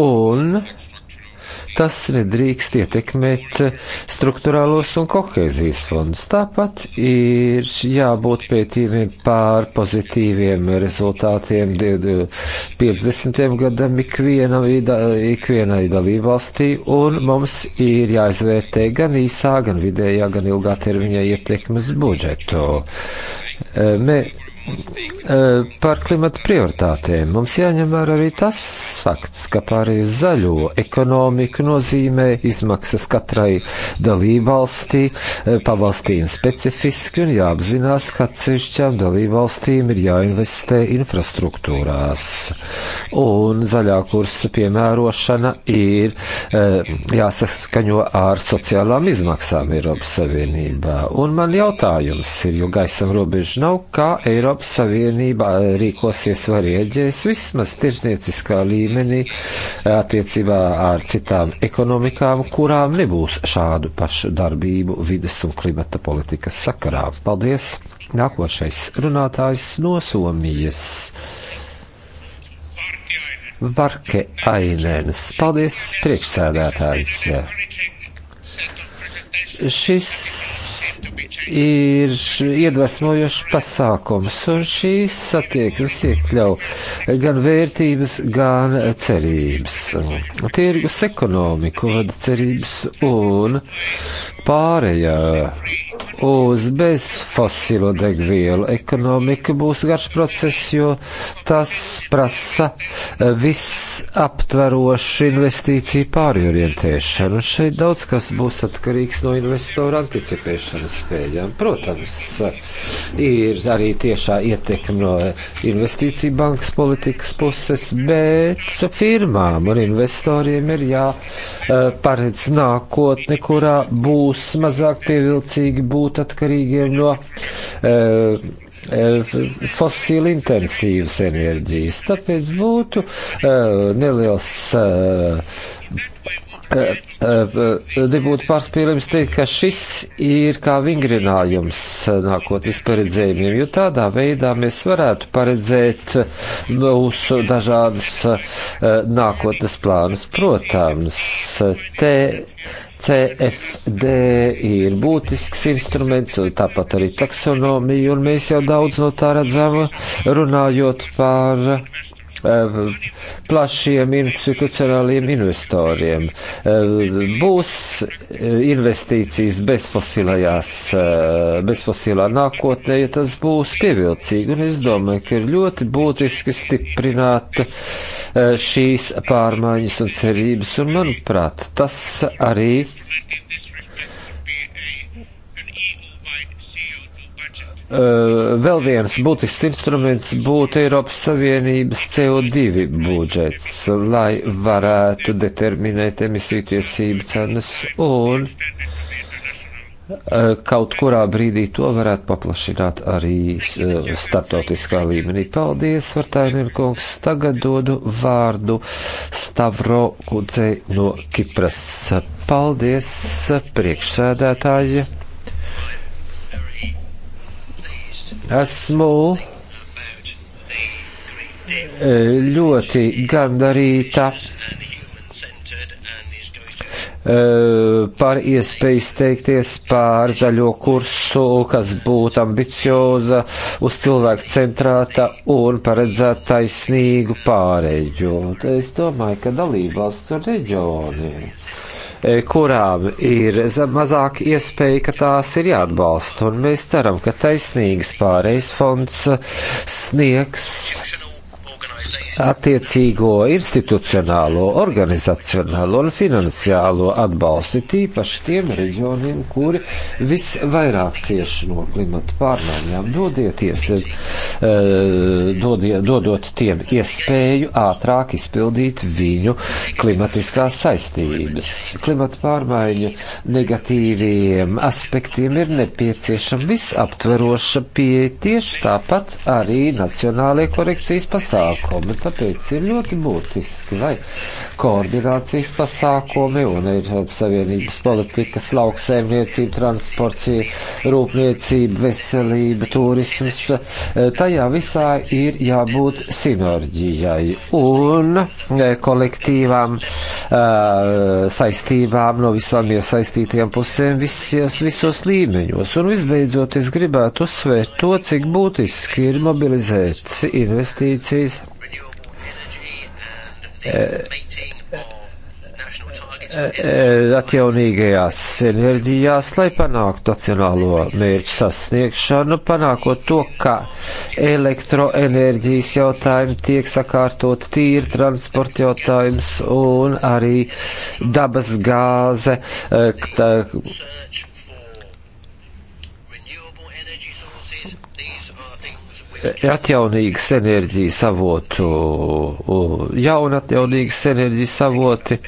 un tas nedrīkst ietekmēt struktūrālos un kohēzijas fondus. Tāpat ir jābūt pētījumiem pār pozitīviem rezultātiem 50. gadam ikviena, ikvienai dalībvalstī, un mums ir jāizvērtē gan īsā, gan vidējā, gan ilgā termiņā ietekmes budžetu. Mē, Eh, par klimata prioritātēm mums jāņem vērā arī tas fakts, ka pārējai uz zaļo ekonomiku nozīmē izmaksas katrai dalībvalstī, eh, pavalstīm specifiski un jāapzinās, ka atsevišķām dalībvalstīm ir jāinvestē infrastruktūrās. Un zaļā kursa piemērošana ir eh, jāsaskaņo ar sociālām izmaksām Eiropas Savienībā. Un man jautājums ir, jo gaisam robežu nav, kā Eiropa Eiropas Savienība rīkosies vai rieģēs vismaz tirznieciskā līmenī attiecībā ar citām ekonomikām, kurām nebūs šādu pašu darbību vides un klimata politikas sakarā. Paldies! Nākošais runātājs no Somijas. Varke Ainēnas. Paldies, priekšsēdētājs! Šis ir iedvesmojošs pasākums, un šīs attieksmes iekļau gan vērtības, gan cerības. Tirgus ekonomiku vada cerības un pārējā uz bez fosilo degvielu ekonomiku būs garš process, jo tas prasa visaptverošu investīciju pāriorientēšanu. Un šeit daudz kas būs atkarīgs no investoru anticipēšanas ilgspējām. Protams, ir arī tiešā ietekme no investīciju bankas politikas puses, bet firmām un investoriem ir jāparedz eh, nākotne, kurā būs mazāk pievilcīgi būt atkarīgiem no. Uh, eh, fosili intensīvas enerģijas. Tāpēc būtu uh, neliels uh, nebūtu pārspīlējums teikt, ka šis ir kā vingrinājums nākotnes paredzējumiem, jo tādā veidā mēs varētu paredzēt mūsu dažādas eh, nākotnes plānus. Protams, te CFD ir būtisks instruments, tāpat arī taksonomija, un mēs jau daudz no tā redzam runājot par Uh, plašiem institucionāliem investoriem. Uh, būs uh, investīcijas bezfosilajās, bezfosilā nākotnē, ja tas būs pievilcīgi, un es domāju, ka ir ļoti būtiski stiprināt šīs pārmaiņas un cerības, un manuprāt, tas arī Eh, vēl viens būtisks instruments būtu Eiropas Savienības CO2 budžets, lai varētu determinēt emisiju tiesību cenas un eh, kaut kurā brīdī to varētu paplašināt arī eh, starptautiskā līmenī. Paldies, Vartainien kungs. Tagad dodu vārdu Stavro Kudzei no Kipras. Paldies, priekšsēdētāji. Esmu e, ļoti gandarīta e, par iespēju izteikties pār zaļo kursu, kas būtu ambicioza, uz cilvēku centrāta un paredzēt taisnīgu pāreju. Es domāju, ka dalībvalsts un reģioni E, kurām ir mazāk iespēja, ka tās ir jāatbalsta. Un mēs ceram, ka taisnīgs pārejas fonds sniegs attiecīgo institucionālo, organizacionālo un finansiālo atbalstu tīpaši tiem reģioniem, kuri visvairāk cieš no klimata pārmaiņām. Dodieties, eh, dodie, dodot tiem iespēju ātrāk izpildīt viņu klimatiskās saistības. Klimata pārmaiņu negatīviem aspektiem ir nepieciešama visaptveroša pieeja tieši tāpat arī nacionālajie korekcijas pasākumi. Tāpēc ir ļoti būtiski, lai koordinācijas pasākumi un Eiropas Savienības politikas, lauksaimniecība, transports, rūpniecība, veselība, turisms, tajā visā ir jābūt sinerģijai un eh, kolektīvām eh, saistībām no visām iesaistītajām pusēm visies, visos līmeņos. Un visbeidzot, es gribētu uzsvērt to, cik būtiski ir mobilizēt investīcijas Eh, eh, atjaunīgajās enerģijās, lai panāktu nacionālo mērķu sasniegšanu, panākot to, ka elektroenerģijas jautājumi tiek sakārtot tīri transporta jautājums un arī dabas gāze. Eh, tā, atjaunīgas enerģijas avotu, jauna atjaunīgas enerģijas avoti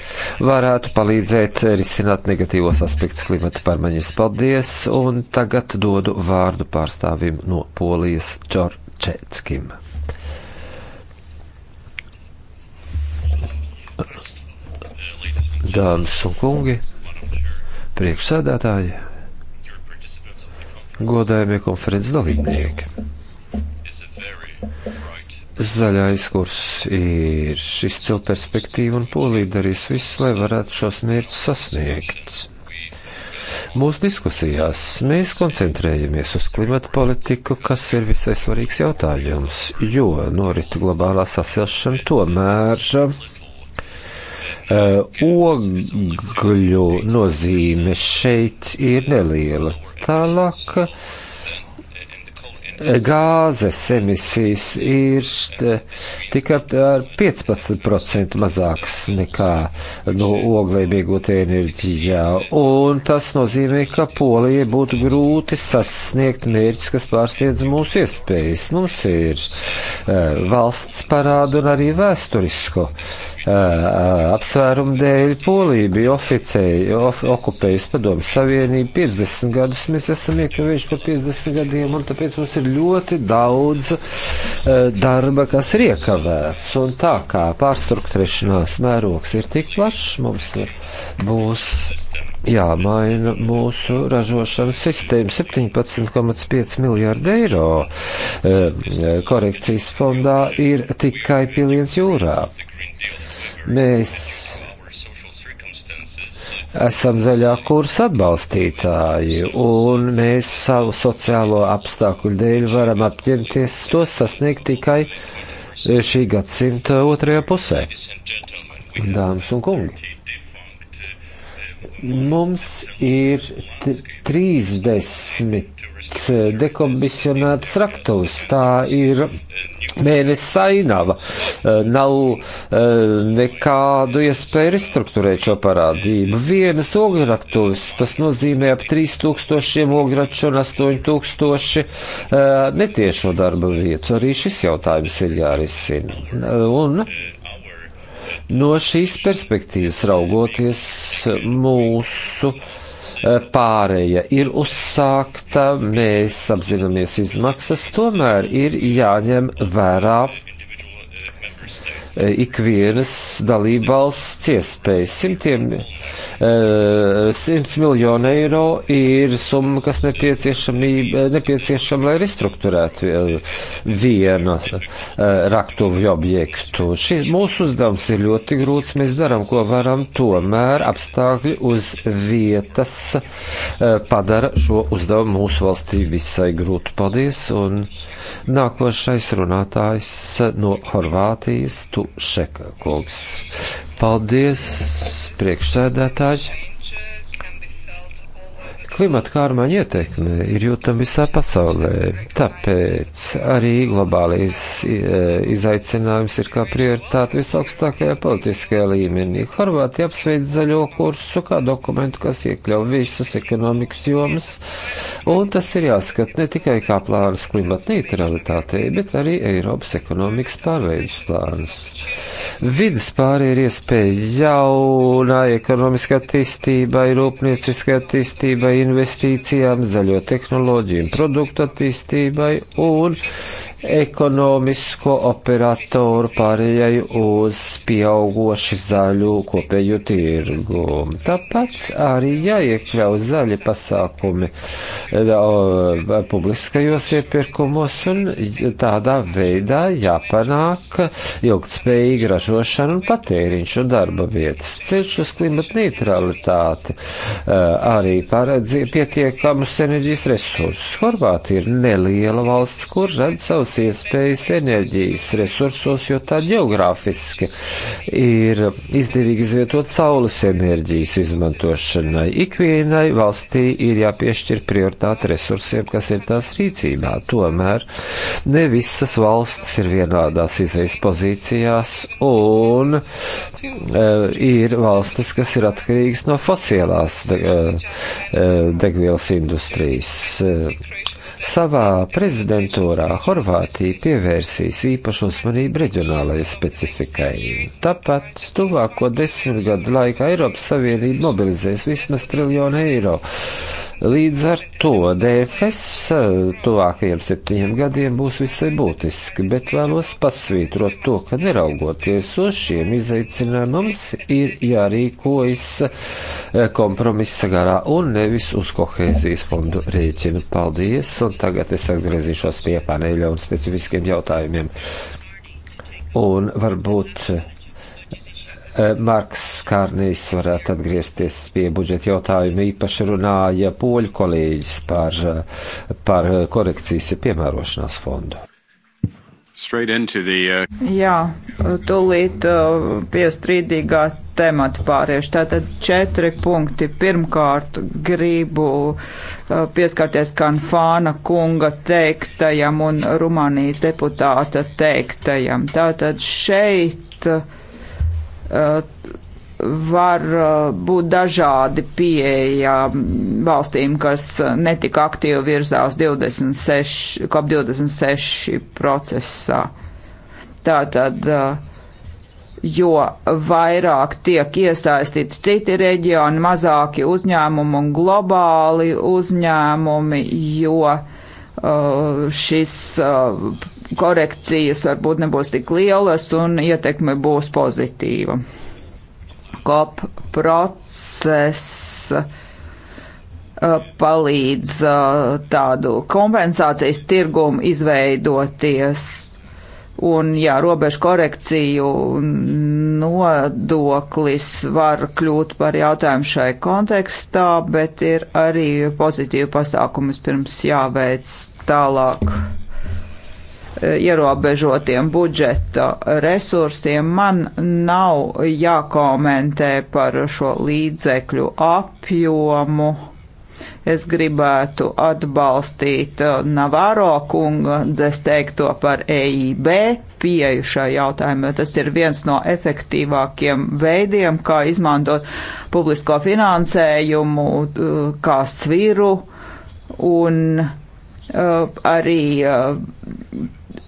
varētu palīdzēt risināt negatīvos aspektus klimata pārmaiņas. Paldies, un tagad dodu vārdu pārstāvim no Polijas Čorčetskim. Dāmas un kungi, priekšsēdētāji, godājumie konferences dalībnieki. Zaļais kurs ir izcila perspektīva, un Polija darīs visu, lai varētu šos mērķus sasniegt. Mūsu diskusijās mēs koncentrējamies uz klimatu politiku, kas ir visai svarīgs jautājums, jo norit globālā sasilšana tomēr eh, ogļu nozīme šeit ir neliela. Tālāk gāzes emisijas ir tikai ar 15% mazākas nekā no oglēm iegūtē enerģijā. Un tas nozīmē, ka Polijai būtu grūti sasniegt mērķus, kas pārsniedz mūsu iespējas. Mums ir eh, valsts parādu un arī vēsturisko. Uh, apsvērumu dēļ Polija bija oficēji, of, okupējusi padomu savienību 50 gadus, mēs esam iekavējuši par 50 gadiem, un tāpēc mums ir ļoti daudz uh, darba, kas ir iekavēts, un tā kā pārstruktrešanās mērogs ir tik plašs, mums būs jāmaina mūsu ražošanas sistēma 17,5 miljārdu eiro. Uh, korekcijas fondā ir tikai piliens jūrā. Mēs esam zaļā kursa atbalstītāji, un mēs savu sociālo apstākļu dēļ varam apņemties tos sasniegt tikai šī gadsimta otrajā pusē. Dāmas un kungi, mums ir 30 projekts dekomisionēts raktovs. Tā ir mēnesis ainava. Nav eh, nekādu iespēju restruktūrēt šo parādību. Vienas ogļraktuves, tas nozīmē ap 3000 ogļraču un 8000 eh, netiešo darba vietu. Arī šis jautājums ir jārisina. Un no šīs perspektīvas raugoties mūsu uh, Eh, pārēja ir uzsākta, mēs apzināmies izmaksas, tomēr ir jāņem vērā Eh, ikvienas dalībvalsts iespējas. Simtiem, eh, simts miljonu eiro ir summa, kas eh, nepieciešama, lai restruktūrētu vienu raktuvi objektu. Šis, mūsu uzdevums ir ļoti grūts, mēs darām, ko varam, tomēr apstākļi uz vietas padara šo uzdevumu mūsu valstī visai grūtu. Paldies! Un nākošais runātājs no Horvātijas. Tu Lušeka kungs. Paldies, priekšsēdētāji! Klimata kārmaņa ietekme ir jūtama visā pasaulē, tāpēc arī globālais e, izaicinājums ir kā prioritāte visaugstākajā politiskajā līmenī. Horvātija apsveic zaļo kursu kā dokumentu, kas iekļauj visas ekonomikas jomas, un tas ir jāskat ne tikai kā plāns klimata neutralitātei, bet arī Eiropas ekonomikas pārveidas plāns. Vides pāri ir iespēja jaunai ekonomiskai attīstībai, rūpnieciskai attīstībai, investīcijām, zaļo tehnoloģiju un produktu attīstībai un uh, ekonomisko operatoru pārējai uz pieaugoši zaļu kopēju tirgu. Tāpat arī jāiekļauj zaļi pasākumi publiskajos iepirkumos un tādā veidā jāpanāk ilgtspējīga ražošana un patēriņš un darba vietas. Ceļš uz klimata neutralitāti arī paredz pietiekamus enerģijas resursus. Horvātija ir neliela valsts, kur redz savu daudz iespējas enerģijas resursos, jo tā geogrāfiski ir izdevīgi izvietot saules enerģijas izmantošanai. Ikvienai valstī ir jāpiešķir prioritāte resursiem, kas ir tās rīcībā. Tomēr ne visas valstis ir vienādās izējas pozīcijās un e, ir valstis, kas ir atkarīgas no fosilās de, e, degvielas industrijas. E, Savā prezidentūrā Horvātija pievērsīs īpašu uzmanību reģionālajai specifikai. Tāpat tuvāko desmit gadu laikā Eiropas Savienība mobilizēs vismaz triljonu eiro Līdz ar to DFS eh, tuvākajiem septiņiem gadiem būs visai būtiski, bet vēlos pasvītrot to, ka neraugoties uz šiem izaicinājumiem mums ir jārīkojas eh, kompromisa garā un nevis uz kohēzijas fondu rēķina. Paldies, un tagad es atgriezīšos pie paneļa un specifiskiem jautājumiem. Un varbūt Eh, Marks Kārnīs varētu atgriezties pie budžeta jautājuma. Īpaši runāja poļu kolēģis par, eh, par korekcijas piemērošanās fondu. The, uh... Jā, tūlīt uh, pie strīdīgā temata pāriešu. Tātad četri punkti. Pirmkārt, gribu uh, pieskarties Kanfāna kunga teiktajam un Rumānijas deputāta teiktajam. Tātad šeit uh, var uh, būt dažādi pieeja valstīm, kas netika aktīvi virzās 26, COP26 procesā. Tātad, uh, jo vairāk tiek iesaistīti citi reģioni, mazāki uzņēmumi un globāli uzņēmumi, jo uh, šis korekcijas varbūt nebūs tik lielas un ietekme būs pozitīva. COP process uh, palīdz uh, tādu kompensācijas tirgumu izveidoties. Un, jā, robežu korekciju nodoklis var kļūt par jautājumu šai kontekstā, bet ir arī pozitīvi pasākumi, pirms jāveic tālāk. Eh, ierobežotiem budžeta resursiem. Man nav jākomentē par šo līdzekļu apjomu. Es gribētu atbalstīt eh, Navāro kunga dzesteikto par EIB pieeju šai jautājumā. Tas ir viens no efektīvākiem veidiem, kā izmantot publisko finansējumu, eh, kā sviru un arī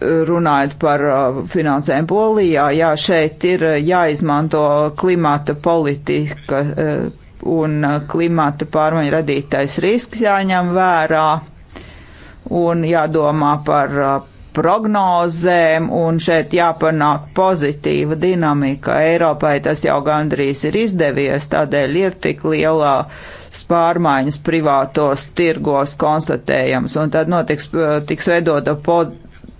runājot par uh, finansēm Polijā, jā, šeit ir uh, jāizmanto klimata politika uh, un klimata pārmaiņu radītais risks jāņem vērā un jādomā par prognozēm, un šeit jāpanāk pozitīva dinamika. Eiropai tas jau gandrīz ir izdevies, tādēļ ir tik lielā pārmaiņas privātos tirgos konstatējams, un tad notiks, tiks veidota pod,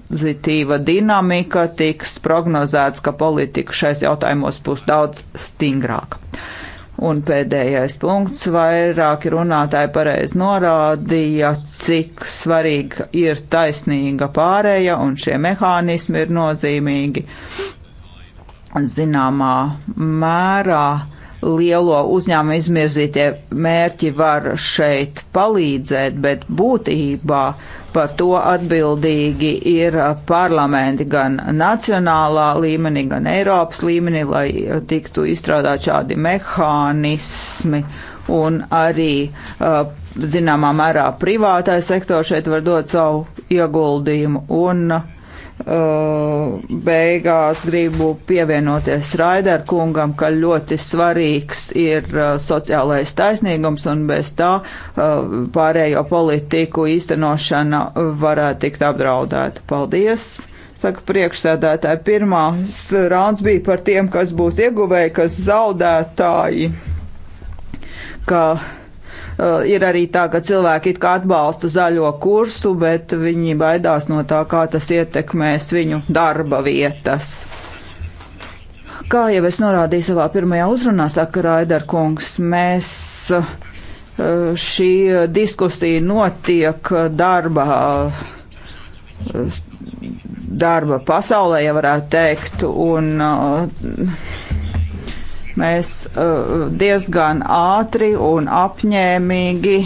pozitīva dinamika, tiks prognozēts, ka politika šais jautājumos būs daudz stingrāka. Un pēdējais punkts - vairāki runātāji pareizi norādīja, cik svarīga ir taisnīga pārēja, un šie mehānismi ir nozīmīgi. Zināmā mērā lielo uzņēmumu izmirzītie mērķi var šeit palīdzēt, bet būtībā par to atbildīgi ir parlamenti gan nacionālā līmenī, gan Eiropas līmenī, lai tiktu izstrādāt šādi mehānismi un arī, zināmā mērā, privātais sektors šeit var dot savu ieguldījumu un uh, Uh, beigās gribu pievienoties Raider kungam, ka ļoti svarīgs ir uh, sociālais taisnīgums un bez tā uh, pārējo politiku īstenošana varētu tikt apdraudēta. Paldies! Saka priekšsēdētāji, pirmās rauns bija par tiem, kas būs ieguvēji, kas zaudētāji, ka Eh, ir arī tā, ka cilvēki it kā atbalsta zaļo kursu, bet viņi baidās no tā, kā tas ietekmēs viņu darba vietas. Kā jau es norādīju savā pirmajā uzrunā, saka Raiderkungs, mēs eh, šī diskusija notiek darba eh, darba pasaulē, ja varētu teikt, un uh, Mēs uh, diezgan ātri un apņēmīgi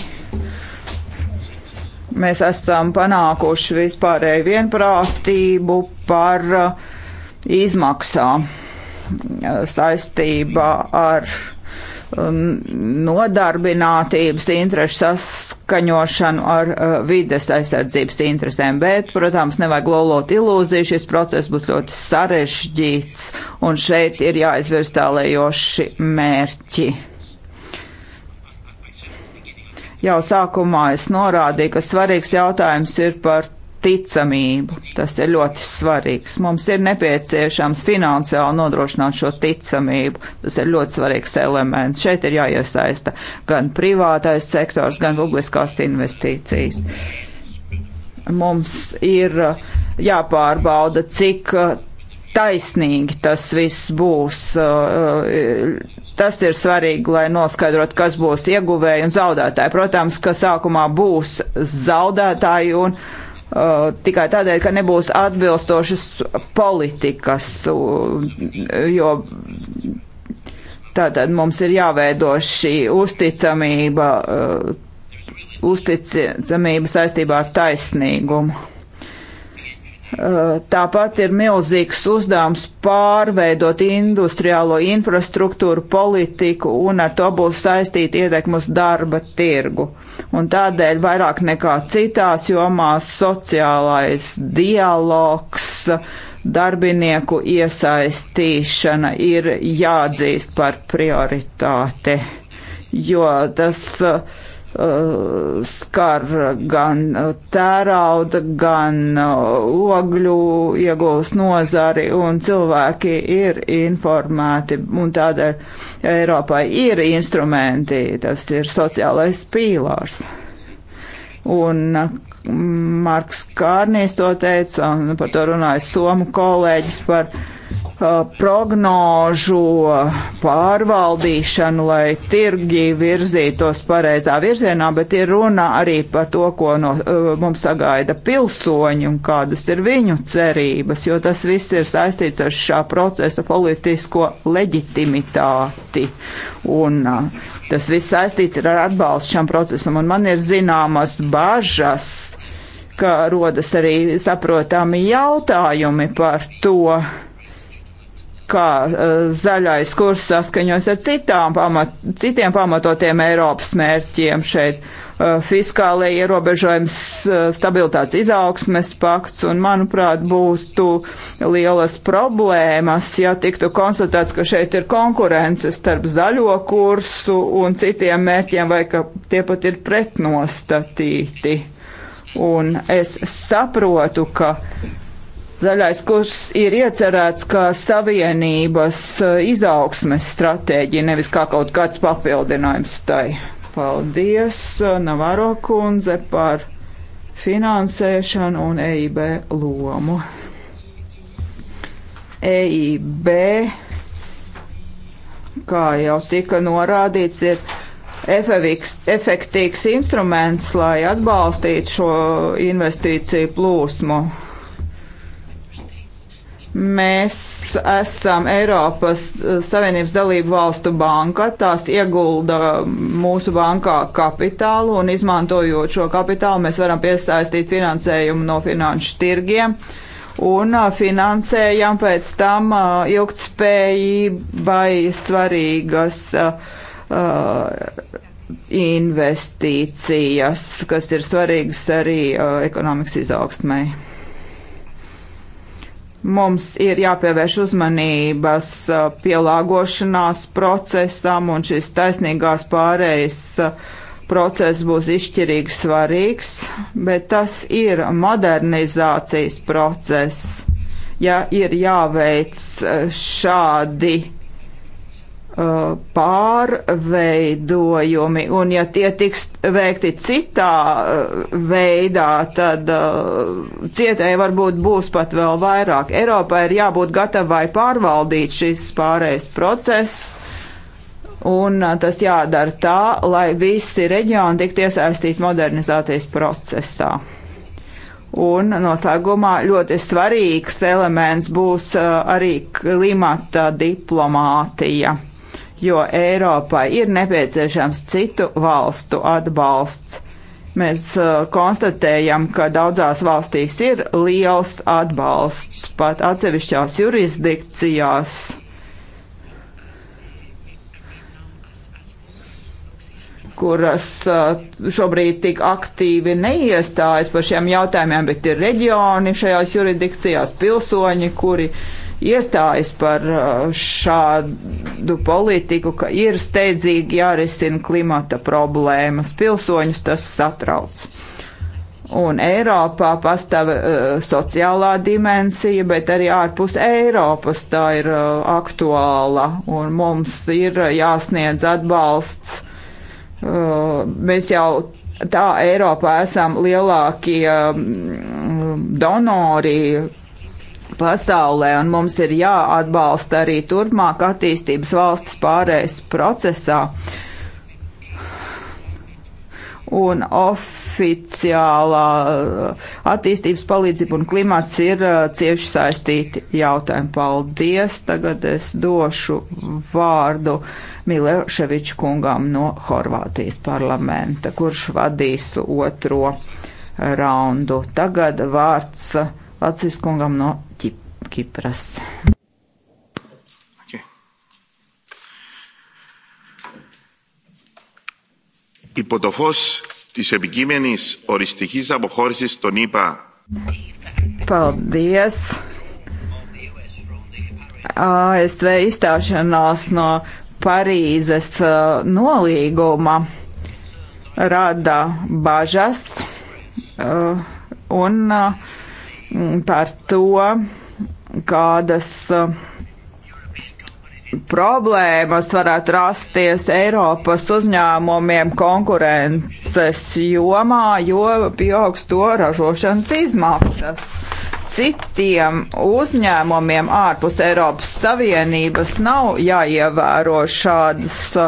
mēs esam panākuši vispārēju vienprātību par uh, izmaksām saistībā ar Um, nodarbinātības interešu saskaņošanu ar uh, vides aizsardzības interesēm, bet, protams, nevajag lolot ilūziju, šis process būs ļoti sarežģīts, un šeit ir jāizvirz tālējoši mērķi. Jau sākumā es norādīju, ka svarīgs jautājums ir par ticamību. Tas ir ļoti svarīgs. Mums ir nepieciešams finansiāli nodrošināt šo ticamību. Tas ir ļoti svarīgs elements. Šeit ir jāiesaista gan privātais sektors, gan publiskās investīcijas. Mums ir uh, jāpārbauda, cik uh, taisnīgi tas viss būs. Uh, tas ir svarīgi, lai noskaidrotu, kas būs ieguvēji un zaudētāji. Protams, ka sākumā būs zaudētāji un zaudētāji Uh, tikai tādēļ, ka nebūs atbilstošas politikas, jo tātad mums ir jāveido šī uzticamība, uh, uzticamība saistībā ar taisnīgumu. Tāpat ir milzīgs uzdevums pārveidot industriālo infrastruktūru, politiku, un ar to būs saistīti ietekmi uz darba tirgu. Un tādēļ vairāk nekā citās jomās sociālais dialogs, darbinieku iesaistīšana ir jāatzīst par prioritāti, jo tas uh, Eh, skar gan eh, tērauda, gan eh, ogļu iegūs nozari, un cilvēki ir informēti, un tādēļ Eiropai ir instrumenti, tas ir sociālais pīlārs. Un Marks Kārnīs to teica, un par to runāja somu kolēģis par prognožu pārvaldīšanu, lai tirgi virzītos pareizā virzienā, bet ir runa arī par to, ko no, mums sagaida pilsoņi un kādas ir viņu cerības, jo tas viss ir saistīts ar šā procesa politisko leģitimitāti. Un tas viss saistīts ar atbalstu šam procesam, un man ir zināmas bažas ka rodas arī saprotami jautājumi par to, uh, kā eh, zaļais kurs saskaņos ar citām, pamat, citiem pamatotiem Eiropas mērķiem šeit eh, fiskālai ierobežojums, eh, stabilitātes izaugsmes pakts, un, manuprāt, būtu lielas problēmas, ja tiktu konstatēts, ka šeit ir konkurence starp zaļo kursu un citiem mērķiem, vai ka tie pat ir pretnostatīti. Un es saprotu, ka Zaļais kurs ir iecerēts kā savienības eh, izaugsmes stratēģija, nevis kā kaut kāds papildinājums tai. Paldies eh, Navaro kundze par finansēšanu un EIB lomu. EIB, kā jau tika norādīts, ir efektīvs instruments, lai atbalstītu šo investīciju plūsmu Mēs esam Eiropas Savienības dalību valstu banka, tās iegulda mūsu bankā kapitālu un izmantojot šo kapitālu mēs varam piesaistīt finansējumu no finanšu tirgiem un finansējam pēc tam ilgtspējībai svarīgas investīcijas, kas ir svarīgas arī ekonomikas izaugsmai. Mums ir jāpievērš uzmanības pielāgošanās procesam, un šis taisnīgās pārējas process būs izšķirīgi svarīgs, bet tas ir modernizācijas process. Ja ir jāveic šādi uh, Uh, pārveidojumi, un ja tie tiks veikti citā uh, veidā, tad uh, cietēji varbūt būs pat vēl vairāk. Eiropā ir jābūt gatavai pārvaldīt šis pārējais process, un uh, tas jādara tā, lai visi reģioni tiktu iesaistīti modernizācijas procesā. Un noslēgumā ļoti svarīgs elements būs uh, arī klimata diplomātija jo Eiropai ir nepieciešams citu valstu atbalsts. Mēs uh, konstatējam, ka daudzās valstīs ir liels atbalsts, pat atsevišķās jurisdikcijās. kuras uh, šobrīd tik aktīvi neiestājas par šiem jautājumiem, bet ir reģioni šajās jurisdikcijās, pilsoņi, kuri uh, iestājas par uh, šādu politiku, ka ir steidzīgi jārisina klimata problēmas. Pilsoņus tas satrauc. Un Eiropā pastāv uh, sociālā dimensija, bet arī ārpus Eiropas tā ir uh, aktuāla. Un mums ir jāsniedz atbalsts. Uh, mēs jau tā Eiropā esam lielākie um, donori pasaulē, un mums ir jāatbalsta arī turpmāk attīstības valsts pārējais procesā. Un oficiālā uh, attīstības palīdzība un klimats ir uh, cieši saistīti jautājumi. Paldies! Tagad es došu vārdu Mileševiču kungam no Horvātijas parlamenta, kurš vadīs otro raundu. Tagad vārds Lacis kungam no Kipras. Υπό το φως της επικείμενης οριστικής αποχώρησης των ΗΠΑ. Paldies! ASV izstāšanās no Parīzes uh, nolīguma rada bažas uh, un uh, par to, kādas e, problēmas varētu rasties Eiropas uzņēmumiem konkurences jomā, jo pieaugs to ražošanas izmaksas. Citiem uzņēmumiem ārpus Eiropas Savienības nav jāievēro šādas e,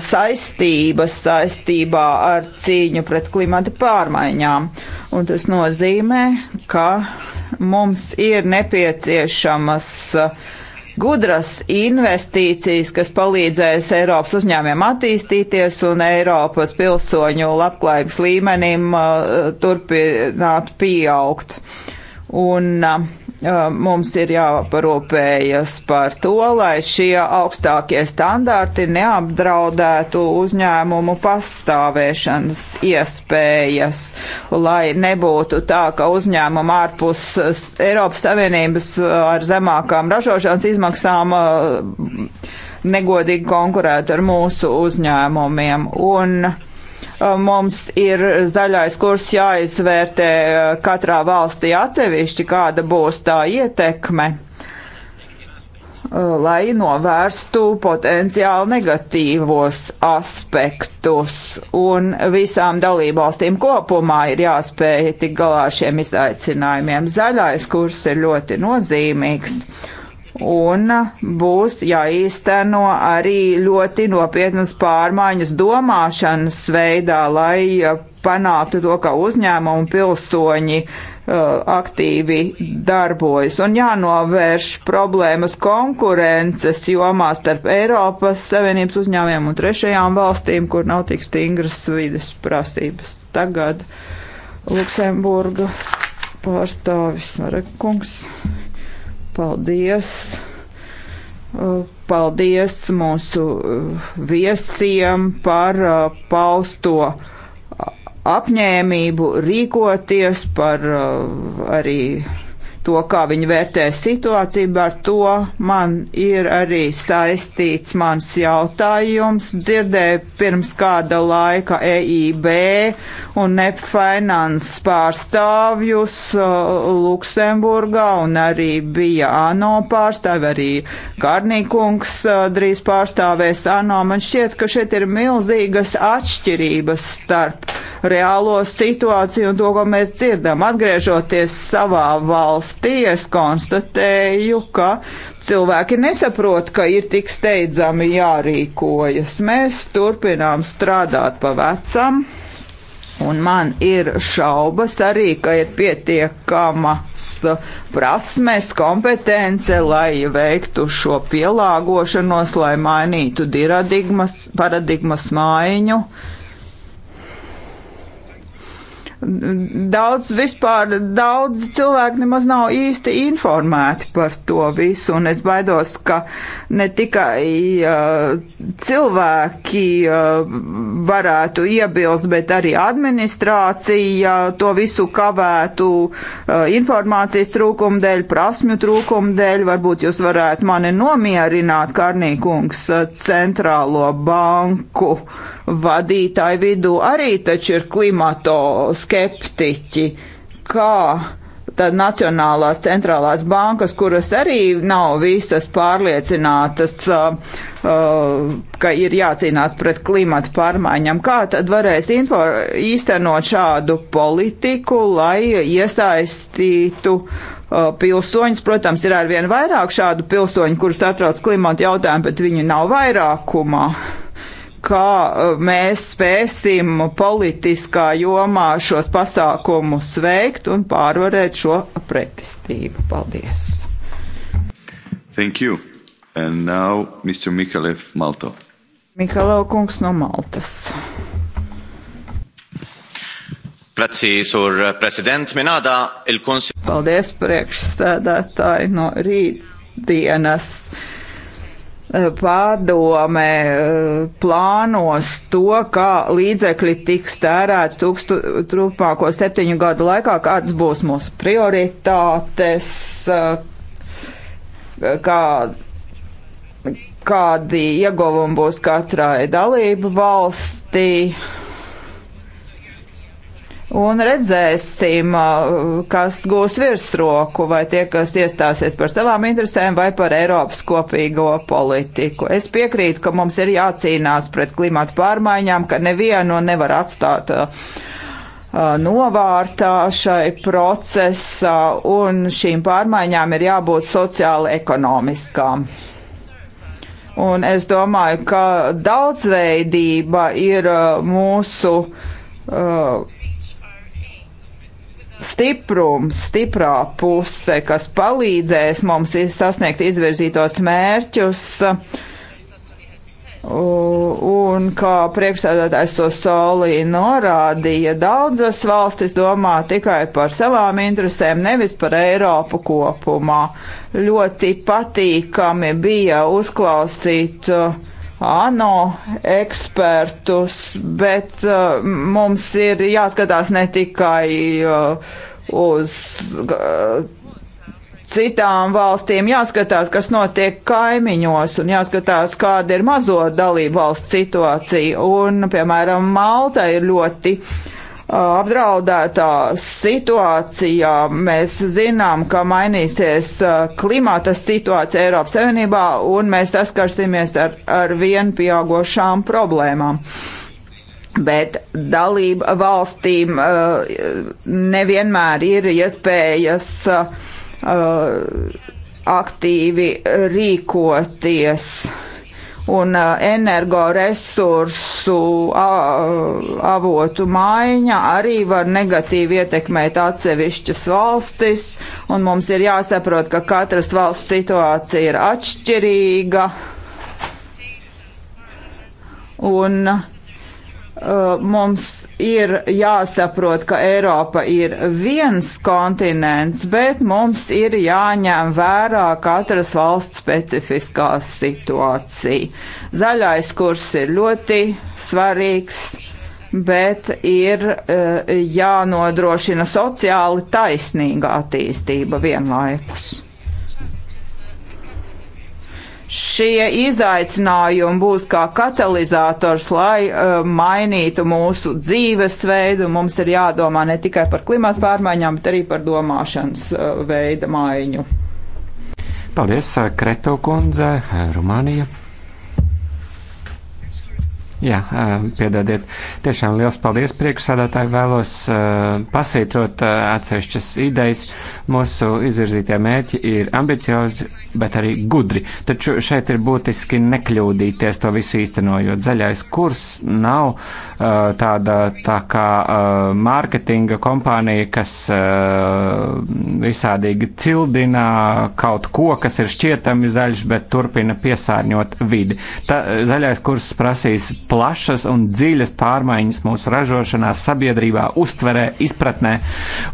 saistības saistībā ar cīņu pret klimata pārmaiņām. Un tas nozīmē, ka mums ir nepieciešamas uh, gudras investīcijas, kas palīdzēs Eiropas uzņēmiem attīstīties un Eiropas pilsoņu labklājības līmenim uh, turpināt pieaugt. Un uh, mums ir jāparūpējas par to, lai šie augstākie standarti neapdraudētu uzņēmumu pastāvēšanas iespējas, lai nebūtu tā, ka uzņēmumu ārpus Eiropas Savienības ar zemākām ražošanas izmaksām uh, negodīgi konkurētu ar mūsu uzņēmumiem. Un, Mums ir zaļais kurs jāizvērtē eh, katrā valstī atsevišķi, kāda būs tā ietekme, eh, lai novērstu potenciāli negatīvos aspektus. Un visām dalībvalstīm kopumā ir jāspēj tik galā šiem izaicinājumiem. Zaļais kurs ir ļoti nozīmīgs. Mm un būs jāīsteno arī ļoti nopietnas pārmaiņas domāšanas veidā, lai panāktu to, ka uzņēmumi un pilsoņi uh, aktīvi darbojas un jānovērš problēmas konkurences jomā starp Eiropas Savienības uzņēmiem un trešajām valstīm, kur nav tik stingras vides prasības. Tagad Luksemburga pārstāvis Marekungs. kungs. Paldies! Uh, paldies mūsu uh, viesiem par uh, pausto apņēmību rīkoties, par arī to, kā viņi vērtē situāciju, ar to man ir arī saistīts mans jautājums. Dzirdēju pirms kāda laika EIB un NEP Finance pārstāvjus uh, Luksemburgā un arī bija ANO pārstāvi, arī Garnīkungs uh, drīz pārstāvēs ANO. Man šķiet, ka šeit ir milzīgas atšķirības starp reālo situāciju un to, ko mēs dzirdam. Atgriežoties savā valstī, es konstatēju, ka cilvēki nesaprot, ka ir tik steidzami jārīkojas. Mēs turpinām strādāt pa vecam. Un man ir šaubas arī, ka ir pietiekamas prasmes, kompetence, lai veiktu šo pielāgošanos, lai mainītu paradigmas maiņu. Uh, Daudz vispār, daudz cilvēku nemaz nav īsti informēti par to visu, un es baidos, ka ne tikai uh, cilvēki uh, varētu iebilst, bet arī administrācija to visu kavētu uh, informācijas trūkumu dēļ, prasmju trūkumu dēļ. Varbūt jūs varētu mani nomierināt, Karnīkungs, centrālo banku vadītāju vidū arī taču ir klimatos skeptiķi, kā tad Nacionālās centrālās bankas, kuras arī nav visas pārliecinātas, ka ir jācīnās pret klimatu pārmaiņām, kā tad varēs info, īstenot šādu politiku, lai iesaistītu pilsoņus. Protams, ir arvien vairāk šādu pilsoņu, kurus atrauc klimatu jautājumu, bet viņi nav vairākumā kā uh, mēs spēsim politiskā jomā šos pasākumus veikt un pārvarēt šo pretestību. Paldies! Thank you. And now Mr. Mikalev Malto. Mikalau kungs no Maltas. Eh, Paldies, priekšsēdētāji, no rītdienas. Eh, padome eh, plānos to, kā līdzekļi tiks tērēti turpmāko septiņu gadu laikā, kādas būs mūsu prioritātes, eh, kā, kādi ieguvumi būs katrai dalību valstī. Un redzēsim, kas gūs virsroku, vai tie, kas iestāsies par savām interesēm, vai par Eiropas kopīgo politiku. Es piekrītu, ka mums ir jācīnās pret klimatu pārmaiņām, ka nevienu nevar atstāt uh, novārtā šai procesā, un šīm pārmaiņām ir jābūt sociāli ekonomiskām. Un es domāju, ka daudzveidība ir mūsu uh, stiprums, stiprā puse, kas palīdzēs mums sasniegt izvirzītos mērķus. Un kā priekšsēdētājs to solī norādīja, daudzas valstis domā tikai par savām interesēm, nevis par Eiropu kopumā. Ļoti patīkami bija uzklausīt uh, ANO ekspertus, bet uh, mums ir jāskatās ne tikai uh, uz uh, citām valstīm, jāskatās, kas notiek kaimiņos un jāskatās, kāda ir mazo dalību valstu situācija. Un, piemēram, Malta ir ļoti uh, apdraudētā situācijā. Mēs zinām, ka mainīsies uh, klimata situācija Eiropas Savienībā un mēs saskarsimies ar, ar vien pieaugošām problēmām. Bet dalība valstīm uh, nevienmēr ir iespējas uh, aktīvi rīkoties un uh, energoresursu uh, avotu maiņa arī var negatīvi ietekmēt atsevišķas valstis, un mums ir jāsaprot, ka katras valsts situācija ir atšķirīga. Un uh, Uh, mums ir jāsaprot, ka Eiropa ir viens kontinents, bet mums ir jāņem vērā katras valsts specifiskā situācija. Zaļais kurs ir ļoti svarīgs, bet ir uh, jānodrošina sociāli taisnīga attīstība vienlaikus. Šie izaicinājumi būs kā katalizators, lai uh, mainītu mūsu dzīvesveidu. Mums ir jādomā ne tikai par klimatu pārmaiņām, bet arī par domāšanas uh, veida maiņu. Paldies, Kreto kundze, Rumānija. Jā, piedodiet. Tiešām liels paldies priekšsādātāji. Vēlos uh, pasvītrot uh, atsevišķas idejas. Mūsu izvirzītie mērķi ir ambiciozi, bet arī gudri. Taču šeit ir būtiski nekļūdīties to visu īstenojot. Zaļais kurs nav uh, tāda tā kā uh, mārketinga kompānija, kas uh, visādīgi cildina kaut ko, kas ir šķietami zaļš, bet turpina piesārņot vidi. Ta, zaļais kurs prasīs plašas un dziļas pārmaiņas mūsu ražošanā, sabiedrībā, uztverē, izpratnē,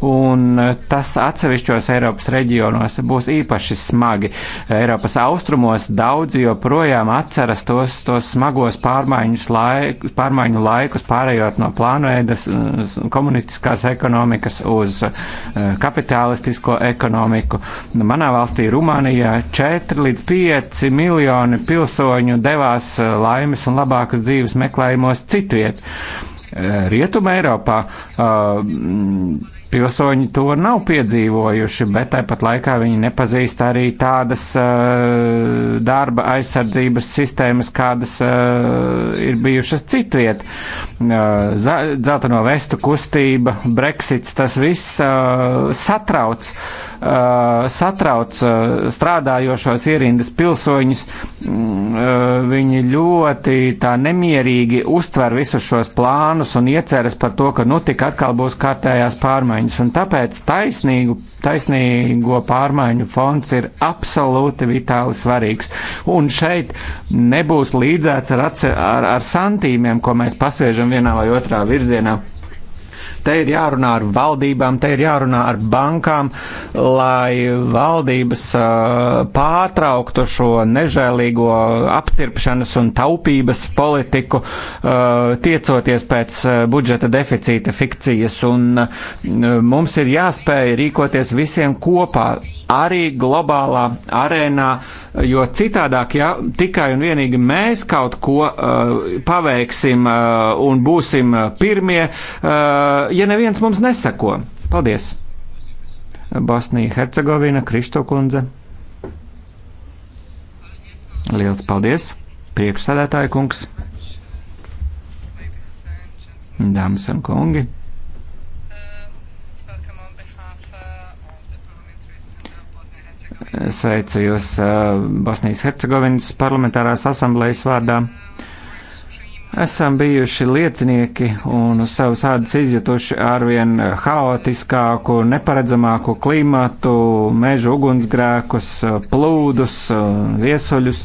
un eh, tas atsevišķos Eiropas reģionos būs īpaši smagi. Eiropas austrumos daudzi joprojām atceras tos, tos smagos laik, pārmaiņu laikus, pārējot no plānveidas eh, komunistiskās ekonomikas uz eh, kapitalistisko ekonomiku. Manā valstī Rumānijā 4 līdz 5 miljoni pilsoņu devās laimes un labākas dzīves palīdzības meklējumos citviet. Eh, Rietuma Eiropā eh, pilsoņi to nav piedzīvojuši, bet tāpat laikā viņi nepazīst arī tādas uh, darba aizsardzības sistēmas, kādas uh, ir bijušas citviet. Uh, Zeltano vestu kustība, Brexits, tas viss uh, satrauc. Uh, Uh, satrauc uh, strādājošos ierindas pilsoņus. Mm, uh, viņi ļoti tā nemierīgi uztver visus šos plānus un ieceras par to, ka nu tik atkal būs kārtējās pārmaiņas. Un tāpēc taisnīgu, taisnīgo pārmaiņu fonds ir absolūti vitāli svarīgs. Un šeit nebūs līdzēts ar, atse, ar, ar santīmiem, ko mēs pasviežam vienā vai otrā virzienā te ir jārunā ar valdībām, te ir jārunā ar bankām, lai valdības pārtrauktu šo nežēlīgo apcirpšanas un taupības politiku, tiecoties pēc budžeta deficīta fikcijas. Un mums ir jāspēj rīkoties visiem kopā, arī globālā arēnā, jo citādāk, ja tikai un vienīgi mēs kaut ko uh, paveiksim uh, un būsim pirmie, uh, ja neviens mums neseko. Paldies! Bosnija, Hercegovina, Kristokundze. Liels paldies! Priekšsēdētāja kungs! Dāmas un kungi! Sveicu jūs eh, Bosnijas Hercegovinas parlamentārās asamblējas vārdā esam bijuši liecinieki un savus ādas izjutuši arvien haotiskāku, neparedzamāku klimatu, mežu ugunsgrēkus, plūdus, viesuļus,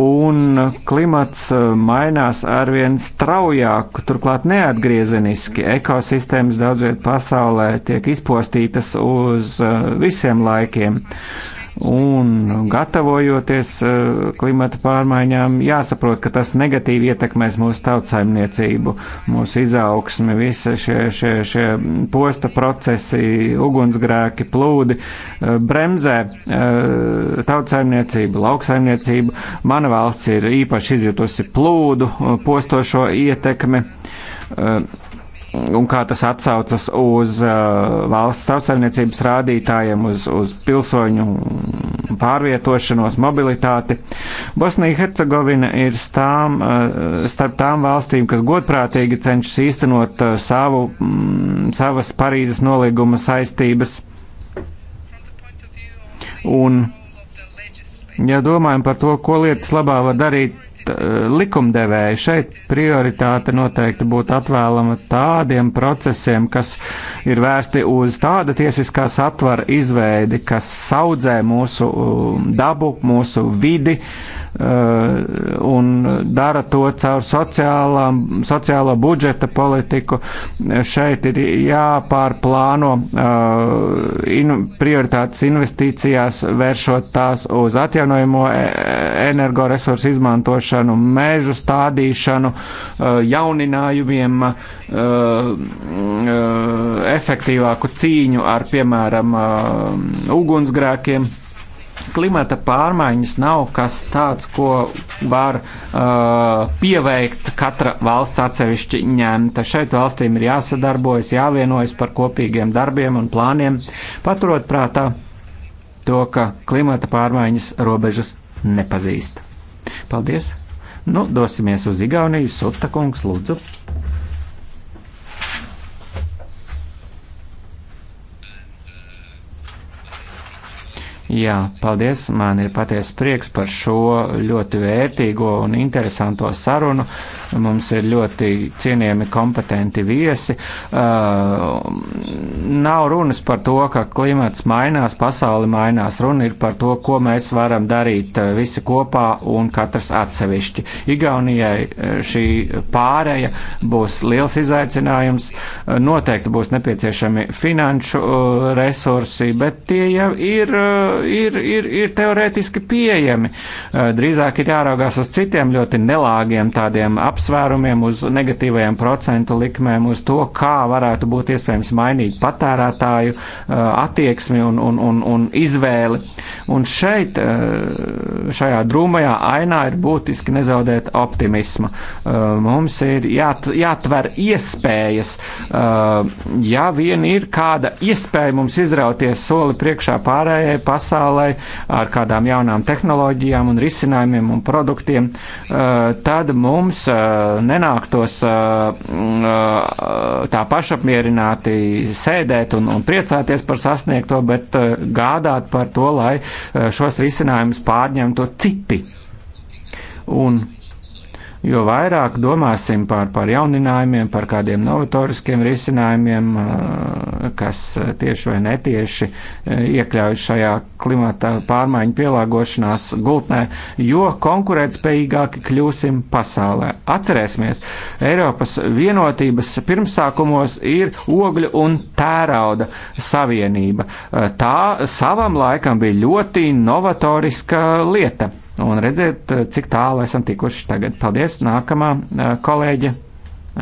un klimats mainās arvien straujāk, turklāt neatgriezeniski. Ekosistēmas daudzviet pasaulē tiek izpostītas uz visiem laikiem. Un gatavojoties eh, klimata pārmaiņām, jāsaprot, ka tas negatīvi ietekmēs mūsu tautsaimniecību, mūsu izaugsmi, visi šie, šie, šie posta procesi, ugunsgrēki, plūdi eh, bremzē eh, tautsaimniecību, lauksaimniecību. Mana valsts ir īpaši izjutusi plūdu postošo ietekmi un kā tas atsaucas uz uh, valsts tautsēmniecības rādītājiem, uz, uz pilsoņu pārvietošanos, mobilitāti. Bosnija-Hercegovina ir stām, uh, starp tām valstīm, kas godprātīgi cenšas īstenot uh, savu, mm, savas Parīzes nolīguma saistības. Un, ja domājam par to, ko lietas labā var darīt Eh, likumdevēju. Šeit prioritāte noteikti būtu atvēlama tādiem procesiem, kas ir vērsti uz tāda tiesiskā satvara izveidi, kas saudzē mūsu um, dabu, mūsu vidi, uh, Eh, un dara to caur sociālā, sociālo budžeta politiku. Šeit ir jāpārplāno eh, in, prioritātes investīcijās, vēršot tās uz atjaunojamo e, energoresursu izmantošanu, mežu stādīšanu, eh, jauninājumiem, efektīvāku cīņu ar, piemēram, ugunsgrēkiem klimata pārmaiņas nav kas tāds, ko var uh, pieveikt katra valsts atsevišķi ņemta. Šeit valstīm ir jāsadarbojas, jāvienojas par kopīgiem darbiem un plāniem, paturot prātā to, ka klimata pārmaiņas robežas nepazīst. Paldies! Nu, dosimies uz Igauniju, Sutta kungs, lūdzu! Jā, paldies. Man ir patiesa prieks par šo ļoti vērtīgo un interesanto sarunu. Mums ir ļoti cienījami, kompetenti viesi. Uh, nav runas par to, ka klimats mainās, pasauli mainās. Runa ir par to, ko mēs varam darīt uh, visi kopā un katrs atsevišķi. Igaunijai uh, šī pāreja būs liels izaicinājums. Uh, noteikti būs nepieciešami finanšu resursi, bet tie jau ir ir, ir, ir teorētiski pieejami. Drīzāk ir jāraugās uz citiem ļoti nelāgiem tādiem apsvērumiem, uz negatīvajiem procentu likmēm, uz to, kā varētu būt iespējams mainīt patērētāju attieksmi un, un, un, un izvēli. Un šeit, šajā drūmajā ainā, ir būtiski nezaudēt optimismu. Mums ir jāt, jātver iespējas, ja vien ir kāda iespēja mums izrauties soli priekšā pārējai pasaulē pasaulē ar kādām jaunām tehnoloģijām un risinājumiem un produktiem, eh, tad mums eh, nenāktos eh, mm, tā pašapmierināti sēdēt un, un priecāties par sasniegto, bet gādāt par to, lai šos risinājumus pārņemtu citi. Un jo vairāk domāsim par, par jauninājumiem, par kādiem novatoriskiem risinājumiem, eh, kas tieši vai netieši eh, iekļaujas šajā klimata pārmaiņu pielāgošanās gultnē, jo konkurētspējīgāki kļūsim pasaulē. Atcerēsimies, Eiropas vienotības pirmsākumos ir ogļu un tērauda savienība. Eh, tā savam laikam bija ļoti novatoriska lieta un redzēt, eh, cik tālu esam tikuši tagad. Paldies! Nākamā eh, kolēģe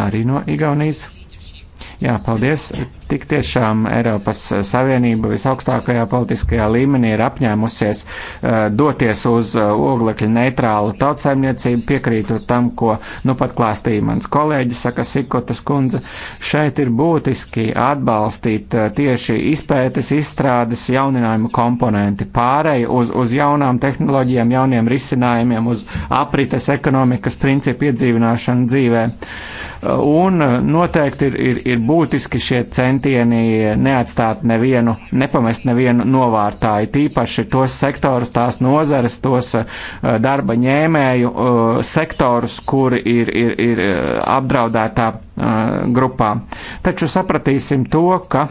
arī no Igaunijas. Jā, paldies. Tik tiešām Eiropas Savienība visaugstākajā politiskajā līmenī ir apņēmusies uh, doties uz uh, oglekļa neitrālu tautsēmniecību, piekrītu tam, ko nu pat klāstīja mans kolēģis, saka Sikotas kundze. Šeit ir būtiski atbalstīt uh, tieši izpētes, izstrādes, jauninājumu komponenti, pārēju uz, uz jaunām tehnoloģijām, jauniem risinājumiem, uz aprites ekonomikas principu iedzīvināšanu dzīvē. Uh, un noteikti ir, ir, ir būtiski būtiski šie centieni neatstāt nevienu, nepamest nevienu novārtā, it īpaši tos sektorus, tās nozares, tos uh, darba ņēmēju uh, sektorus, kuri ir, ir, ir uh, apdraudētā grupā. Taču sapratīsim to, ka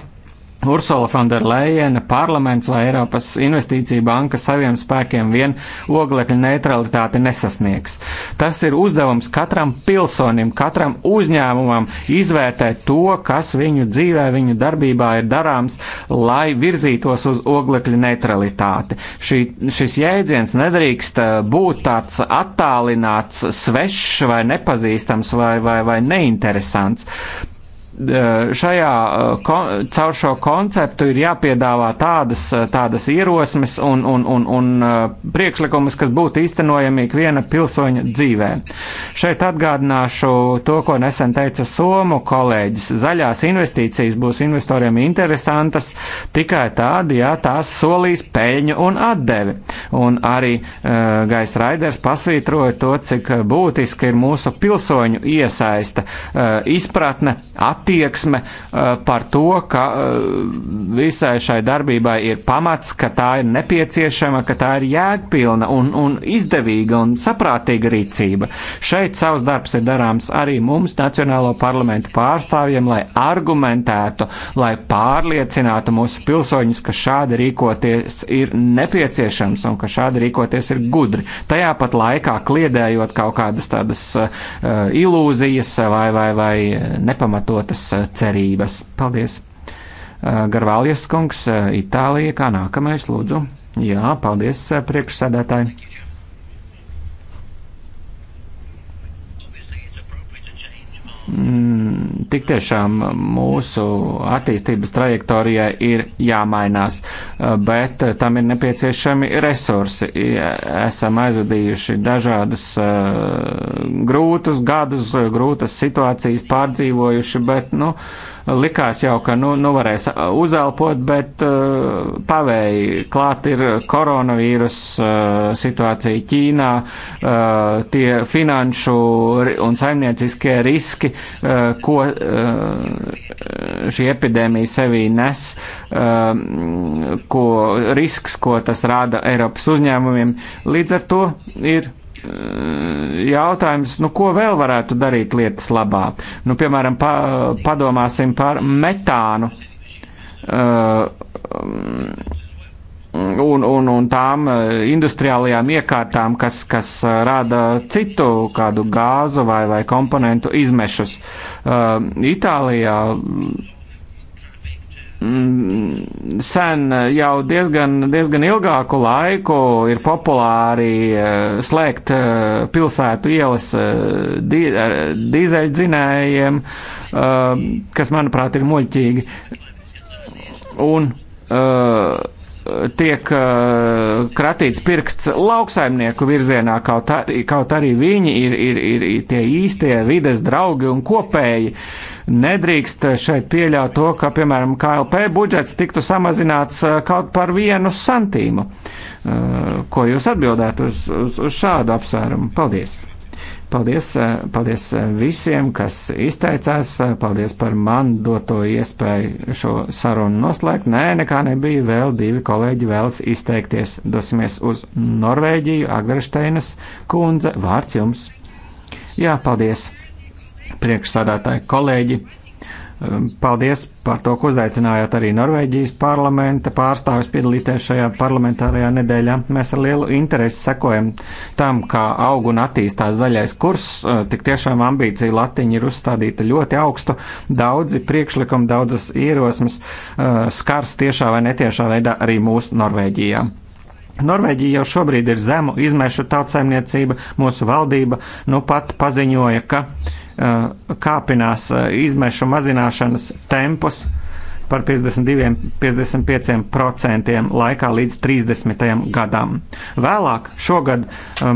Ursula von der Leyen, parlaments vai Eiropas investīcija banka saviem spēkiem vien oglekļa neutralitāti nesasniegs. Tas ir uzdevums katram pilsonim, katram uzņēmumam izvērtēt to, kas viņu dzīvē, viņu darbībā ir darāms, lai virzītos uz oglekļa neutralitāti. Šī, šis jēdziens nedrīkst eh, būt tāds attālināts, svešs vai nepazīstams vai, vai, vai neinteresants. Eh, šajā, eh, caur šo konceptu ir jāpiedāvā tādas, eh, tādas ierosmes un, un, un, un priekšlikumus, kas būtu īstenojami ikviena pilsoņa dzīvē. Šeit atgādināšu to, ko nesen teica Somu kolēģis. Zaļās investīcijas būs investoriem interesantas tikai tādi, ja tās solīs peļņu un atdevi. Un arī uh, Gaisa Raiders pasvītroja to, cik būtiski ir mūsu pilsoņu iesaista, uh, izpratne, attīstība attieksme uh, par to, ka uh, visai šai darbībai ir pamats, ka tā ir nepieciešama, ka tā ir jēgpilna un, un izdevīga un saprātīga rīcība. Šeit savs darbs ir darāms arī mums, Nacionālo parlamentu pārstāvjiem, lai argumentētu, lai pārliecinātu mūsu pilsoņus, ka šādi rīkoties ir nepieciešams un ka šādi rīkoties ir gudri. Tajā pat laikā kliedējot kaut kādas tādas uh, ilūzijas vai, vai, vai nepamatotas lietas eh, cerības. Paldies! Eh, Garvālies kungs, eh, Itālija, kā nākamais, lūdzu. Jā, paldies priekšsēdētāji. Mm, tik tiešām mūsu attīstības trajektorijai ir jāmainās, bet tam ir nepieciešami resursi. Esam aizvadījuši dažādas eh, grūtus gadus, grūtas situācijas pārdzīvojuši, bet, nu, likās jau, ka nu, nu varēs uh, uzelpot, bet uh, pavēji klāt ir koronavīrus uh, situācija Ķīnā, uh, tie finanšu un saimnieciskie riski, uh, ko uh, šī epidēmija sevī nes, uh, ko risks, ko tas rāda Eiropas uzņēmumiem. Līdz ar to ir Eh, jautājums, nu, ko vēl varētu darīt lietas labā? Nu, piemēram, pa, padomāsim par metānu. Uh, Un, un, un tām eh, industriālajām iekārtām, kas, kas rada citu kādu gāzu vai, vai komponentu izmešus. Uh, Itālijā Mm, sen jau diezgan, diezgan ilgāku laiku ir populāri eh, slēgt eh, pilsētu ielas eh, dī, dīzeļdzinējiem, kas, manuprāt, ir muļķīgi. Un uh, tiek uh, kratīts pirksts lauksaimnieku virzienā, kaut arī, kaut arī viņi ir, ir, ir tie īstie vides draugi un kopēji. Nedrīkst šeit pieļaut to, ka, piemēram, KLP budžets tiktu samazināts uh, kaut par vienu santīmu. Uh, ko jūs atbildētu uz, uz, uz šādu apsvērumu? Paldies! Paldies, eh, paldies eh, visiem, kas izteicās, eh, paldies par man doto iespēju šo sarunu noslēgt. Nē, nekā nebija, vēl divi kolēģi vēlas izteikties. Dosimies uz Norvēģiju, Agrašteinas kundze, vārds jums. Jā, paldies, priekšsādātāji kolēģi. Um, paldies par to, ka uzaicinājāt arī Norvēģijas parlamenta pārstāvis piedalīties šajā parlamentārajā nedēļā. Mēs ar lielu interesi sekojam tam, kā aug un attīstās zaļais kurs. Uh, tik tiešām ambīcija latiņa ir uzstādīta ļoti augstu. Daudzi priekšlikumi, daudzas ierosmes uh, skars tiešā vai netiešā veidā arī mūsu Norvēģijā. Norvēģija jau šobrīd ir zemu izmešu tautsaimniecība, mūsu valdība nu pat paziņoja, ka uh, kāpinās uh, izmešu mazināšanas tempus par 52-55% laikā līdz 30. gadam. Vēlāk šogad uh,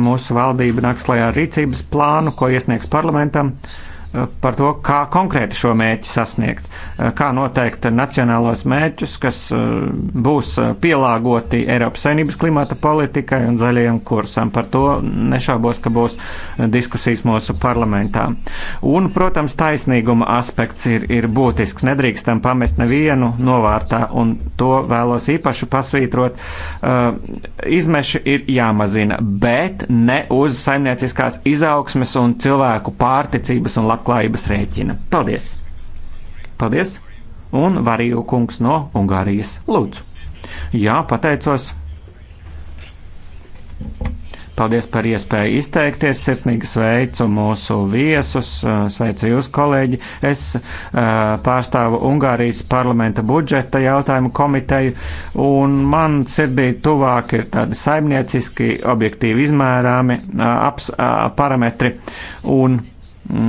mūsu valdība nāks klajā ar rīcības plānu, ko iesniegs parlamentam. Uh, par to, kā konkrēti šo mērķi sasniegt, eh, kā noteikt nacionālos mērķus, kas eh, būs eh, pielāgoti Eiropas Savienības klimata politikai un zaļajam kursam. Par to nešaubos, ka būs diskusijas mūsu parlamentā. Un, protams, taisnīguma aspekts ir, ir būtisks. Nedrīkstam pamest nevienu novārtā, un to vēlos īpaši pasvītrot. Izmeši ir jāmazina, bet ne uz saimnieciskās izaugsmes un cilvēku pārticības un labklājības labklājības rēķina. Paldies! Paldies! Un Variju kungs no Ungārijas. Lūdzu! Jā, pateicos! Paldies par iespēju izteikties. Sirsnīgi sveicu mūsu viesus, eh, sveicu jūs, kolēģi. Es uh, pārstāvu Ungārijas parlamenta budžeta jautājumu komiteju, un man sirdī tuvāk ir tādi saimnieciski, objektīvi izmērāmi uh, aps, uh, parametri. Un, uh,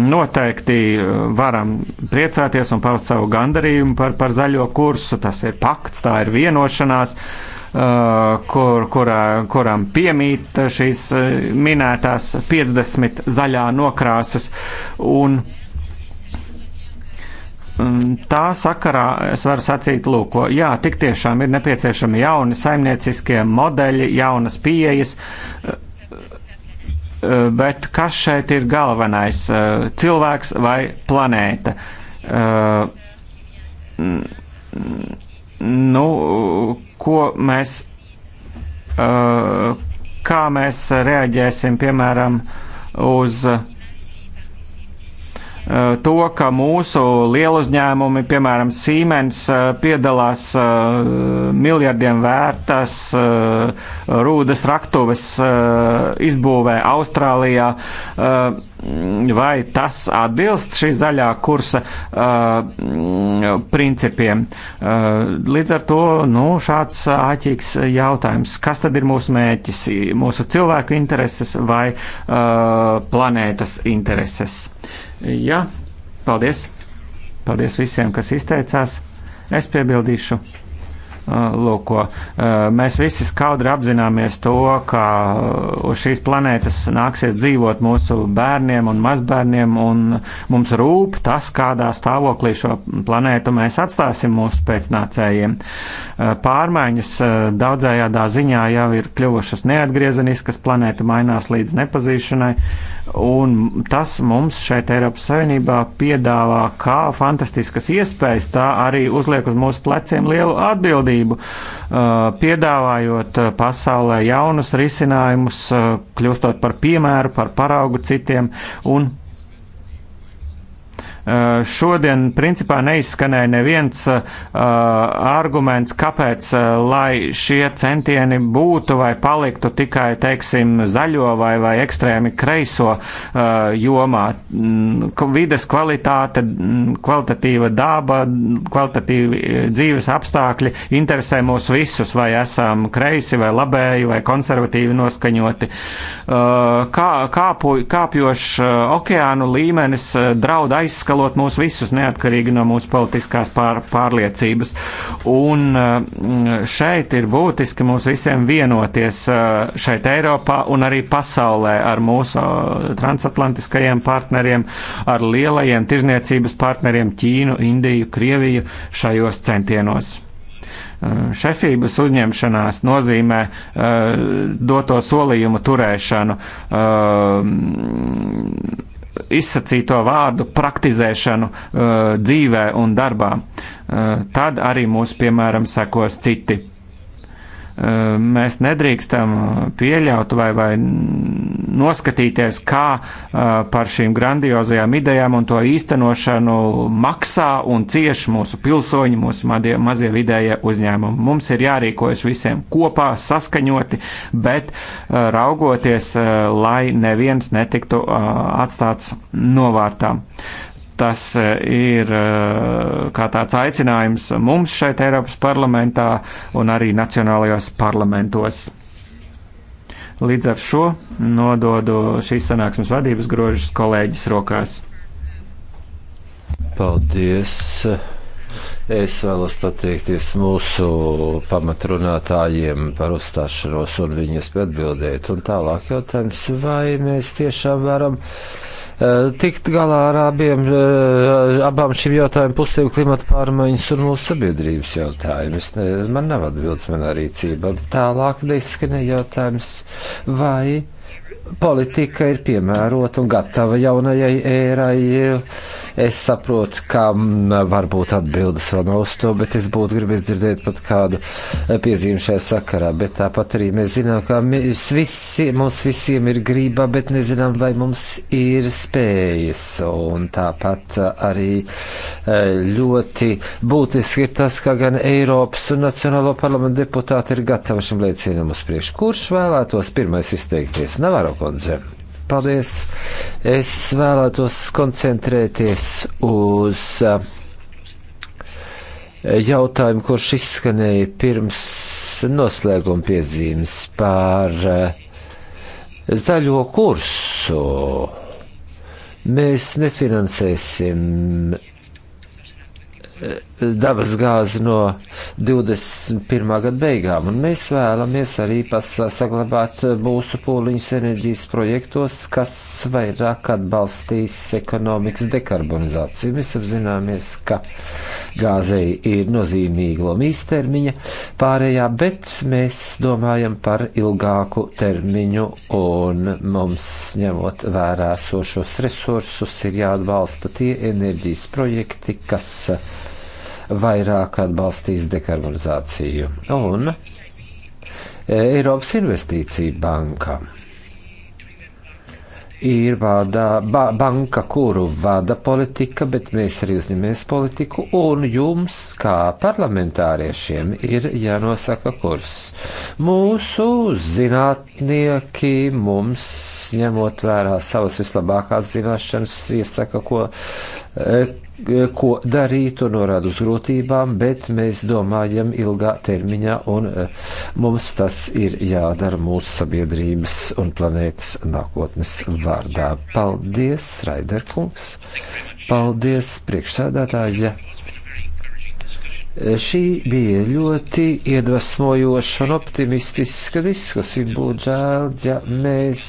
Noteikti eh, varam priecāties un paust savu gandarījumu par, par zaļo kursu. Tas ir pakts, tā ir vienošanās, eh, kur, kurā, kuram piemīt šīs eh, minētās 50 zaļā nokrāsas. Un, mm, Tā sakarā es varu sacīt, lūk, jā, tik tiešām ir nepieciešami jauni saimnieciskie modeļi, jaunas pieejas, Eh, bet kas šeit ir galvenais eh, - cilvēks vai planēta? Eh, nu, ko mēs, kā mēs reaģēsim, piemēram, uz uh, Eh, to, ka mūsu lieluzņēmumi, piemēram, Siemens, eh, piedalās eh, miljardiem vērtas rūdas raktuves izbūvē Austrālijā vai tas atbilst šī zaļā kursa uh, mm, principiem. Uh, līdz ar to nu, šāds āķīgs jautājums, kas tad ir mūsu mērķis, mūsu cilvēku intereses vai uh, planētas intereses. Jā, paldies! Paldies visiem, kas izteicās. Es piebildīšu Uh, lūk, uh, mēs visi skaudri apzināmies to, ka uh, uz šīs planētas nāksies dzīvot mūsu bērniem un mazbērniem, un mums rūp tas, kādā stāvoklī šo planētu mēs atstāsim mūsu pēcnācējiem. Pārmaiņas daudzējādā ziņā jau ir kļuvušas neatgriezeniskas, planēta mainās līdz nepazīšanai, un tas mums šeit Eiropas Savienībā piedāvā kā fantastiskas iespējas, tā arī uzliek uz mūsu pleciem lielu atbildību atbildību, piedāvājot pasaulē jaunus risinājumus, kļūstot par piemēru, par paraugu citiem un Eh, šodien principā neizskanēja neviens uh, arguments, kāpēc, uh, lai šie centieni būtu vai paliktu tikai, teiksim, zaļo vai, vai ekstrēmi kreiso uh, jomā. Mm, vides kvalitāte, mm, kvalitatīva daba, kvalitatīvi dzīves apstākļi interesē mūs visus, vai esam kreisi vai labēji vai konservatīvi noskaņoti. Kā, kāpu, kāpjošs okeānu līmenis draud aizskalot novēlot mūs visus, neatkarīgi no mūsu politiskās pār, pārliecības. Un eh, šeit ir būtiski mums visiem vienoties eh, šeit Eiropā un arī pasaulē ar mūsu eh, transatlantiskajiem partneriem, ar lielajiem tirzniecības partneriem Ķīnu, Indiju, Krieviju šajos centienos šefības uzņemšanās nozīmē uh, doto solījumu turēšanu. Uh, izsacīto vārdu praktizēšanu uh, dzīvē un darbā. Uh, tad arī mūs, piemēram, sekos citi mēs nedrīkstam pieļaut vai, vai noskatīties, kā par šīm grandiozajām idejām un to īstenošanu maksā un cieš mūsu pilsoņi, mūsu mazie, mazie vidējie uzņēmumi. Mums ir jārīkojas visiem kopā, saskaņoti, bet raugoties, lai neviens netiktu atstāts novārtā. Tas e, ir e, kā tāds aicinājums mums šeit Eiropas parlamentā un arī nacionālajos parlamentos. Līdz ar šo nododu šīs sanāksmes vadības grožus kolēģis rokās. Paldies! Es vēlos pateikties mūsu pamatrunātājiem par uzstāšanos un viņas atbildēt. Un tālāk jautājums, vai mēs tiešām varam. Vēram Eh, tikt galā ar abiem, eh, abām šīm jautājumu pusēm - klimata pārmaiņas un mūsu sabiedrības jautājumus. Man nav atbildes manā rīcībā. Tālāk neizskanēja jautājums, vai politika ir piemērota un gatava jaunajai ērai. Es saprotu, ka varbūt atbildes vēl nav uz to, bet es būtu gribējis dzirdēt pat kādu eh, piezīmi šajā sakarā. Bet tāpat arī mēs zinām, ka mēs visi, mums visiem ir grība, bet nezinām, vai mums ir spējas. Un tāpat eh, arī eh, ļoti būtiski ir tas, ka gan Eiropas un Nacionālo parlamentu deputāti ir gatavi šim lēcienam uz priekšu. Kurš vēlētos pirmais izteikties? Navaro kundze. Paldies! Es vēlētos koncentrēties uz eh, jautājumu, kurš izskanēja pirms noslēguma piezīmes par eh, zaļo kursu. Mēs nefinansēsim eh, dabas gāzi no 21. gada beigām, un mēs vēlamies arī saglabāt mūsu pūliņus enerģijas projektos, kas vairāk atbalstīs ekonomikas dekarbonizāciju. Mēs apzināmies, ka gāzei ir nozīmīga loma īstermiņa pārējā, bet mēs domājam par ilgāku termiņu, un mums ņemot vērā sošos resursus ir jāatbalsta tie enerģijas projekti, kas vairāk atbalstīs dekarbonizāciju. Un Eiropas Investīcija banka ir vada, ba, banka, kuru vada politika, bet mēs arī uzņemamies politiku, un jums, kā parlamentāriešiem, ir jānosaka kurs. Mūsu zinātnieki mums, ņemot vērā savas vislabākās zināšanas, iesaka, ko, ko darīt un norāda uz grūtībām, bet mēs domājam ilgā termiņā un eh, mums tas ir jādara mūsu sabiedrības un planētas nākotnes vārdā. Paldies, Raiderkungs! Paldies, priekšsēdētāja! Šī bija ļoti iedvesmojoša un optimistiska diskusija. Būtu žēl, ja mēs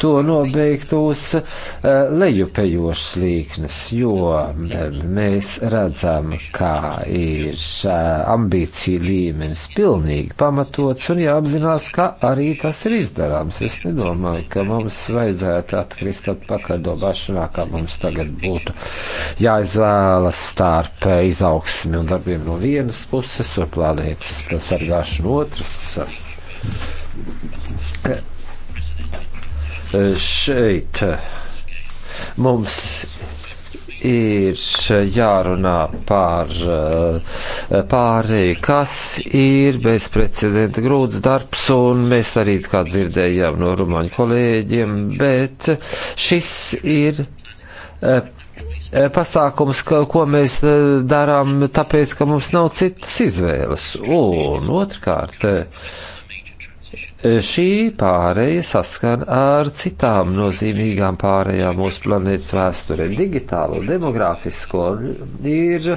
to nobeigtu uz eh, lejupējošas līknes, jo eh, mēs redzam, kā ir eh, ambīcija līmenis pilnīgi pamatots un jāapzinās, ka arī tas ir izdarāms. Es nedomāju, ka mums vajadzētu atkrist atpakaļ do bašanā, kā mums tagad būtu jāizvēlas starp izaugsmi un darbiem no vienas puses un planētas sargāšana otras. Šeit mums ir jārunā par eh, pārēju, kas ir bezprecedenta grūts darbs, un mēs arī kā dzirdējām no rumāņu kolēģiem, bet šis ir eh, Eh, pasākums, ka, ko mēs eh, darām, tāpēc, ka mums nav citas izvēles. Un otrkārt, eh, šī pāreja saskan ar citām nozīmīgām pārējām mūsu planētas vēsturē - digitālo, demogrāfisko. Ir,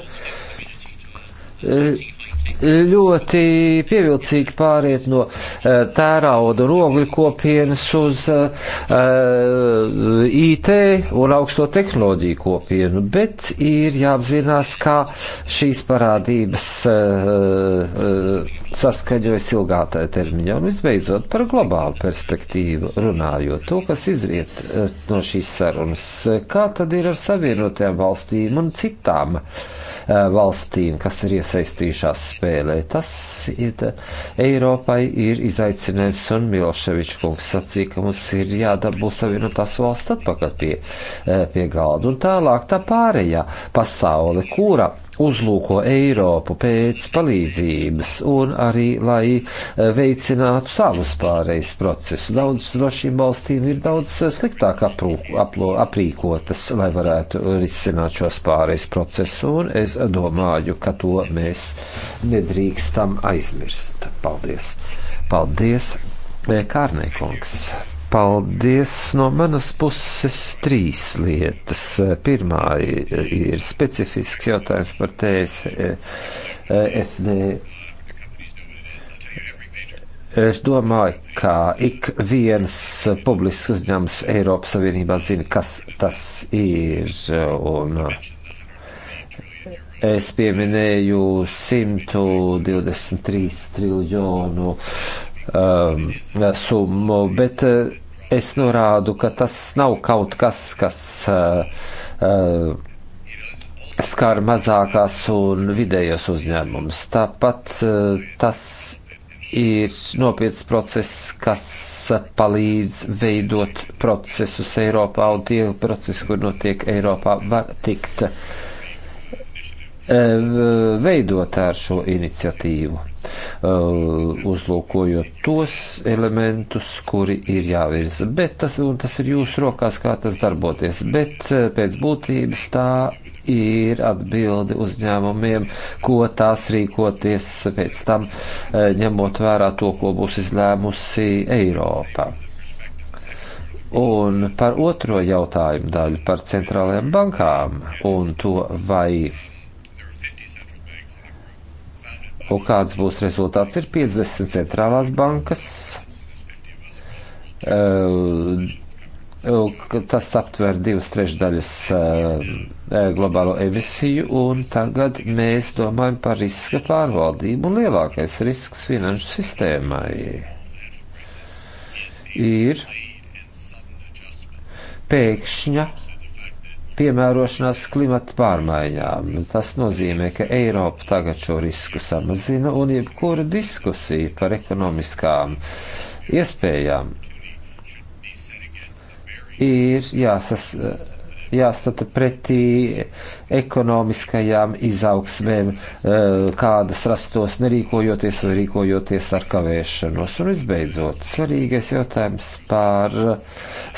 ļoti pievilcīgi pāriet no eh, tērauda un ogļu kopienas uz eh, IT un augsto tehnoloģiju kopienu, bet ir jāapzinās, kā šīs parādības eh, saskaņojas ilgā termiņā. Un visbeidzot par globālu perspektīvu runājot, to, kas izriet no šīs sarunas, kā tad ir ar savienotajām valstīm un citām uh, Eh, valstīm, kas ir iesaistījušās spēlē. Tas ir, eh, Eiropai ir izaicinājums, un Miloševičs kungs sacīja, ka mums ir jādabū savienotās valsts atpakaļ pie, eh, pie galda. Un tālāk tā pārējā pasaule, kura uzlūko Eiropu pēc palīdzības un arī, lai eh, veicinātu savus pārejas procesus. Daudz no šīm valstīm ir daudz eh, sliktāk aprūk, aplo, aprīkotas, lai varētu eh, risināt šos pārejas procesus, un es domāju, ka to mēs nedrīkstam aizmirst. Paldies! Paldies, Kārnēkungs! Paldies! No manas puses trīs lietas. Pirmā ir specifisks jautājums par TSFD. E, e es domāju, ka ik viens publisks uzņēmums Eiropas Savienībā zina, kas tas ir. Un, Es pieminēju 123 triljonu um, summu, bet uh, es norādu, ka tas nav kaut kas, kas uh, uh, skar mazākās un vidējos uzņēmumus. Tāpat uh, tas ir nopietns process, kas palīdz veidot procesus Eiropā, un tie procesi, kur notiek Eiropā, var tikt veidot ar šo iniciatīvu. Eh, uzlūkojot tos elementus, kuri ir jāvirza. Bet tas, tas ir jūsu rokās, kā tas darboties. Bet eh, pēc būtības tā ir atbildi uzņēmumiem, ko tās rīkoties pēc tam, eh, ņemot vērā to, ko būs izlēmusi Eiropa. Un par otro jautājumu daļu par centrālajām bankām un to, vai Un kāds būs rezultāts? Ir 50 centrālās bankas. Tas aptver divas trešdaļas globālo emisiju, un tagad mēs domājam par riska pārvaldību. Un lielākais risks finanšu sistēmai ir pēkšņa piemērošanās klimata pārmaiņām. Tas nozīmē, ka Eiropa tagad šo risku samazina un jebkura diskusija par ekonomiskām iespējām ir jāsas jāstata pretī ekonomiskajām izaugsmēm, eh, kādas rastos nerīkojoties vai rīkojoties ar kavēšanos. Un visbeidzot, svarīgais jautājums par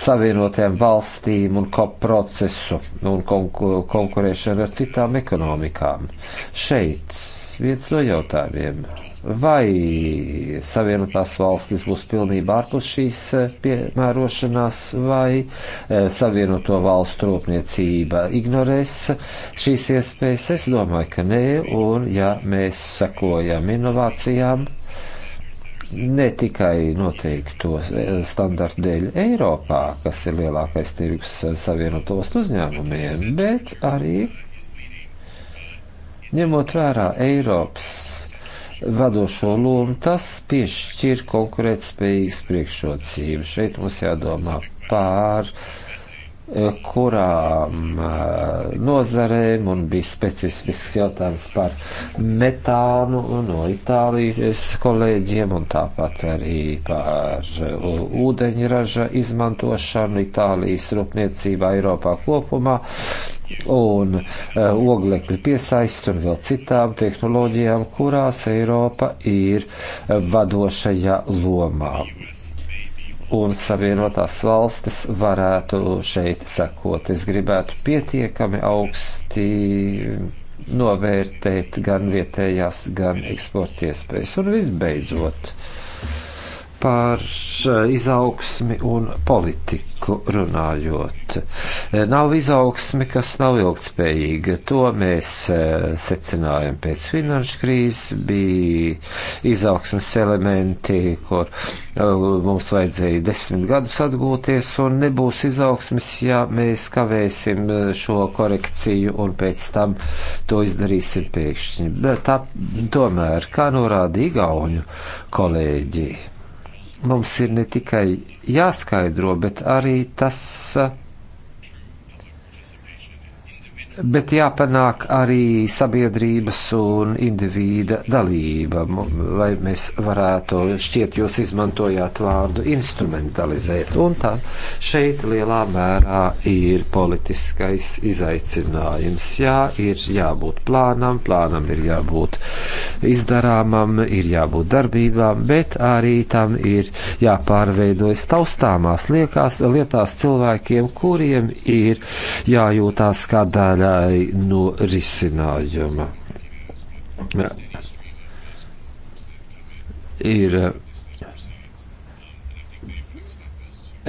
savienotēm valstīm un ko procesu un konkurēšanu ar citām ekonomikām. Šeit viens no jautājumiem vai Savienotās valstis būs pilnībā ārpus šīs eh, piemērošanās, vai eh, Savienoto valstu rūpniecība ignorēs šīs iespējas. Es domāju, ka nē, un ja mēs sekojam inovācijām, ne tikai noteikto eh, standartu dēļ Eiropā, kas ir lielākais tirgus Savienotos uzņēmumiem, bet arī ņemot vērā Eiropas vadošo lomu, tas piešķir konkurētspējīgas priekšrocības. Šeit mums jādomā pār uh, Eh, kurām eh, nozarēm un bija specifisks jautājums par metānu no Itālijas kolēģiem un tāpat arī par eh, ūdeņraža izmantošanu Itālijas rūpniecībā Eiropā kopumā un oglekļa piesaistu un vēl citām tehnoloģijām, kurās Eiropa ir vadošajā lomā un Savienotās valstis varētu šeit sekot. Es gribētu pietiekami augsti novērtēt gan vietējās, gan eksporta iespējas. Un visbeidzot, uh, par eh, izaugsmi un politiku runājot. Eh, nav izaugsmi, kas nav ilgtspējīga. To mēs eh, secinājam pēc finanšu krīzes. Bija izaugsmes elementi, kur mums vajadzēja desmit gadus atgūties, un nebūs izaugsmes, ja mēs kavēsim šo korekciju un pēc tam to izdarīsim pēkšņi. Bet tā, tomēr, kā norāda Igaunu kolēģi, mums ir ne tikai jāskaidro, bet arī tas uh, bet jāpanāk arī sabiedrības un indivīda dalība, lai mēs varētu, šķiet, jūs izmantojāt vārdu instrumentalizēt. Un tā šeit lielā mērā ir politiskais izaicinājums. Jā, ir jābūt plānam, plānam ir jābūt izdarāmam, ir jābūt darbībām, bet arī tam ir jāpārveidojas taustāmās liekās, lietās cilvēkiem, kuriem ir jājūtās kā daļa daļai no nu risinājuma. Ir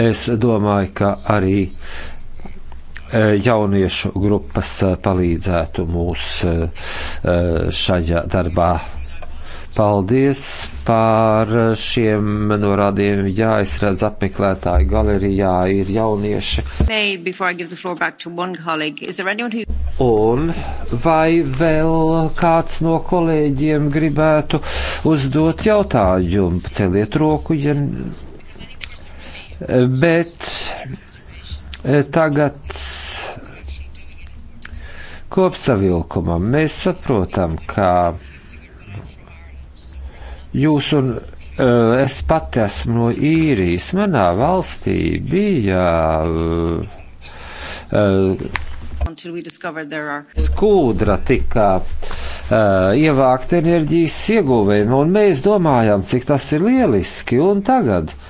Es domāju, ka arī e, jauniešu grupas palīdzētu mūs e, e, šajā darbā. Paldies par šiem norādījumiem. Jā, es redzu apmeklētāju galerijā ir jaunieši. Who... Un vai vēl kāds no kolēģiem gribētu uzdot jautājumu? Celiet roku, ja. Bet tagad kopsavilkumam mēs saprotam, ka Jūs un uh, es pati esmu no īrijas. Manā valstī bija. Uh, Skūdra tika uh, ievākt enerģijas ieguvējumu, un mēs domājām, cik tas ir lieliski, un tagad uh,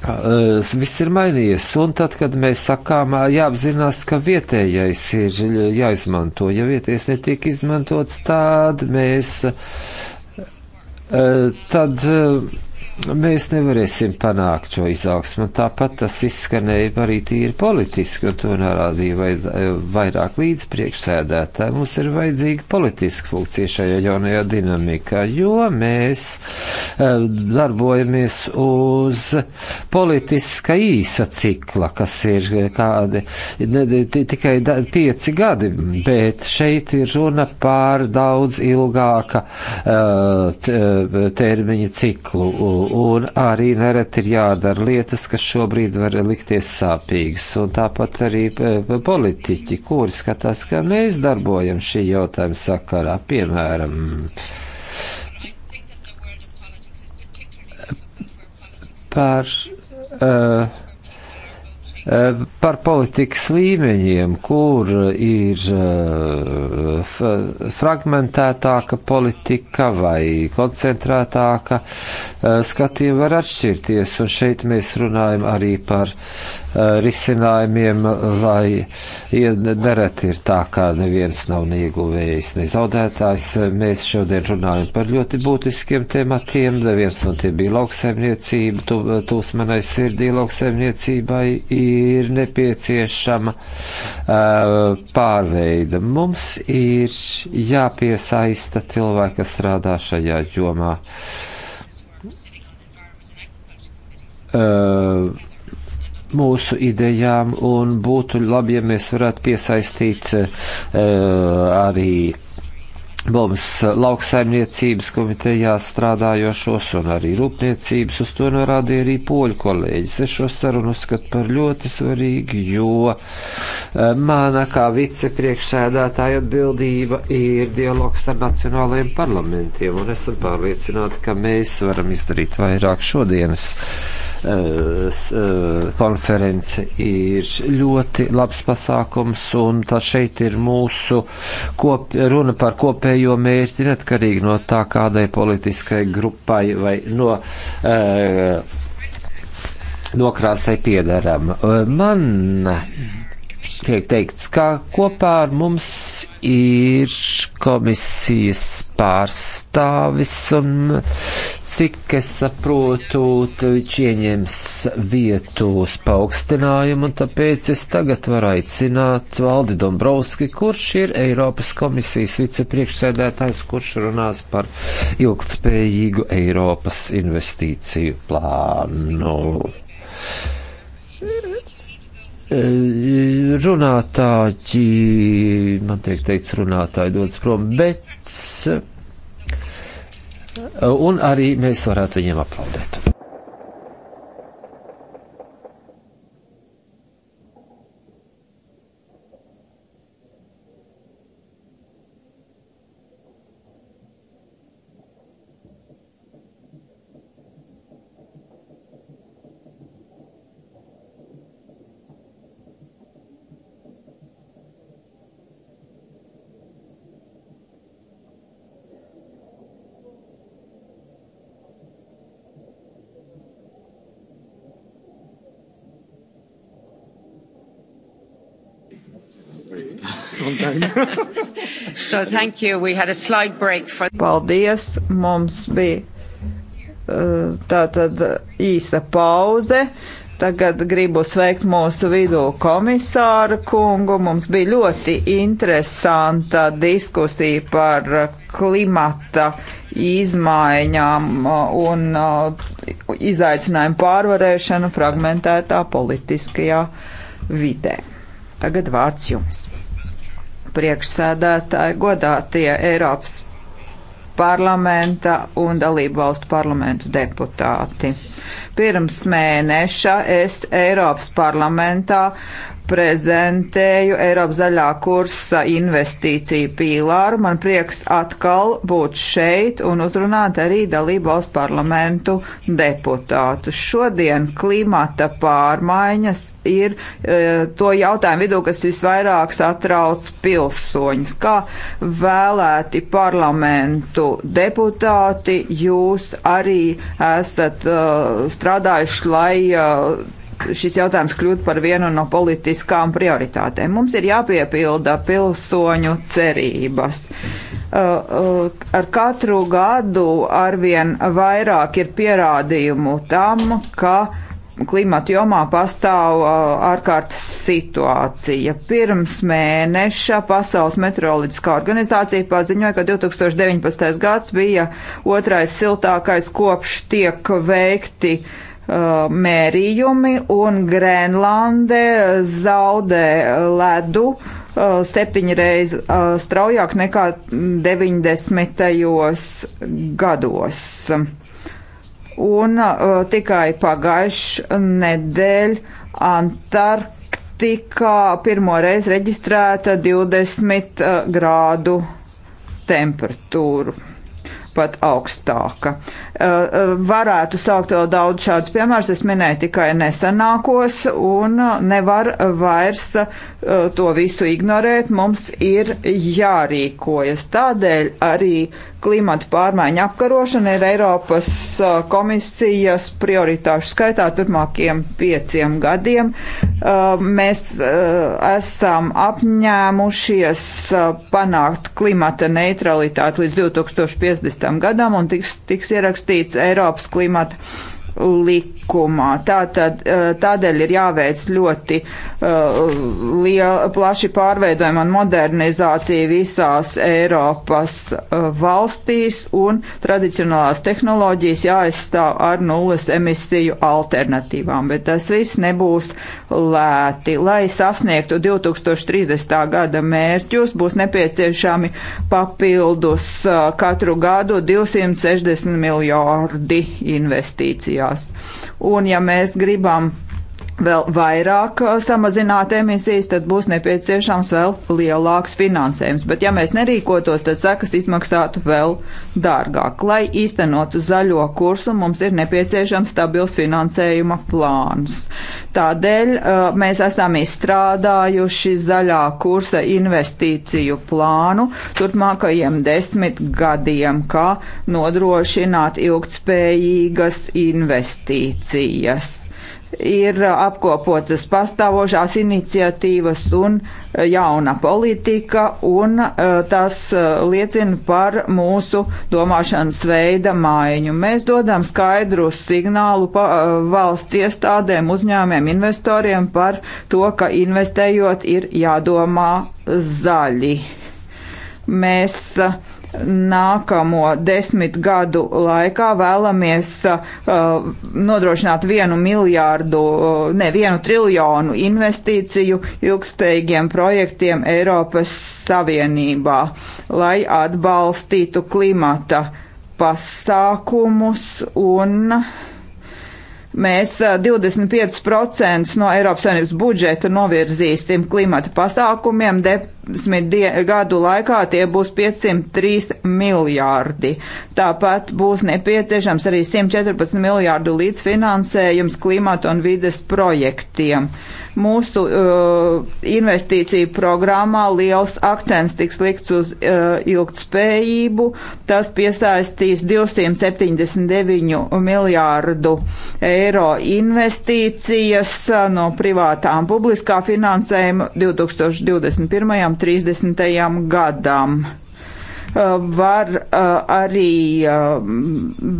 Eh, viss ir mainījies, un tad, kad mēs sakām, jāapzinās, ka vietējais ir jāizmanto, ja vietējais netiek izmantots, tad mēs, tad Nu, mēs nevarēsim panākt šo izaugsmu. Tāpat tas izskanēja arī tīri politiski, un to norādīja vairāk līdz priekšsēdētāji. Mums ir vajadzīga politiska funkcija šajā jaunajā dinamikā, jo mēs eh, darbojamies uz politiska īsa cikla, kas ir kādi ne, tikai da, pieci gadi, bet šeit ir runa pār daudz ilgāka uh, termiņa ciklu un arī nereti ir jādara lietas, kas šobrīd var likties sāpīgas, un tāpat arī e, e, politiķi, kuri skatās, kā mēs darbojam šī jautājuma sakarā, piemēram. Par uh, Eh, par politikas līmeņiem, kur ir eh, fragmentētāka politika vai koncentrētāka, eh, skatījumi var atšķirties, un šeit mēs runājam arī par Eh, risinājumiem, lai nereti ir tā, ka neviens nav neieguvējis, ne zaudētājs. Mēs šodien runājam par ļoti būtiskiem tematiem. Viens no tiem bija lauksaimniecība, tu, tūs manai sirdī lauksaimniecībai ir nepieciešama uh, pārveida. Mums ir jāpiesaista cilvēki, kas strādā šajā jomā. Uh, mūsu idejām un būtu labi, ja mēs varētu piesaistīt uh, arī mums lauksaimniecības komitejā strādājošos un arī rūpniecības, uz to norādīja arī poļu kolēģis. Es šo sarunu uzskatu par ļoti svarīgu, jo eh, mana kā vicepriekšsēdētāja atbildība ir dialogs ar nacionālajiem parlamentiem, un esam pārliecināti, ka mēs varam izdarīt vairāk šodienas Eh, eh, konference ir ļoti labs pasākums, un tā šeit ir mūsu kop, runa par kopējo mērķi, neatkarīgi no tā, kādai politiskai grupai vai no. Uh, eh, Nokrāsai piedaram. Man tiek teikts, ka kopā ar mums ir komisijas pārstāvis, un cik es saprotu, viņš ieņems vietu uz paaugstinājumu, un tāpēc es tagad varu aicināt Valdi Dombrovski, kurš ir Eiropas komisijas vicepriekšsēdētājs, kurš runās par ilgtspējīgu Eiropas investīciju plānu. Eh, runātāji, man tiek teikts, runātāji dodas prom, bet eh, un arī mēs varētu viņiem aplaudēt. so thank you. We had a slight break for... Paldies. Mums bija uh, tātad īsa pauze. Tagad gribu sveikt mūsu vidū komisāru kungu. Mums bija ļoti interesanta diskusija par klimata izmaiņām eh, un eh, izaicinājumu pārvarēšanu fragmentētā politiskajā vidē. Tagad vārds jums priekšsēdētāji, godātie Eiropas parlamenta un dalību valstu parlamentu deputāti. Pirms mēneša es Eiropas parlamentā prezentēju Eiropas zaļā kursa investīciju pīlāru. Man prieks atkal būt šeit un uzrunāt arī dalību valstu parlamentu deputātus. Šodien klimata pārmaiņas ir e, to jautājumu vidū, kas visvairāk satrauc pilsoņus. Kā vēlēti parlamentu deputāti, jūs arī esat e, strādājuši, lai e, šis jautājums kļūt par vienu no politiskām prioritātēm. Mums ir jāpiepilda pilsoņu cerības. Uh, uh, ar katru gadu arvien vairāk ir pierādījumu tam, ka klimata jomā pastāv uh, ārkārtas situācija. Pirms mēneša Pasaules meteoroloģiskā organizācija paziņoja, ka 2019. gads bija otrais siltākais kopš tiek veikti uh, Uh, mērījumi, un Grenlande zaudē ledu uh, septiņreiz uh, straujāk nekā 90. gados. Un tikai pagājuši nedēļ Antarktikā pirmo reizi reģistrēta 20 grādu temperatūru pat augstāka. Eh, eh, varētu saukt vēl daudz šādus piemērus, es minēju tikai nesenākos, un eh, nevar vairs to visu ignorēt, mums ir jārīkojas. Tādēļ arī Klimata pārmaiņa apkarošana ir Eiropas komisijas prioritāšu skaitā turpmākiem pieciem gadiem. Mēs esam apņēmušies panākt klimata neutralitāti līdz 2050. gadam un tiks, tiks ierakstīts Eiropas klimata likums likumā. Tātad, eh, tādēļ ir jāveic ļoti eh, liela, plaši pārveidojuma un modernizācija visās Eiropas eh, valstīs un tradicionālās tehnoloģijas jāaizstāv ar nulles emisiju alternatīvām, bet tas viss nebūs lēti. Lai sasniegtu 2030. gada mērķus, būs nepieciešami papildus katru gadu 260 miljārdi investīcijās. Un ja mēs gribam vēl vairāk uh, samazināt emisijas, tad būs nepieciešams vēl lielāks finansējums. Bet ja mēs nerīkotos, tad sekas izmaksātu vēl dārgāk. Lai īstenotu zaļo kursu, mums ir nepieciešams stabils finansējuma plāns. Tādēļ uh, mēs esam izstrādājuši zaļā kursa investīciju plānu turpmākajiem desmit gadiem, kā nodrošināt ilgtspējīgas investīcijas ir uh, apkopotas pastāvošās iniciatīvas un uh, jauna politika, un uh, tas liecina par mūsu domāšanas veida maiņu. Mēs dodam skaidru signālu valsts iestādēm, uzņēmiem, investoriem par to, ka investējot ir jādomā zaļi. Mēs uh, nākamo desmit gadu laikā vēlamies uh, nodrošināt vienu miljārdu, uh, ne vienu triljonu investīciju ilgsteigiem projektiem Eiropas Savienībā, lai atbalstītu klimata pasākumus un mēs 25% uh, no Eiropas Savienības budžeta novirzīsim klimata pasākumiem. De gadu laikā tie būs 503 miljārdi. Tāpat būs nepieciešams arī 114 miljārdu līdzfinansējums klimata un vides projektiem. Mūsu uh, investīciju programmā liels akcents tiks likts uz uh, ilgtspējību. Tas piesaistīs 279 miljārdu eiro investīcijas uh, no privātām publiskā finansējuma 2021 apmēram 30. gadam uh, var uh, arī uh,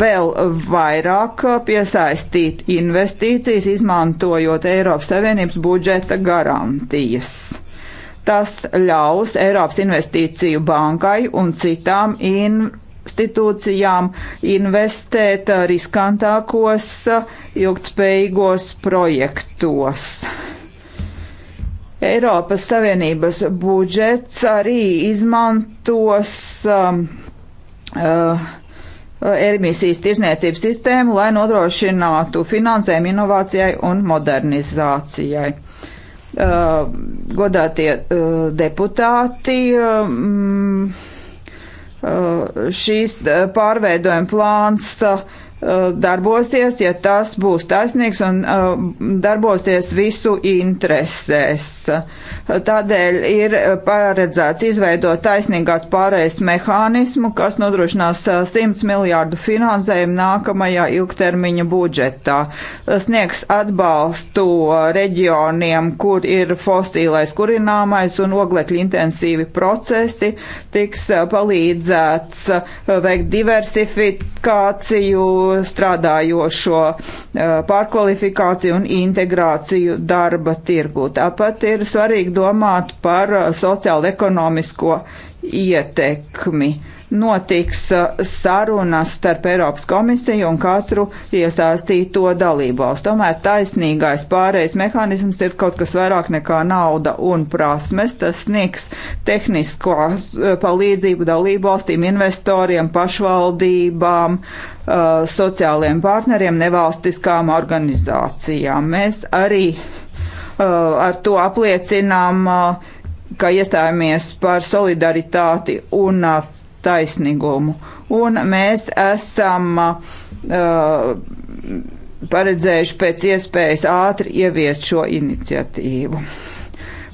vēl vairāk piesaistīt investīcijas, izmantojot Eiropas Savienības budžeta garantijas. Tas ļaus Eiropas Investīciju bankai un citām institūcijām investēt riskantākos, ilgtspējīgos projektos. Eiropas Savienības budžets arī izmantos um, uh, emisijas tirsniecības sistēmu, lai nodrošinātu finansējumu inovācijai un modernizācijai. Uh, godātie uh, deputāti. Um, Uh, šīs uh, pārveidojuma plāns uh, Uh, darbosies, ja tas būs taisnīgs un uh, darbosies visu interesēs. Tādēļ ir paredzēts izveidot taisnīgās pārējas mehānismu, kas nodrošinās 100 uh, miljārdu finansējumu nākamajā ilgtermiņa budžetā. Sniegs atbalstu reģioniem, kur ir fosīlais kurināmais un oglekļu intensīvi procesi, tiks palīdzēts veikt diversifikāciju, strādājošo eh, pārkvalifikāciju un integrāciju darba tirgu. Tāpat ir svarīgi domāt par eh, sociālo ekonomisko ietekmi notiks uh, sarunas starp Eiropas komisiju un katru iesaistīto dalībvalstu. Tomēr taisnīgais pārējais mehānisms ir kaut kas vairāk nekā nauda un prasmes. Tas sniegs tehnisko uh, palīdzību dalībvalstīm, investoriem, pašvaldībām, uh, sociāliem partneriem, nevalstiskām organizācijām. Mēs arī ar to apliecinām, ka iestājāmies par solidaritāti un taisnīgumu. Un mēs esam uh, paredzējuši pēc iespējas ātri ieviest šo iniciatīvu.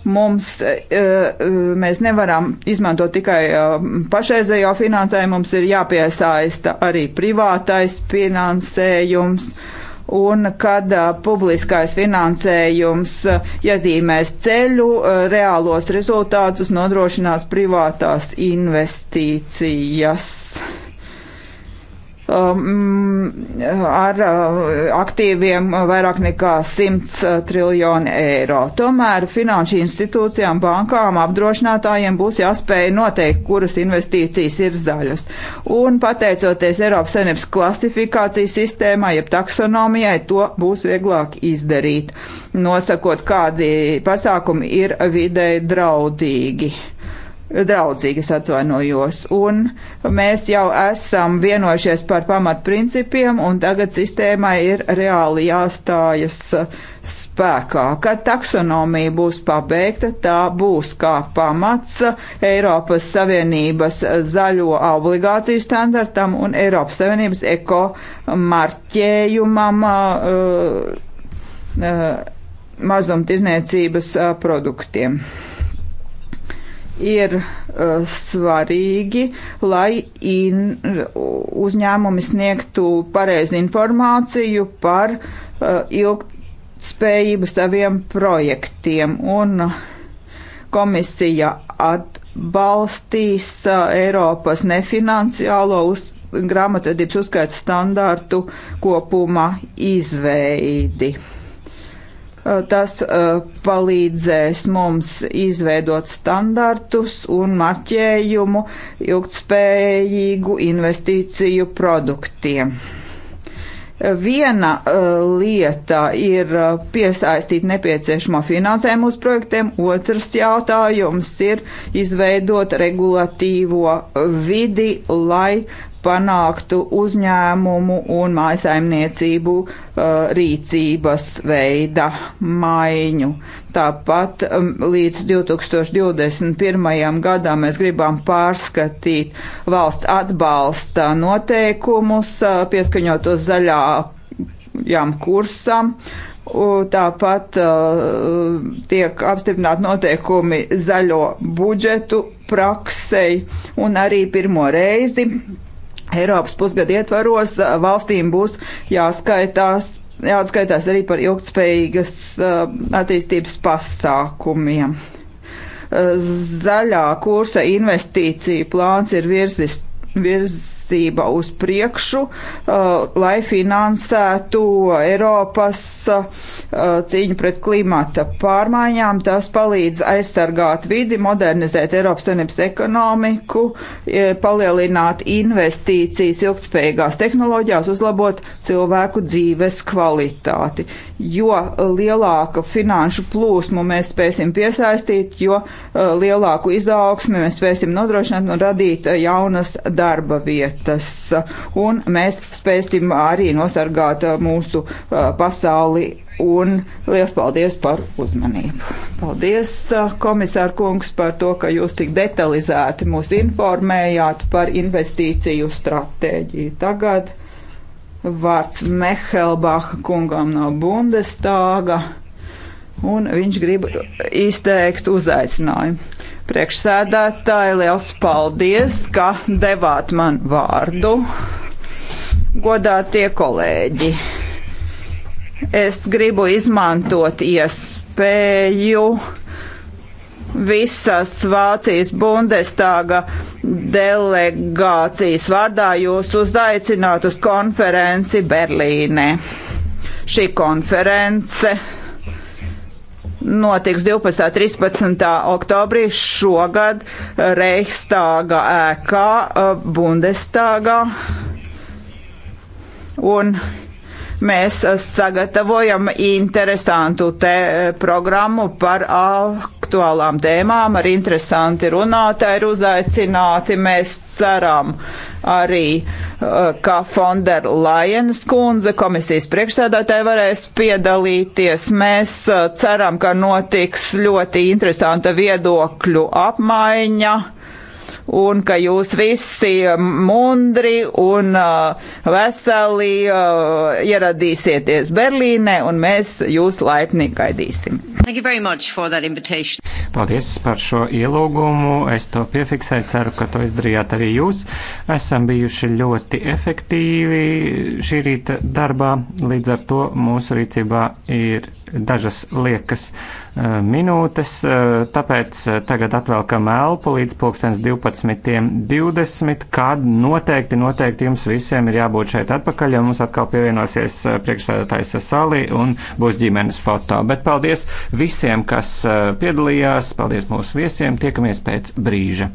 Mums, uh, mēs nevaram izmantot tikai uh, pašreizējo finansējumu, mums ir jāpiesaista arī privātais finansējums. Uh, un kad uh, publiskais finansējums uh, iezīmēs ceļu, uh, reālos rezultātus nodrošinās privātās investīcijas um, ar uh, aktīviem uh, vairāk nekā 100 uh, triljoni eiro. Tomēr finanšu institūcijām, bankām, apdrošinātājiem būs jāspēj noteikt, kuras investīcijas ir zaļas. Un pateicoties Eiropas Savienības klasifikācijas sistēmai, jeb taksonomijai, to būs vieglāk izdarīt, nosakot, kādi pasākumi ir videi draudīgi draudzīgas atvainojos, un mēs jau esam vienojušies par pamatprincipiem, un tagad sistēmai ir reāli jāstājas spēkā. Kad taksonomija būs pabeigta, tā būs kā pamats Eiropas Savienības zaļo obligāciju standartam un Eiropas Savienības eko marķējumam uh, uh, mazumtirdzniecības uh, produktiem ir uh, svarīgi, lai in, uzņēmumi sniegtu pareizi informāciju par uh, ilgspējību saviem projektiem. Un komisija atbalstīs uh, Eiropas nefinanciālo uz, grāmatvedības uzskaits standārtu kopumā izveidi. Eh, tas eh, palīdzēs mums izveidot standartus un marķējumu ilgtspējīgu investīciju produktiem. Viena uh, lieta ir piesaistīt nepieciešamo finansējumu uz projektiem, otrs jautājums ir izveidot regulatīvo vidi, lai panāktu uzņēmumu un mājasaimniecību uh, rīcības veida maiņu. Tāpat um, līdz 2021. gadam mēs gribam pārskatīt valsts atbalsta noteikumus, uh, pieskaņot uz zaļām kursam. Tāpat uh, tiek apstiprināti noteikumi zaļo budžetu praksei un arī pirmo reizi Eiropas pusgada ietvaros eh, valstīm būs jāskaitās, jāatskaitās arī par ilgtspējīgas eh, attīstības pasākumiem. Eh, zaļā kursa investīcija plāns ir virzis, virz, virzība uz priekšu, uh, lai finansētu Eiropas uh, cīņu pret klimata pārmaiņām. Tas palīdz aizsargāt vidi, modernizēt Eiropas Savienības ekonomiku, e, palielināt investīcijas ilgspējīgās tehnoloģijās, uzlabot cilvēku dzīves kvalitāti. Jo lielāka finanšu plūsmu mēs spēsim piesaistīt, jo e, lielāku izaugsmi mēs spēsim nodrošināt un radīt e, jaunas darba vietas lietas, un mēs spēsim arī nosargāt uh, mūsu uh, pasauli. Un liels paldies par uzmanību. Paldies, uh, komisār kungs, par to, ka jūs tik detalizēti mūs informējāt par investīciju stratēģiju. Tagad vārds Mehelbaha kungam no Bundestāga, un viņš grib izteikt uzaicinājumu. Priekšsēdētāji, liels paldies, ka devāt man vārdu. Godātie kolēģi, es gribu izmantot iespēju visas Vācijas Bundestāga delegācijas vārdā jūs uzaicināt uz konferenci Berlīnē. Šī konference notiks 12. un 13. oktobrī šogad Reichstāga ēkā eh, Bundestāgā. Un mēs eh, sagatavojam interesantu te eh, programmu par aktuālām tēmām, ar interesanti runātāji ir uzaicināti. Mēs ceram arī, eh, ka Fonder Lajenas kundze, komisijas priekšsēdētāji, varēs piedalīties. Mēs ceram, ka notiks ļoti interesanta viedokļu apmaiņa un ka jūs visi mundri un uh, veseli uh, ieradīsieties Berlīnē, un mēs jūs laipni gaidīsim. Paldies par šo ielūgumu. Es to piefiksēju, ceru, ka to izdarījāt arī jūs. Esam bijuši ļoti efektīvi šī rīta darbā, līdz ar to mūsu rīcībā ir dažas liekas eh, minūtes, eh, tāpēc eh, tagad atvelkam elpu līdz pulkstens 12.20, kad noteikti, noteikti jums visiem ir jābūt šeit atpakaļ, jo mums atkal pievienosies priekšsēdētājs Sali un būs ģimenes foto. Bet paldies visiem, kas piedalījās, paldies mūsu viesiem, tiekamies pēc brīža.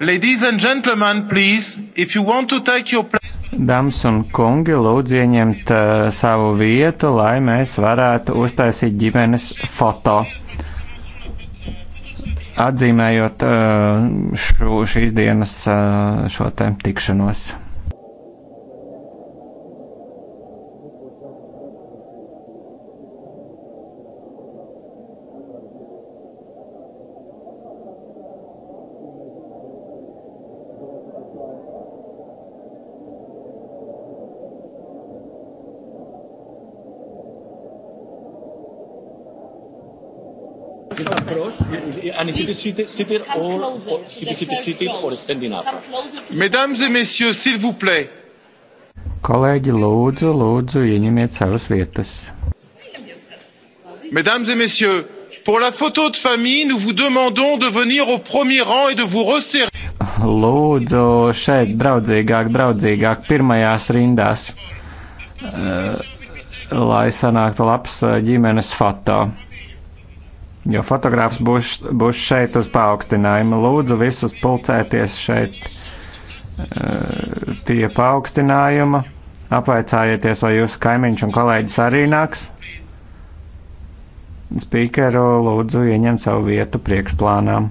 Ladies and gentlemen, please, if you want to take your place. Dāmas un kungi, lūdzu ieņemt uh, savu vietu, lai mēs varētu uztaisīt ģimenes foto. Atzīmējot uh, šo, šīs dienas uh, šo te tikšanos. seated, seated or, or keep seated or standing up. Mesdames et messieurs, s'il vous plaît. Kolēģi, lūdzu, lūdzu, ieņemiet savas vietas. Mesdames et messieurs, pour la photo de famille, nous vous demandons de venir au premier rang et de vous resserrer. Lūdzu, šeit draudzīgāk, draudzīgāk, pirmajās rindās, uh, lai sanāktu labs eh, ģimenes foto. Jo fotogrāfs būs, būs šeit uz paaugstinājumu. Lūdzu, visus pulcēties šeit eh, pie paaugstinājuma. Apvaicājieties, vai jūsu kaimiņš un kolēģis arī nāks. Spīkeru lūdzu ieņem savu vietu priekšplānām.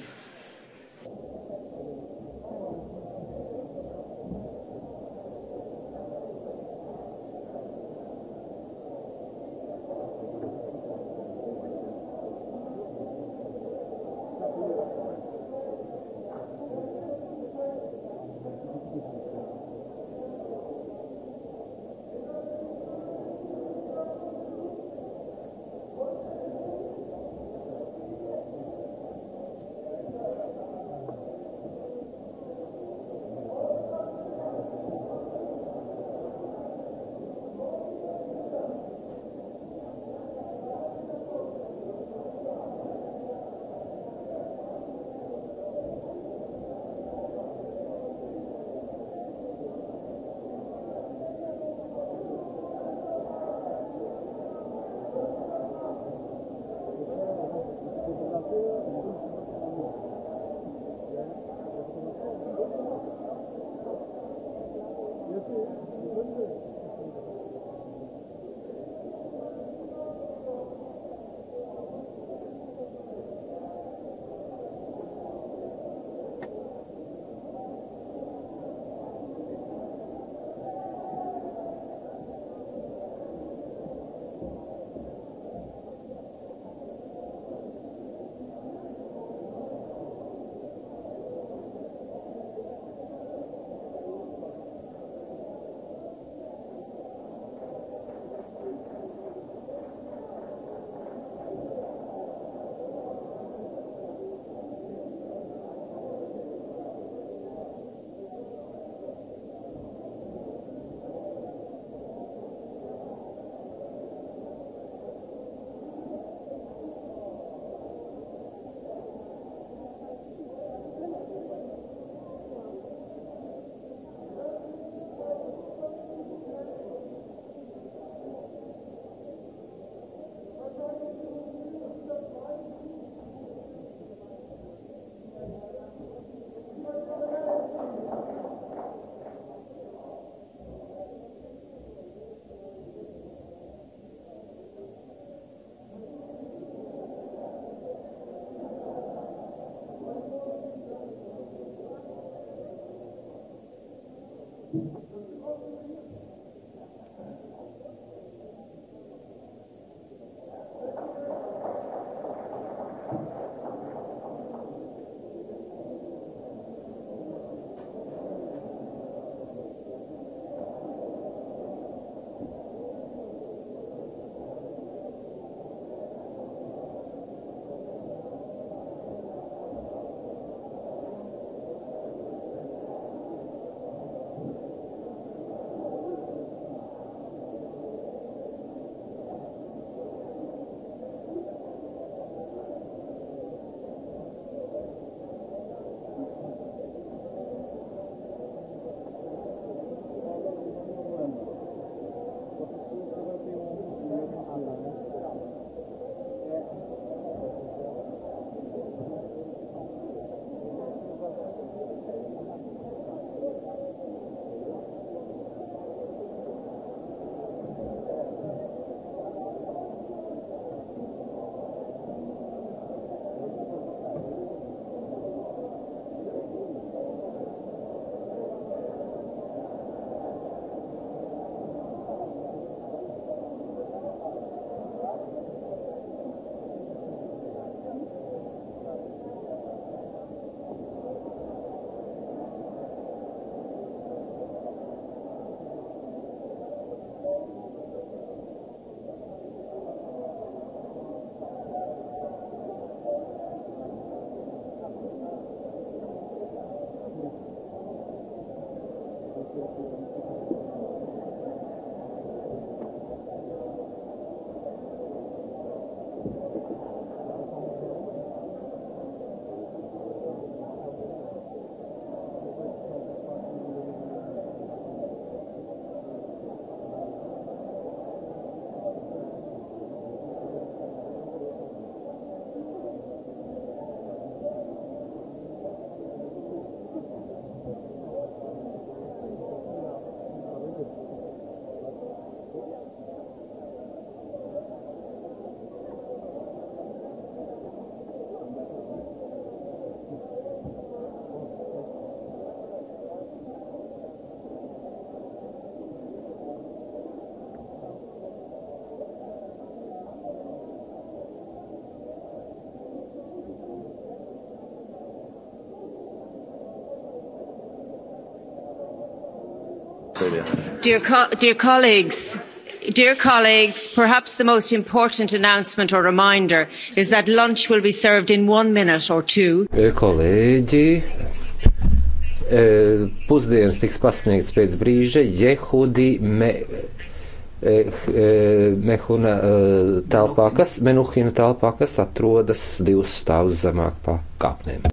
Dear, co dear colleagues, dear colleagues, perhaps the most important announcement or reminder is that lunch will be served in one minute or two. Kolēģi, eh, pusdienas tiks pasniegts pēc brīža Jehudi me, eh, eh, Mehuna telpā, kas, Menuhina telpā, kas atrodas divus stāvus zemāk pa kāpnēm.